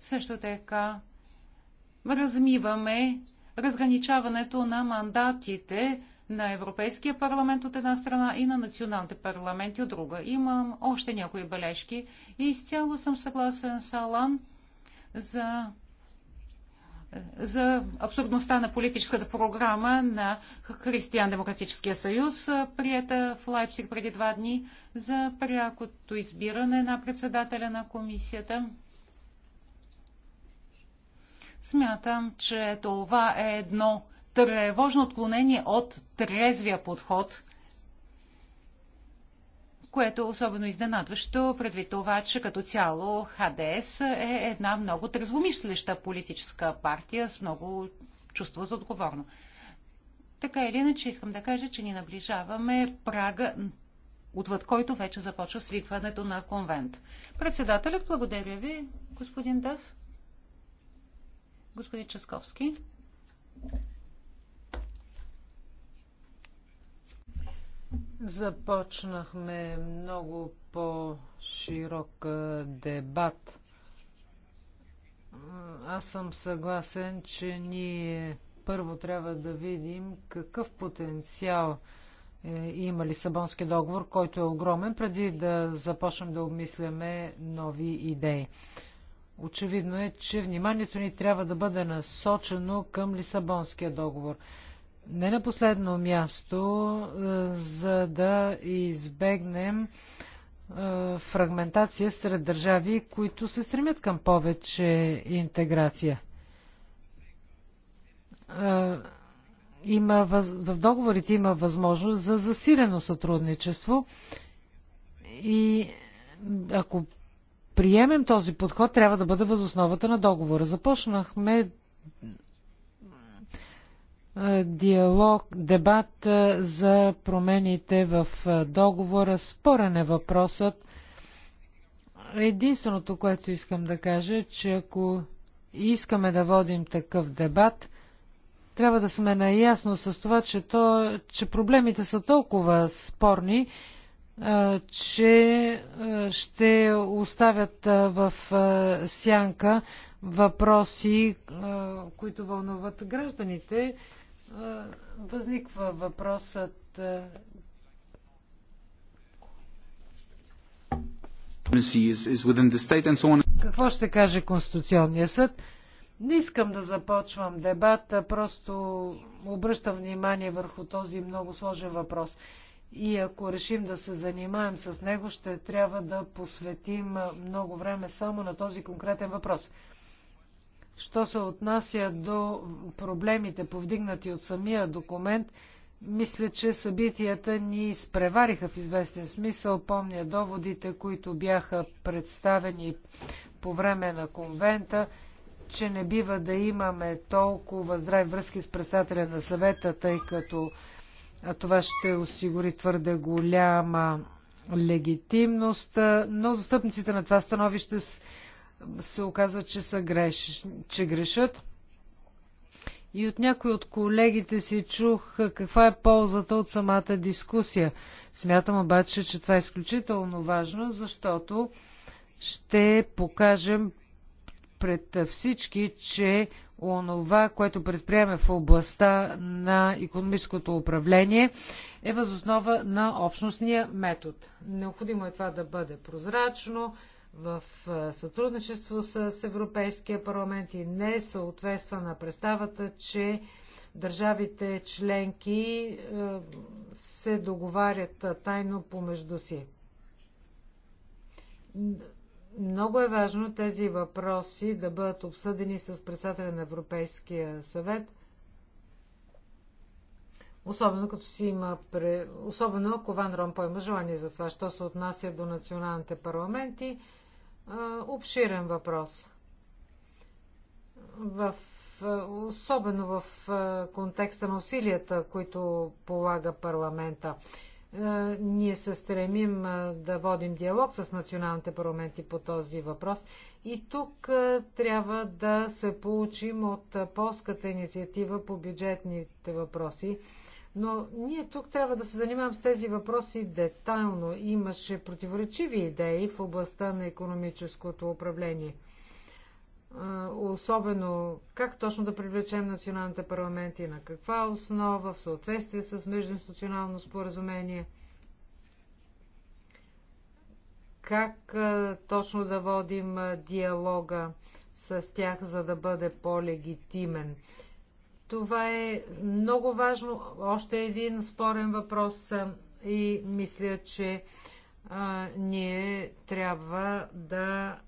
също така размиваме разграничаването на мандатите на Европейския парламент от една страна и на националните парламенти от друга. Имам още някои бележки. Изцяло съм съгласен с Алан – за за абсурдността на политическата програма на Християн-демократическия съюз, прията в Лайпсик преди два дни за прякото избиране на председателя на комисията. Смятам, че това е едно тревожно отклонение от трезвия подход, което е особено изненадващо, предвид това, че като цяло ХДС е една много трезвомислеща политическа партия с много чувство за отговорно. Така или иначе, искам да кажа, че ни наближаваме прага, отвъд който вече започва свикването на конвент. Председателят, благодаря ви, господин Дъв. Господин Часковски. Започнахме много по-широк дебат. Аз съм съгласен, че ние първо трябва да видим какъв потенциал е, има Лисабонски договор, който е огромен, преди да започнем да обмисляме нови идеи. Очевидно е, че вниманието ни трябва да бъде насочено към Лисабонския договор. Не на последно място, е, за да избегнем е, фрагментация сред държави, които се стремят към повече интеграция. Е, има, в договорите има възможност за засилено сътрудничество и ако приемем този подход, трябва да бъде възосновата на договора. Започнахме е, диалог, дебат е, за промените в е, договора. Спорен е въпросът. Единственото, което искам да кажа, че ако искаме да водим такъв дебат, трябва да сме наясно с това, че, то, че проблемите са толкова спорни, че ще оставят в сянка въпроси, които вълнуват гражданите възниква въпросът Какво ще каже Конституционния съд? Не искам да започвам дебата, просто обръщам внимание върху този много сложен въпрос. И ако решим да се занимаем с него, ще трябва да посветим много време само на този конкретен въпрос. Що се отнася до проблемите, повдигнати от самия документ, мисля, че събитията ни изпревариха в известен смисъл. Помня доводите, които бяха представени по време на конвента, че не бива да имаме толкова здрави връзки с председателя на съвета, тъй като това ще осигури твърде голяма легитимност, но застъпниците на това становище се оказа, че, са греш, че грешат. И от някои от колегите си чух каква е ползата от самата дискусия. Смятам обаче, че това е изключително важно, защото ще покажем пред всички, че онова, което предприеме в областта на економическото управление, е възоснова на общностния метод. Необходимо е това да бъде прозрачно, в сътрудничество с Европейския парламент и не съответства на представата, че държавите членки се договарят тайно помежду си. Много е важно тези въпроси да бъдат обсъдени с председателя на Европейския съвет, особено, като си има особено ако Ван Ромпо има желание за това, що се отнася до националните парламенти обширен въпрос. В, особено в контекста на усилията, които полага парламента. Ние се стремим да водим диалог с националните парламенти по този въпрос. И тук трябва да се получим от полската инициатива по бюджетните въпроси, но ние тук трябва да се занимавам с тези въпроси детайлно. Имаше противоречиви идеи в областта на економическото управление. Особено как точно да привлечем националните парламенти, на каква основа, в съответствие с междуинституционално споразумение, как точно да водим диалога с тях, за да бъде по-легитимен. Това е много важно. Още един спорен въпрос и мисля, че а, ние трябва да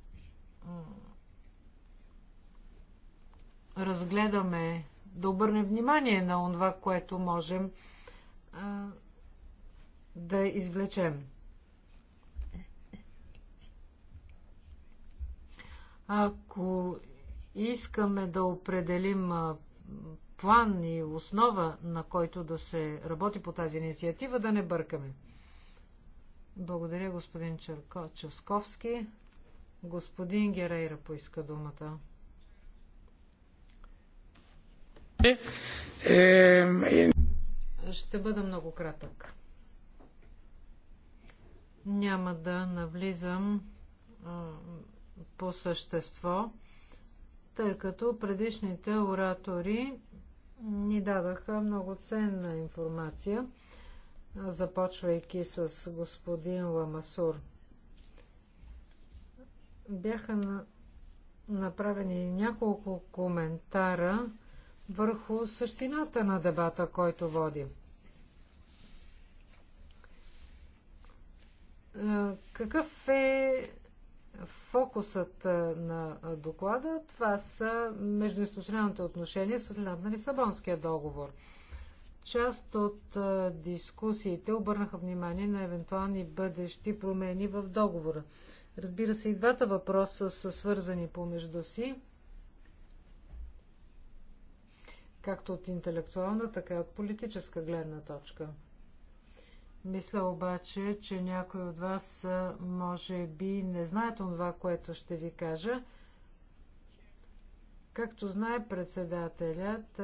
разгледаме, да обърнем внимание на това, което можем а, да извлечем. Ако искаме да определим план и основа, на който да се работи по тази инициатива, да не бъркаме. Благодаря, господин Черко... Часковски. Господин Герейра поиска думата. Ще бъда много кратък. Няма да навлизам а, по същество, тъй като предишните оратори ни дадаха много ценна информация, започвайки с господин Ламасур. Бяха на... направени няколко коментара върху същината на дебата, който води. Е, какъв е фокусът на доклада, това са междуинституционалните отношения с на Лисабонския договор. Част от дискусиите обърнаха внимание на евентуални бъдещи промени в договора. Разбира се, и двата въпроса са свързани помежду си, както от интелектуална, така и от политическа гледна точка – мисля обаче, че някои от вас може би не знаят това, което ще ви кажа. Както знае председателят,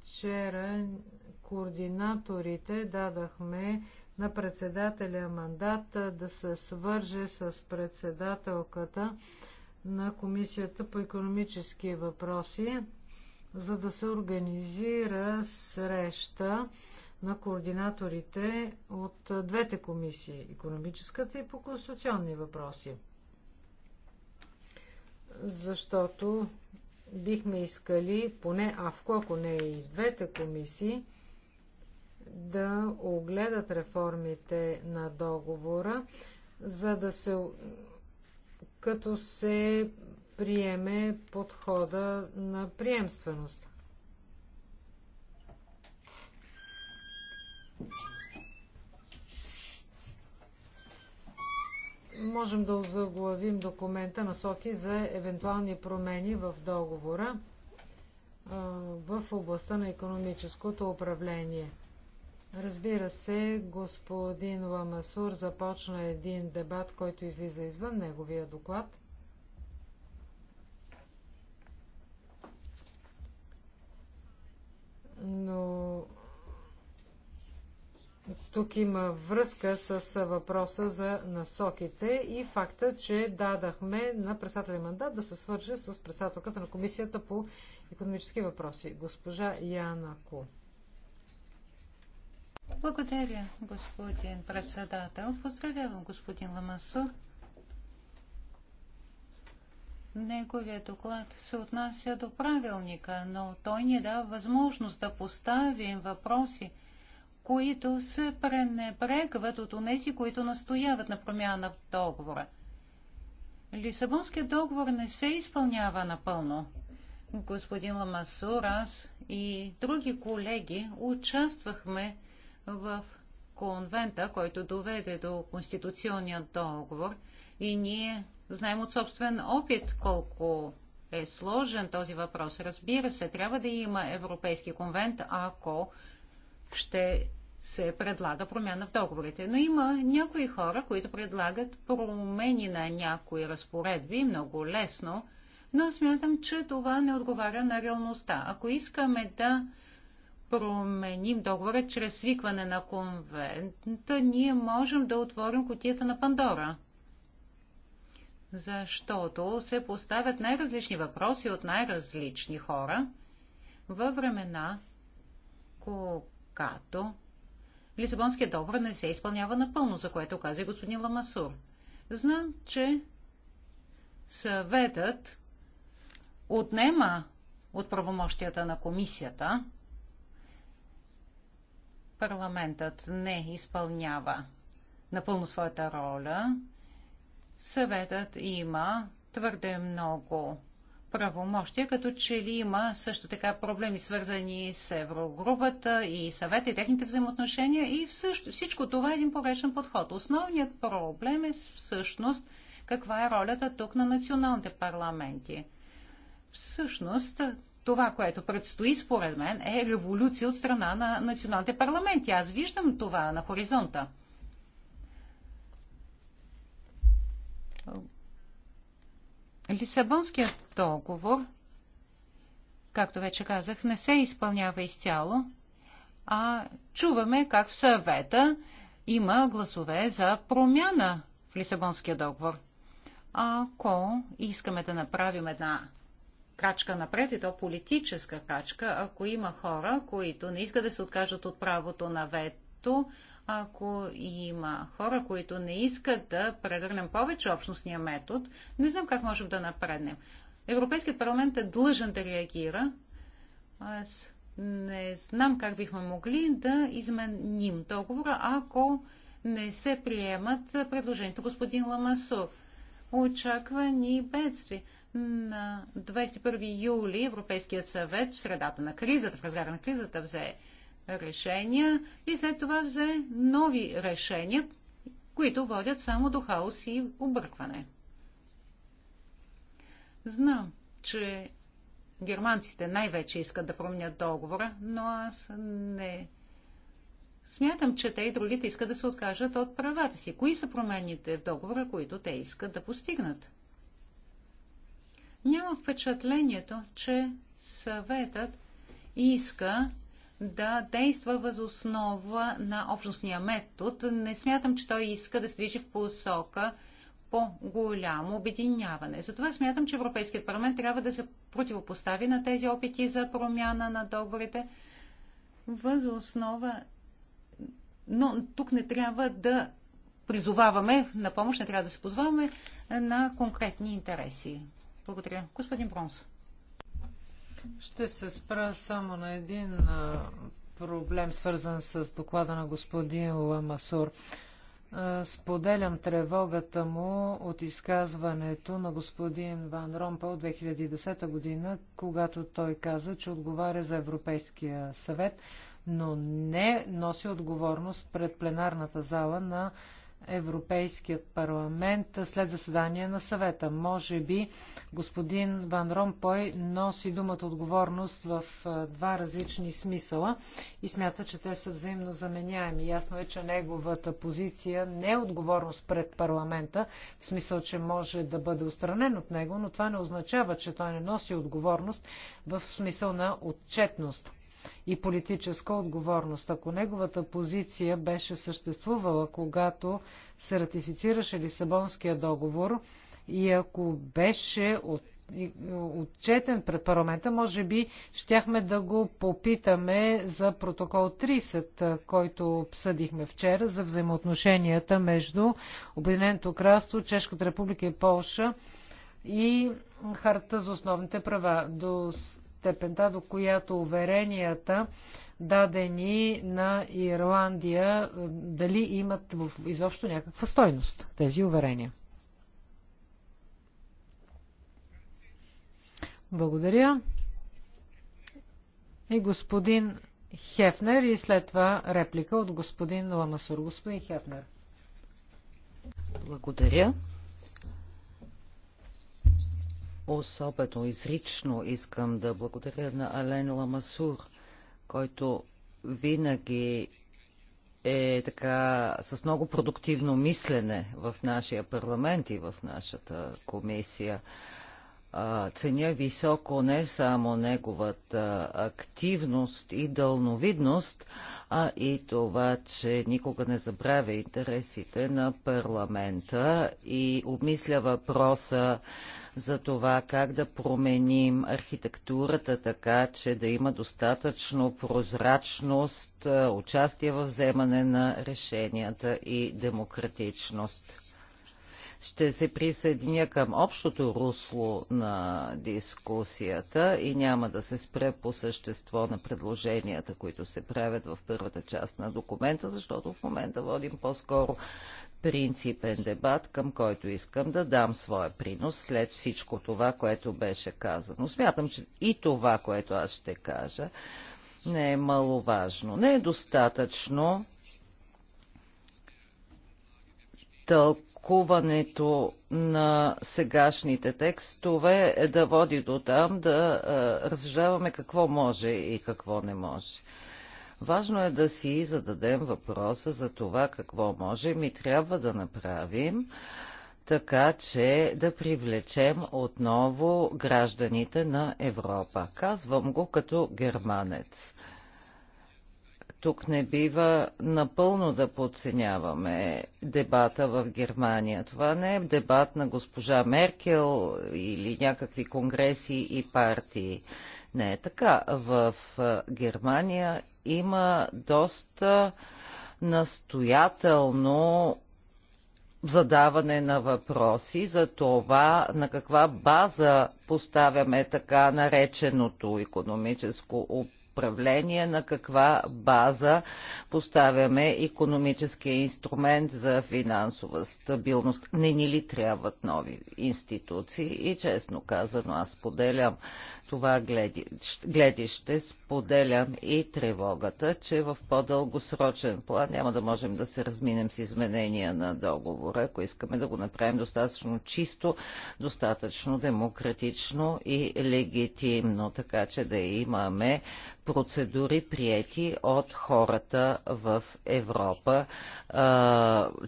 вчера координаторите дадахме на председателя мандат да се свърже с председателката на Комисията по економически въпроси, за да се организира среща на координаторите от двете комисии економическата и по конституционни въпроси. Защото бихме искали, поне АВКО, ако не и двете комисии, да огледат реформите на договора, за да се като се приеме подхода на приемственост. Можем да заглавим документа насоки за евентуални промени в договора в областта на економическото управление. Разбира се, господин Ламасур започна един дебат, който излиза извън неговия доклад. Но тук има връзка с въпроса за насоките и факта, че дадахме на председателя мандат да се свърже с председателката на Комисията по економически въпроси, госпожа Яна Ку. Благодаря, господин председател. Поздравявам господин Ламасур. Неговият доклад се отнася до правилника, но той ни дава възможност да поставим въпроси – които се пренебрегват от онези, които настояват на промяна в договора. Лисабонският договор не се изпълнява напълно. Господин Ламасур, аз и други колеги участвахме в конвента, който доведе до конституционния договор и ние знаем от собствен опит колко е сложен този въпрос. Разбира се, трябва да има Европейски конвент, ако ще се предлага промяна в договорите. Но има някои хора, които предлагат промени на някои разпоредби много лесно, но смятам, че това не отговаря на реалността. Ако искаме да променим договора чрез свикване на конвента, ние можем да отворим котията на Пандора. Защото се поставят най-различни въпроси от най-различни хора във времена, когато като Лисабонският договор не се изпълнява напълно, за което каза господин Ламасур. Знам, че съветът отнема от правомощията на комисията. Парламентът не изпълнява напълно своята роля. Съветът има твърде много правомощия, като че ли има също така проблеми свързани с Еврогрупата и съвета и техните взаимоотношения и всъщ... всичко това е един поречен подход. Основният проблем е всъщност каква е ролята тук на националните парламенти. Всъщност, това, което предстои според мен е революция от страна на националните парламенти. Аз виждам това на хоризонта. Лисабонският договор, както вече казах, не се изпълнява изцяло, а чуваме как в съвета има гласове за промяна в Лисабонския договор. Ако искаме да направим една крачка напред, и то политическа крачка, ако има хора, които не искат да се откажат от правото на вето, ако има хора, които не искат да прегърнем повече общностния метод, не знам как можем да напреднем. Европейският парламент е длъжен да реагира. Аз не знам как бихме могли да изменим договора, ако не се приемат предложението господин Ламасов. Очаква ни На 21 юли Европейският съвет в средата на кризата, в разгара на кризата, взе решения и след това взе нови решения, които водят само до хаос и объркване. Знам, че германците най-вече искат да променят договора, но аз не смятам, че те и другите искат да се откажат от правата си. Кои са промените в договора, които те искат да постигнат? Няма впечатлението, че съветът иска да действа възоснова на общностния метод. Не смятам, че той иска да се движи в посока по-голямо обединяване. Затова смятам, че Европейският парламент трябва да се противопостави на тези опити за промяна на договорите възоснова. Но тук не трябва да призоваваме на помощ, не трябва да се позваваме на конкретни интереси. Благодаря. Господин Бронс. Ще се спра само на един проблем, свързан с доклада на господин Ламасур. Споделям тревогата му от изказването на господин Ван Ромпа от 2010 година, когато той каза, че отговаря за Европейския съвет, но не носи отговорност пред пленарната зала на Европейският парламент след заседание на съвета. Може би господин Ван Ромпой носи думата отговорност в два различни смисъла и смята, че те са взаимно заменяеми. Ясно е, че неговата позиция не е отговорност пред парламента, в смисъл, че може да бъде устранен от него, но това не означава, че той не носи отговорност в смисъл на отчетност и политическа отговорност. Ако неговата позиция беше съществувала, когато се ратифицираше Лисабонския договор и ако беше от отчетен пред парламента, може би щяхме да го попитаме за протокол 30, който обсъдихме вчера за взаимоотношенията между Обединеното кралство, Чешката република и Полша и Харта за основните права. До степента, до която уверенията дадени на Ирландия, дали имат изобщо някаква стойност тези уверения. Благодаря. И господин Хефнер и след това реплика от господин Ламасур. Господин Хефнер. Благодаря. Особено изрично искам да благодаря на Ален Ламасур, който винаги е така с много продуктивно мислене в нашия парламент и в нашата комисия ценя високо не само неговата активност и дълновидност, а и това, че никога не забравя интересите на парламента и обмисля въпроса за това как да променим архитектурата така, че да има достатъчно прозрачност, участие в вземане на решенията и демократичност. Ще се присъединя към общото русло на дискусията и няма да се спре по същество на предложенията, които се правят в първата част на документа, защото в момента водим по-скоро принципен дебат, към който искам да дам своя принос след всичко това, което беше казано. Смятам, че и това, което аз ще кажа, не е маловажно. Не е достатъчно тълкуването на сегашните текстове е да води до там да разсъждаваме какво може и какво не може. Важно е да си зададем въпроса за това какво можем и трябва да направим, така че да привлечем отново гражданите на Европа. Казвам го като германец. Тук не бива напълно да подценяваме дебата в Германия. Това не е дебат на госпожа Меркел или някакви конгреси и партии. Не е така. В Германия има доста настоятелно задаване на въпроси за това на каква база поставяме така нареченото економическо управление, на каква база поставяме економическия инструмент за финансова стабилност. Не ни ли трябват нови институции? И честно казано, аз поделям това гледище споделям и тревогата, че в по-дългосрочен план няма да можем да се разминем с изменения на договора, ако искаме да го направим достатъчно чисто, достатъчно демократично и легитимно, така че да имаме процедури прияти от хората в Европа,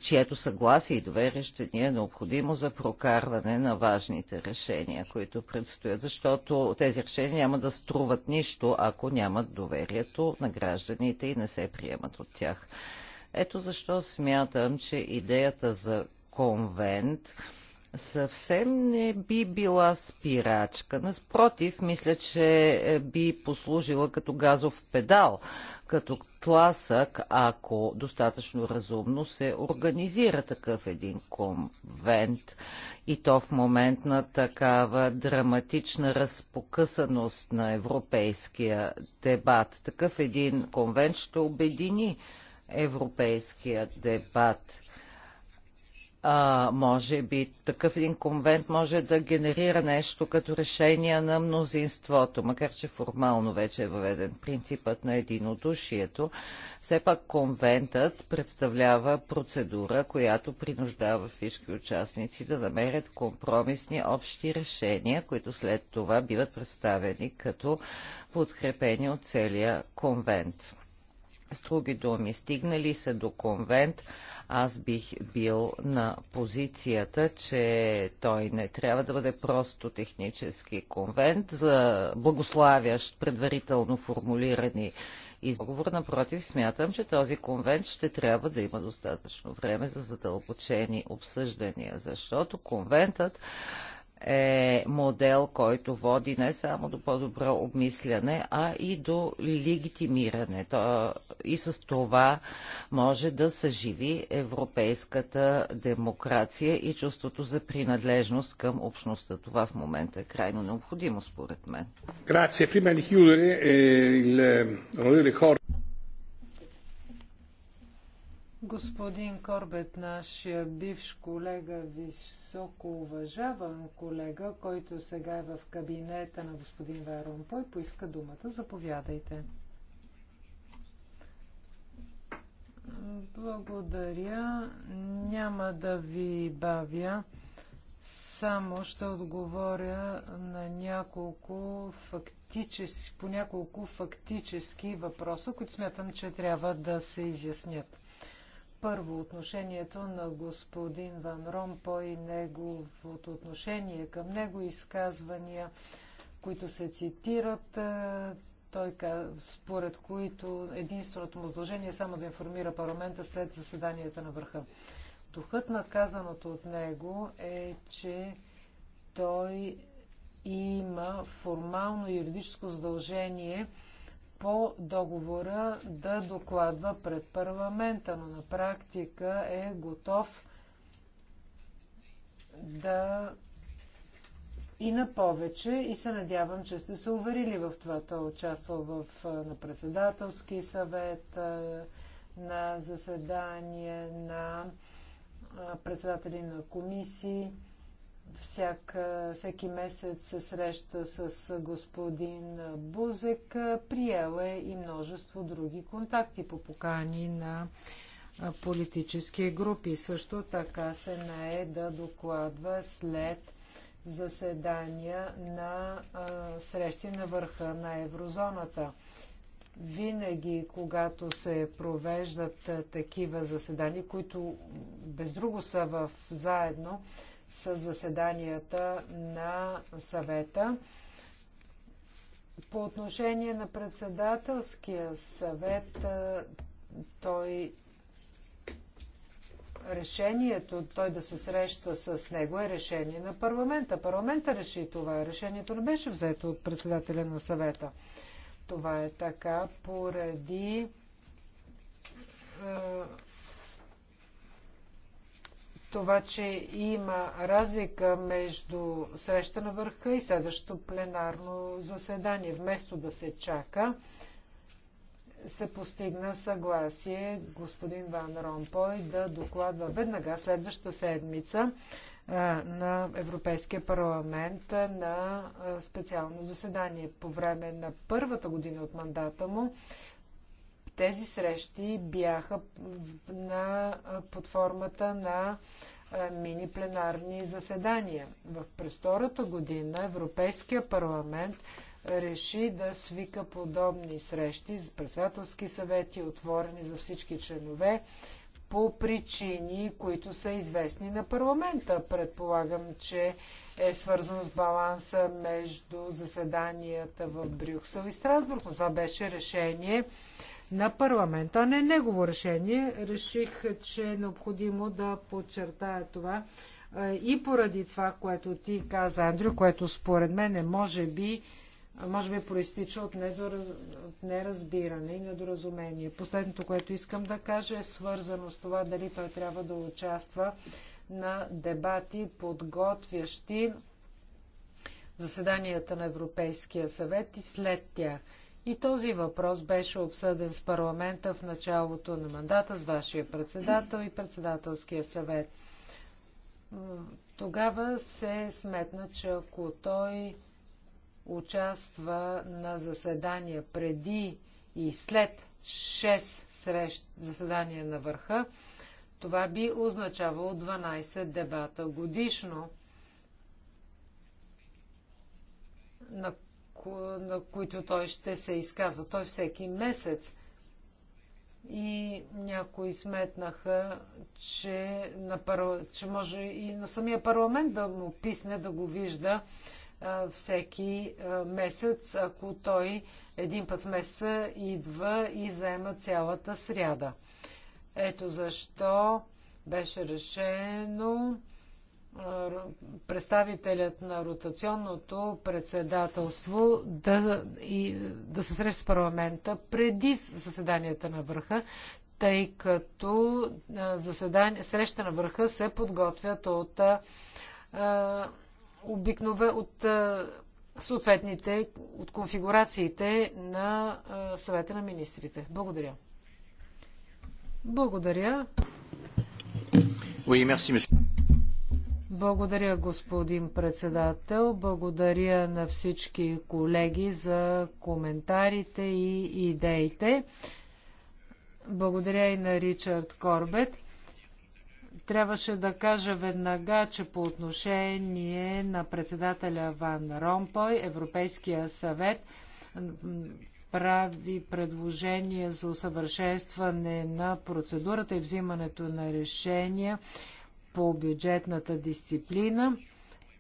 чието съгласие и доверие ще ни е необходимо за прокарване на важните решения, които предстоят, защото тези тези решения няма да струват нищо, ако нямат доверието на гражданите и не се приемат от тях. Ето защо смятам, че идеята за конвент съвсем не би била спирачка. Наспротив, мисля, че би послужила като газов педал, като тласък, ако достатъчно разумно се организира такъв един конвент и то в момент на такава драматична разпокъсаност на европейския дебат. Такъв един конвент ще обедини европейския дебат а, може би такъв един конвент може да генерира нещо като решение на мнозинството, макар че формално вече е въведен принципът на единодушието. Все пак конвентът представлява процедура, която принуждава всички участници да намерят компромисни общи решения, които след това биват представени като подкрепени от целия конвент. С други думи, стигнали са до конвент, аз бих бил на позицията, че той не трябва да бъде просто технически конвент, за благославящ предварително формулирани изговор. Напротив, смятам, че този конвент ще трябва да има достатъчно време за задълбочени обсъждания, защото конвентът е модел, който води не само до по-добро обмисляне, а и до легитимиране. То, И с това може да съживи европейската демокрация и чувството за принадлежност към общността. Това в момента е крайно необходимо, според мен. Grazie. Prima di chiudere, eh, il eh, Господин Корбет, нашия бивш колега, високо уважаван колега, който сега е в кабинета на господин Пой, поиска думата. Заповядайте. Благодаря. Няма да ви бавя. Само ще отговоря на няколко фактически, по няколко фактически въпроса, които смятам, че трябва да се изяснят. Първо, отношението на господин Ван Ромпо и неговото отношение към него, изказвания, които се цитират, е, той, според които единственото му задължение е само да информира парламента след заседанията на върха. Духът на казаното от него е, че той има формално юридическо задължение – по договора да докладва пред парламента, но на практика е готов да и на повече и се надявам, че сте се уверили в това. Той е участвал в, на председателски съвет, на заседание, на председатели на комисии всяка, всеки месец се среща с господин Бузек. приел е и множество други контакти по покани на политически групи. Също така се нае да докладва след заседания на а, срещи на върха на еврозоната. Винаги, когато се провеждат а, такива заседания, които без друго са в заедно, с заседанията на съвета. По отношение на председателския съвет, той решението той да се среща с него е решение на парламента. Парламента реши това. Решението не беше взето от председателя на съвета. Това е така поради това, че има разлика между среща на върха и следващото пленарно заседание. Вместо да се чака, се постигна съгласие господин Ван Ромпой да докладва веднага следващата седмица на Европейския парламент на специално заседание. По време на първата година от мандата му тези срещи бяха на, под формата на мини пленарни заседания. В през втората година Европейския парламент реши да свика подобни срещи с председателски съвети, отворени за всички членове, по причини, които са известни на парламента. Предполагам, че е свързано с баланса между заседанията в Брюксел и Страсбург, но това беше решение на парламента, а не негово решение. Реших, че е необходимо да подчертая това и поради това, което ти каза, Андрю, което според мен е, може би, може би проистича от, недораз... от неразбиране и недоразумение. Последното, което искам да кажа е свързано с това дали той трябва да участва на дебати, подготвящи заседанията на Европейския съвет и след тях. И този въпрос беше обсъден с парламента в началото на мандата с вашия председател и председателския съвет. Тогава се сметна, че ако той участва на заседания преди и след 6 срещ, заседания на върха, това би означавало 12 дебата годишно, на на които той ще се изказва. Той всеки месец. И някои сметнаха, че, на парла... че може и на самия парламент да му писне, да го вижда а, всеки а, месец, ако той един път в месеца идва и заема цялата сряда. Ето защо беше решено представителят на ротационното председателство да, и, да се среща с парламента преди заседанията на върха, тъй като заседание, среща на върха се подготвят от а, обикнове от а, съответните от конфигурациите на а, съвета на министрите. Благодаря. Благодаря. Oui, merci, monsieur. Благодаря, господин председател. Благодаря на всички колеги за коментарите и идеите. Благодаря и на Ричард Корбет. Трябваше да кажа веднага, че по отношение на председателя Ван Ромпой, Европейския съвет прави предложение за усъвършенстване на процедурата и взимането на решения по бюджетната дисциплина,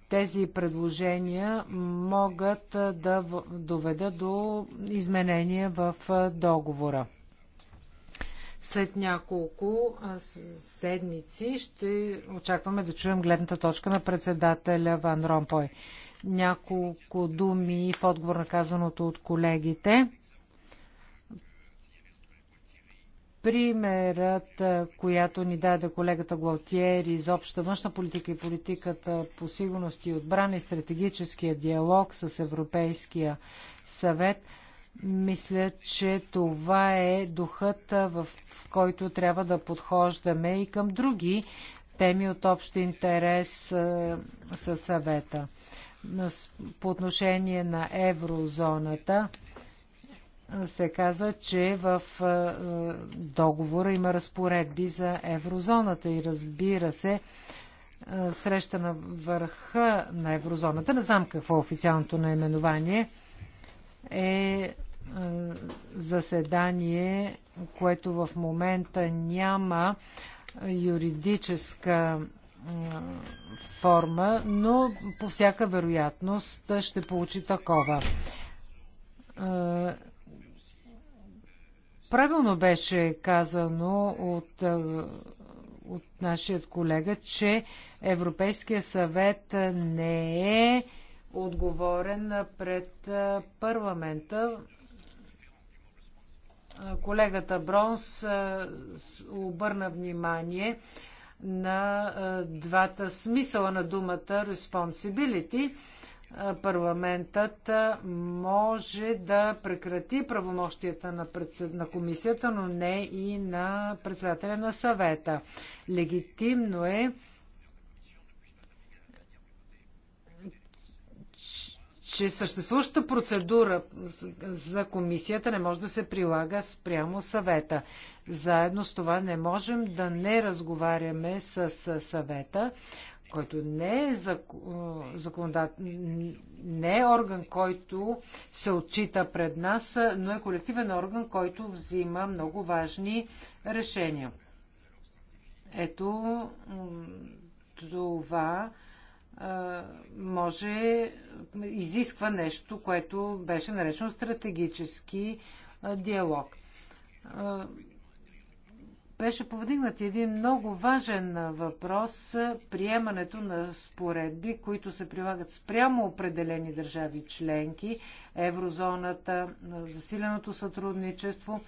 тези предложения могат да доведат до изменения в договора. След няколко седмици ще очакваме да чуем гледната точка на председателя Ван Ромпой. Няколко думи в отговор на казаното от колегите. Примерът, която ни даде колегата Глаутиери за обща външна политика и политиката по сигурност и отбрана и стратегическия диалог с Европейския съвет, мисля, че това е духът, в който трябва да подхождаме и към други теми от общ интерес със съвета. По отношение на еврозоната, се каза, че в е, договора има разпоредби за еврозоната и разбира се, е, среща на върха на еврозоната, не знам какво е официалното наименование, е, е заседание, което в момента няма юридическа форма, но по всяка вероятност ще получи такова. Правилно беше казано от, е, от нашия колега, че Европейския съвет не е отговорен пред е, парламента. Колегата Бронс е, обърна внимание на двата смисъла на думата responsibility парламентът може да прекрати правомощията на, председ... на комисията, но не и на председателя на съвета. Легитимно е че съществуващата процедура за комисията не може да се прилага спрямо съвета. Заедно с това не можем да не разговаряме с съвета който не е, законодател не е орган, който се отчита пред нас, но е колективен орган, който взима много важни решения. Ето това може изисква нещо, което беше наречено стратегически диалог беше повдигнат един много важен въпрос приемането на споредби, които се прилагат спрямо определени държави членки, еврозоната, засиленото сътрудничество.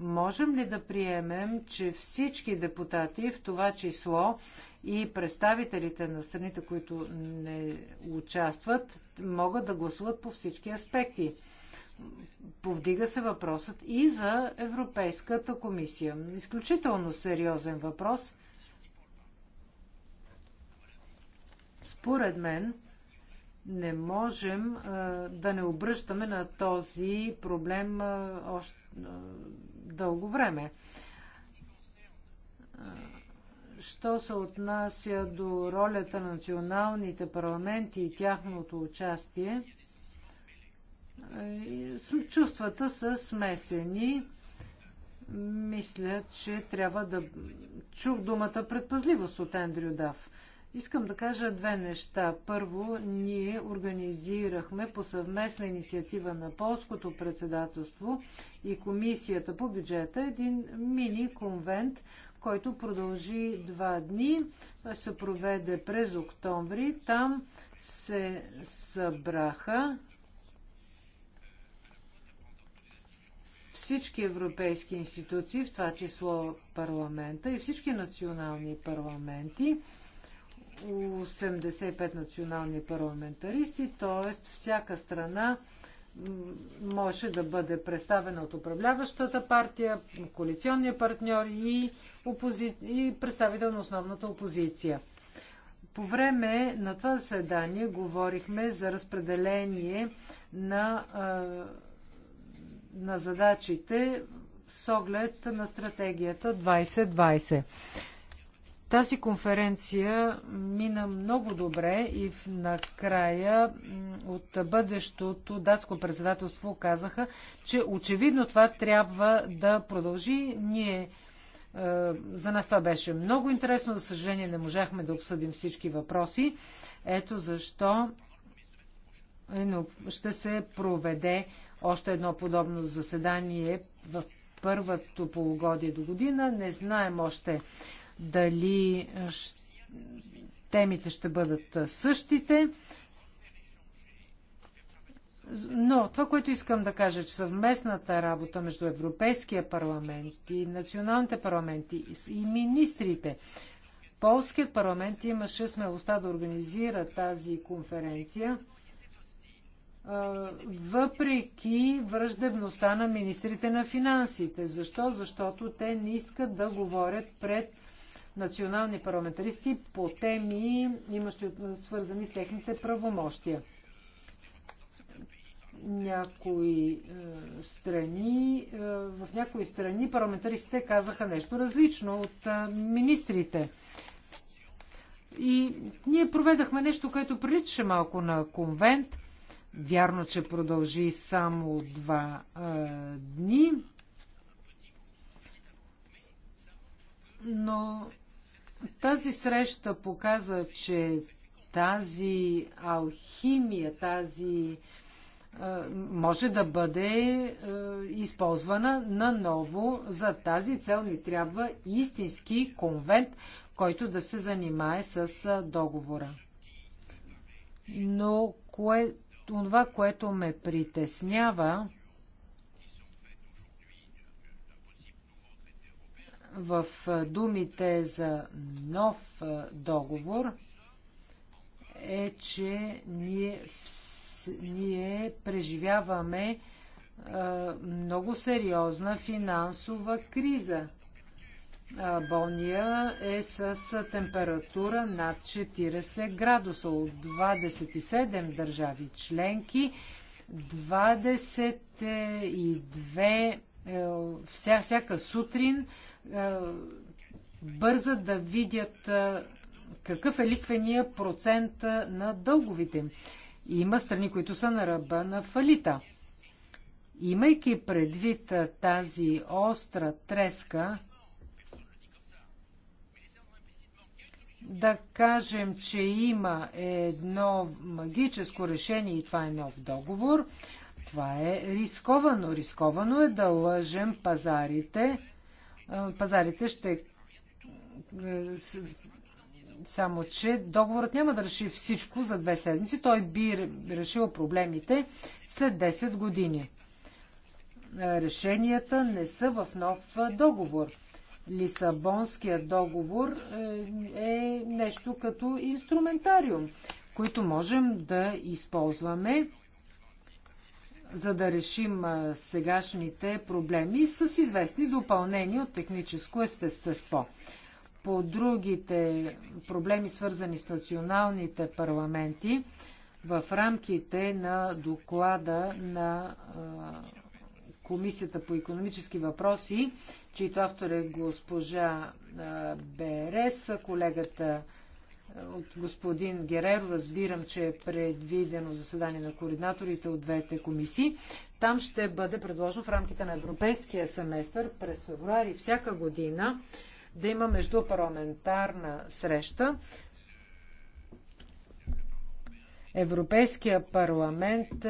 Можем ли да приемем, че всички депутати, в това число и представителите на страните, които не участват, могат да гласуват по всички аспекти? повдига се въпросът и за Европейската комисия. Изключително сериозен въпрос. Според мен, не можем а, да не обръщаме на този проблем а, още а, дълго време. Що се отнася до ролята на националните парламенти и тяхното участие, Чувствата са смесени. Мисля, че трябва да... Чух думата предпазливост от Андрю Дав. Искам да кажа две неща. Първо, ние организирахме по съвместна инициатива на Полското председателство и Комисията по бюджета един мини конвент, който продължи два дни, се проведе през октомври. Там се събраха всички европейски институции, в това число парламента и всички национални парламенти, 85 национални парламентаристи, т.е. всяка страна може да бъде представена от управляващата партия, коалиционния партньор и, опози... и представител на основната опозиция. По време на това заседание говорихме за разпределение на на задачите с оглед на стратегията 2020. Тази конференция мина много добре и накрая от бъдещото датско председателство казаха, че очевидно това трябва да продължи. Ние е, за нас това беше много интересно. За съжаление, не можахме да обсъдим всички въпроси. Ето защо е ще се проведе още едно подобно заседание в първото полугодие до година. Не знаем още дали темите ще бъдат същите. Но това, което искам да кажа, е, че съвместната работа между Европейския парламент и националните парламенти и министрите, Полският парламент имаше смелостта да организира тази конференция въпреки враждебността на министрите на финансите. Защо? Защото те не искат да говорят пред национални парламентаристи по теми, имащи свързани с техните правомощия. Някои е, страни, е, в някои страни парламентаристите казаха нещо различно от е, министрите. И ние проведахме нещо, което приличаше малко на конвент – Вярно, че продължи само два а, дни, но тази среща показа, че тази алхимия, тази може да бъде използвана наново. За тази цел ни трябва истински конвент, който да се занимае с договора. Но кое, това, което ме притеснява в думите за нов договор, е, че ние, ние преживяваме много сериозна финансова криза. Болния е с температура над 40 градуса от 27 държави членки. 22 е, вся, всяка сутрин е, бързат да видят е, какъв е ликвения процент на дълговите Има страни, които са на ръба на фалита. Имайки предвид тази остра треска, да кажем, че има едно магическо решение и това е нов договор, това е рисковано. Рисковано е да лъжем пазарите. Пазарите ще. Е, само, че договорът няма да реши всичко за две седмици. Той би решил проблемите след 10 години. Решенията не са в нов договор Лисабонския договор е, е нещо като инструментариум, които можем да използваме за да решим сегашните проблеми с известни допълнения от техническо естество. По другите проблеми, свързани с националните парламенти, в рамките на доклада на Комисията по економически въпроси, чието автор е госпожа Берес, колегата от господин Герер. Разбирам, че е предвидено заседание на координаторите от двете комисии. Там ще бъде предложено в рамките на Европейския семестър през февруари всяка година да има междупарламентарна среща. Европейския парламент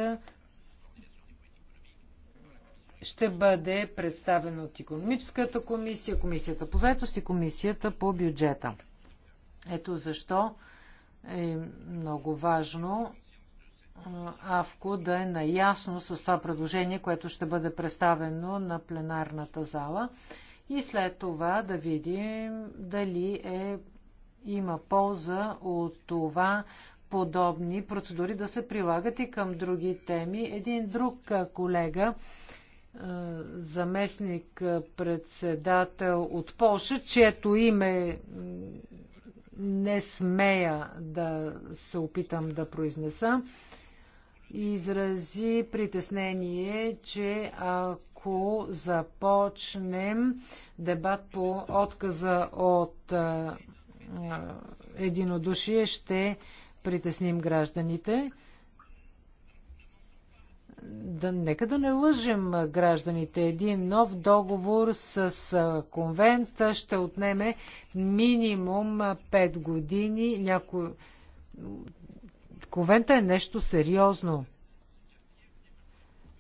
ще бъде представен от економическата комисия, комисията по заедост и комисията по бюджета. Ето защо е много важно АВКО да е наясно с това предложение, което ще бъде представено на пленарната зала и след това да видим дали е, има полза от това подобни процедури да се прилагат и към други теми. Един друг колега заместник председател от Польша, чието име не смея да се опитам да произнеса, изрази притеснение, че ако започнем дебат по отказа от единодушие, ще притесним гражданите да, нека да не лъжим гражданите. Един нов договор с конвента, ще отнеме минимум 5 години. Няко... Конвента е нещо сериозно.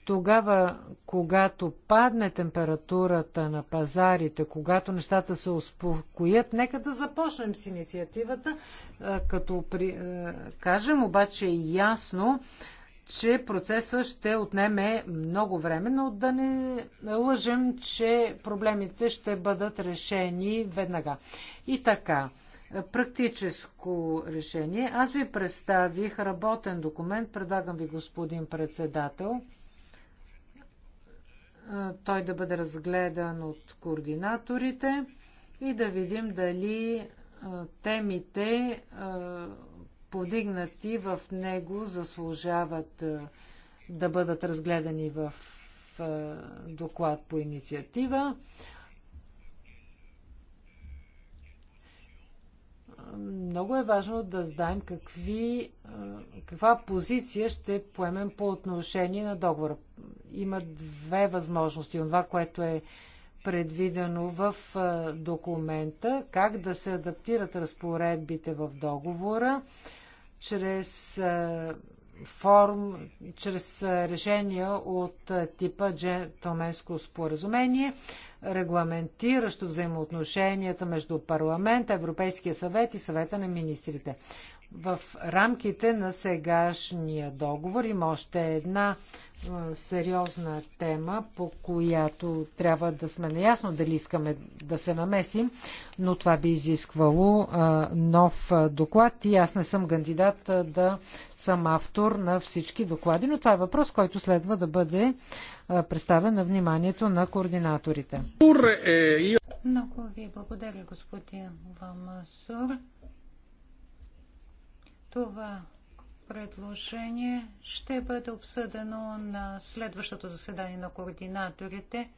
Тогава, когато падне температурата на пазарите, когато нещата се успокоят, нека да започнем с инициативата, като при... кажем обаче ясно, че процесът ще отнеме много време, но да не лъжем, че проблемите ще бъдат решени веднага. И така, практическо решение. Аз ви представих работен документ, предлагам ви господин председател. Той да бъде разгледан от координаторите и да видим дали темите подигнати в него, заслужават е, да бъдат разгледани в е, доклад по инициатива. Много е важно да знаем какви, е, каква позиция ще поемем по отношение на договора. Има две възможности. Това, което е предвидено в документа, как да се адаптират разпоредбите в договора чрез форум, чрез решения от типа джентлменско споразумение, регламентиращо взаимоотношенията между парламента, Европейския съвет и съвета на министрите. В рамките на сегашния договор има още една сериозна тема, по която трябва да сме наясно дали искаме да се намесим, но това би изисквало нов доклад и аз не съм кандидат да съм автор на всички доклади, но това е въпрос, който следва да бъде представен на вниманието на координаторите. Много ви благодаря, господин Ламасур. Това предложение ще бъде обсъдено на следващото заседание на координаторите.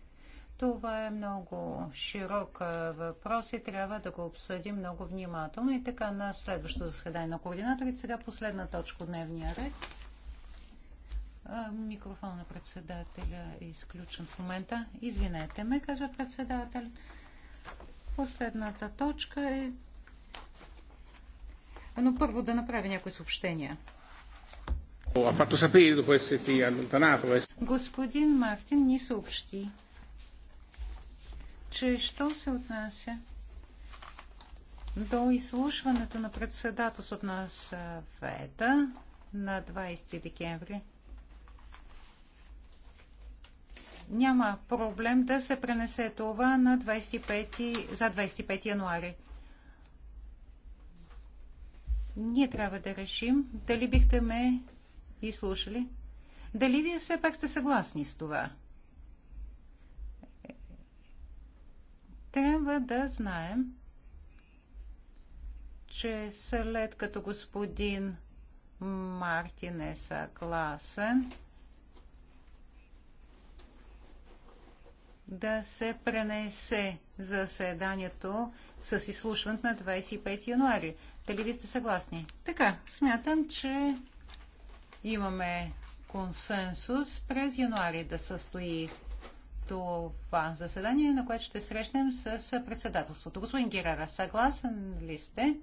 Това е много широк въпрос и трябва да го обсъдим много внимателно. И така на следващото заседание на координаторите. Сега последна точка от дневния ред. Микрофон на председателя е изключен в момента. Извинете ме, казва председател. Последната точка е но първо да направя някои съобщения. Eh. Господин Мартин ни съобщи, че що се отнася до изслушването на председателството на съвета на 20 декември. Няма проблем да се пренесе това на 25, за 25 януари. Ние трябва да решим дали бихте ме и слушали? Дали вие все пак сте съгласни с това? Трябва да знаем, че след като господин Мартин е съгласен, да се пренесе заседанието с изслушването на 25 януари. Дали ви сте съгласни? Така, смятам, че имаме консенсус през януари да състои това заседание, на което ще срещнем с председателството. Господин Герара, съгласен ли сте?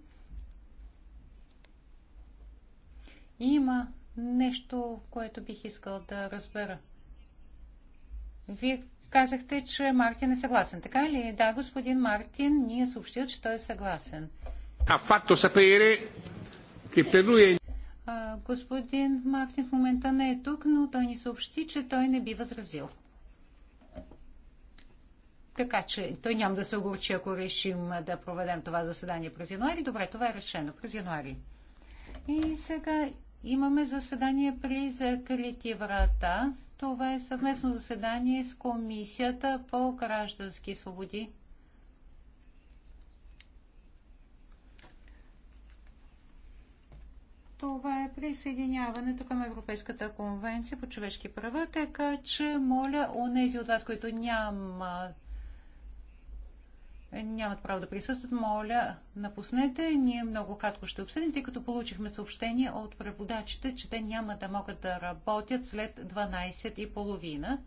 Има нещо, което бих искал да разбера. Вие казахте, че Мартин е съгласен, така ли? Да, господин Мартин ни е съобщил, че той е съгласен. А, факто са che а, господин Мартин в момента не е тук, но той ни съобщи, че той не би възразил. Така че той няма да се огорчи, ако решим да проведем това заседание през януари. Добре, това е решено през януари. И сега имаме заседание при закрити врата. Това е съвместно заседание с Комисията по граждански свободи това е присъединяването към Европейската конвенция по човешки права, така че моля онези от вас, които няма, нямат право да присъстват, моля напуснете. Ние много кратко ще обсъдим, тъй като получихме съобщение от преводачите, че те няма да могат да работят след 12 и половина.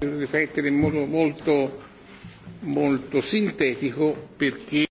molto, molto sintetico perché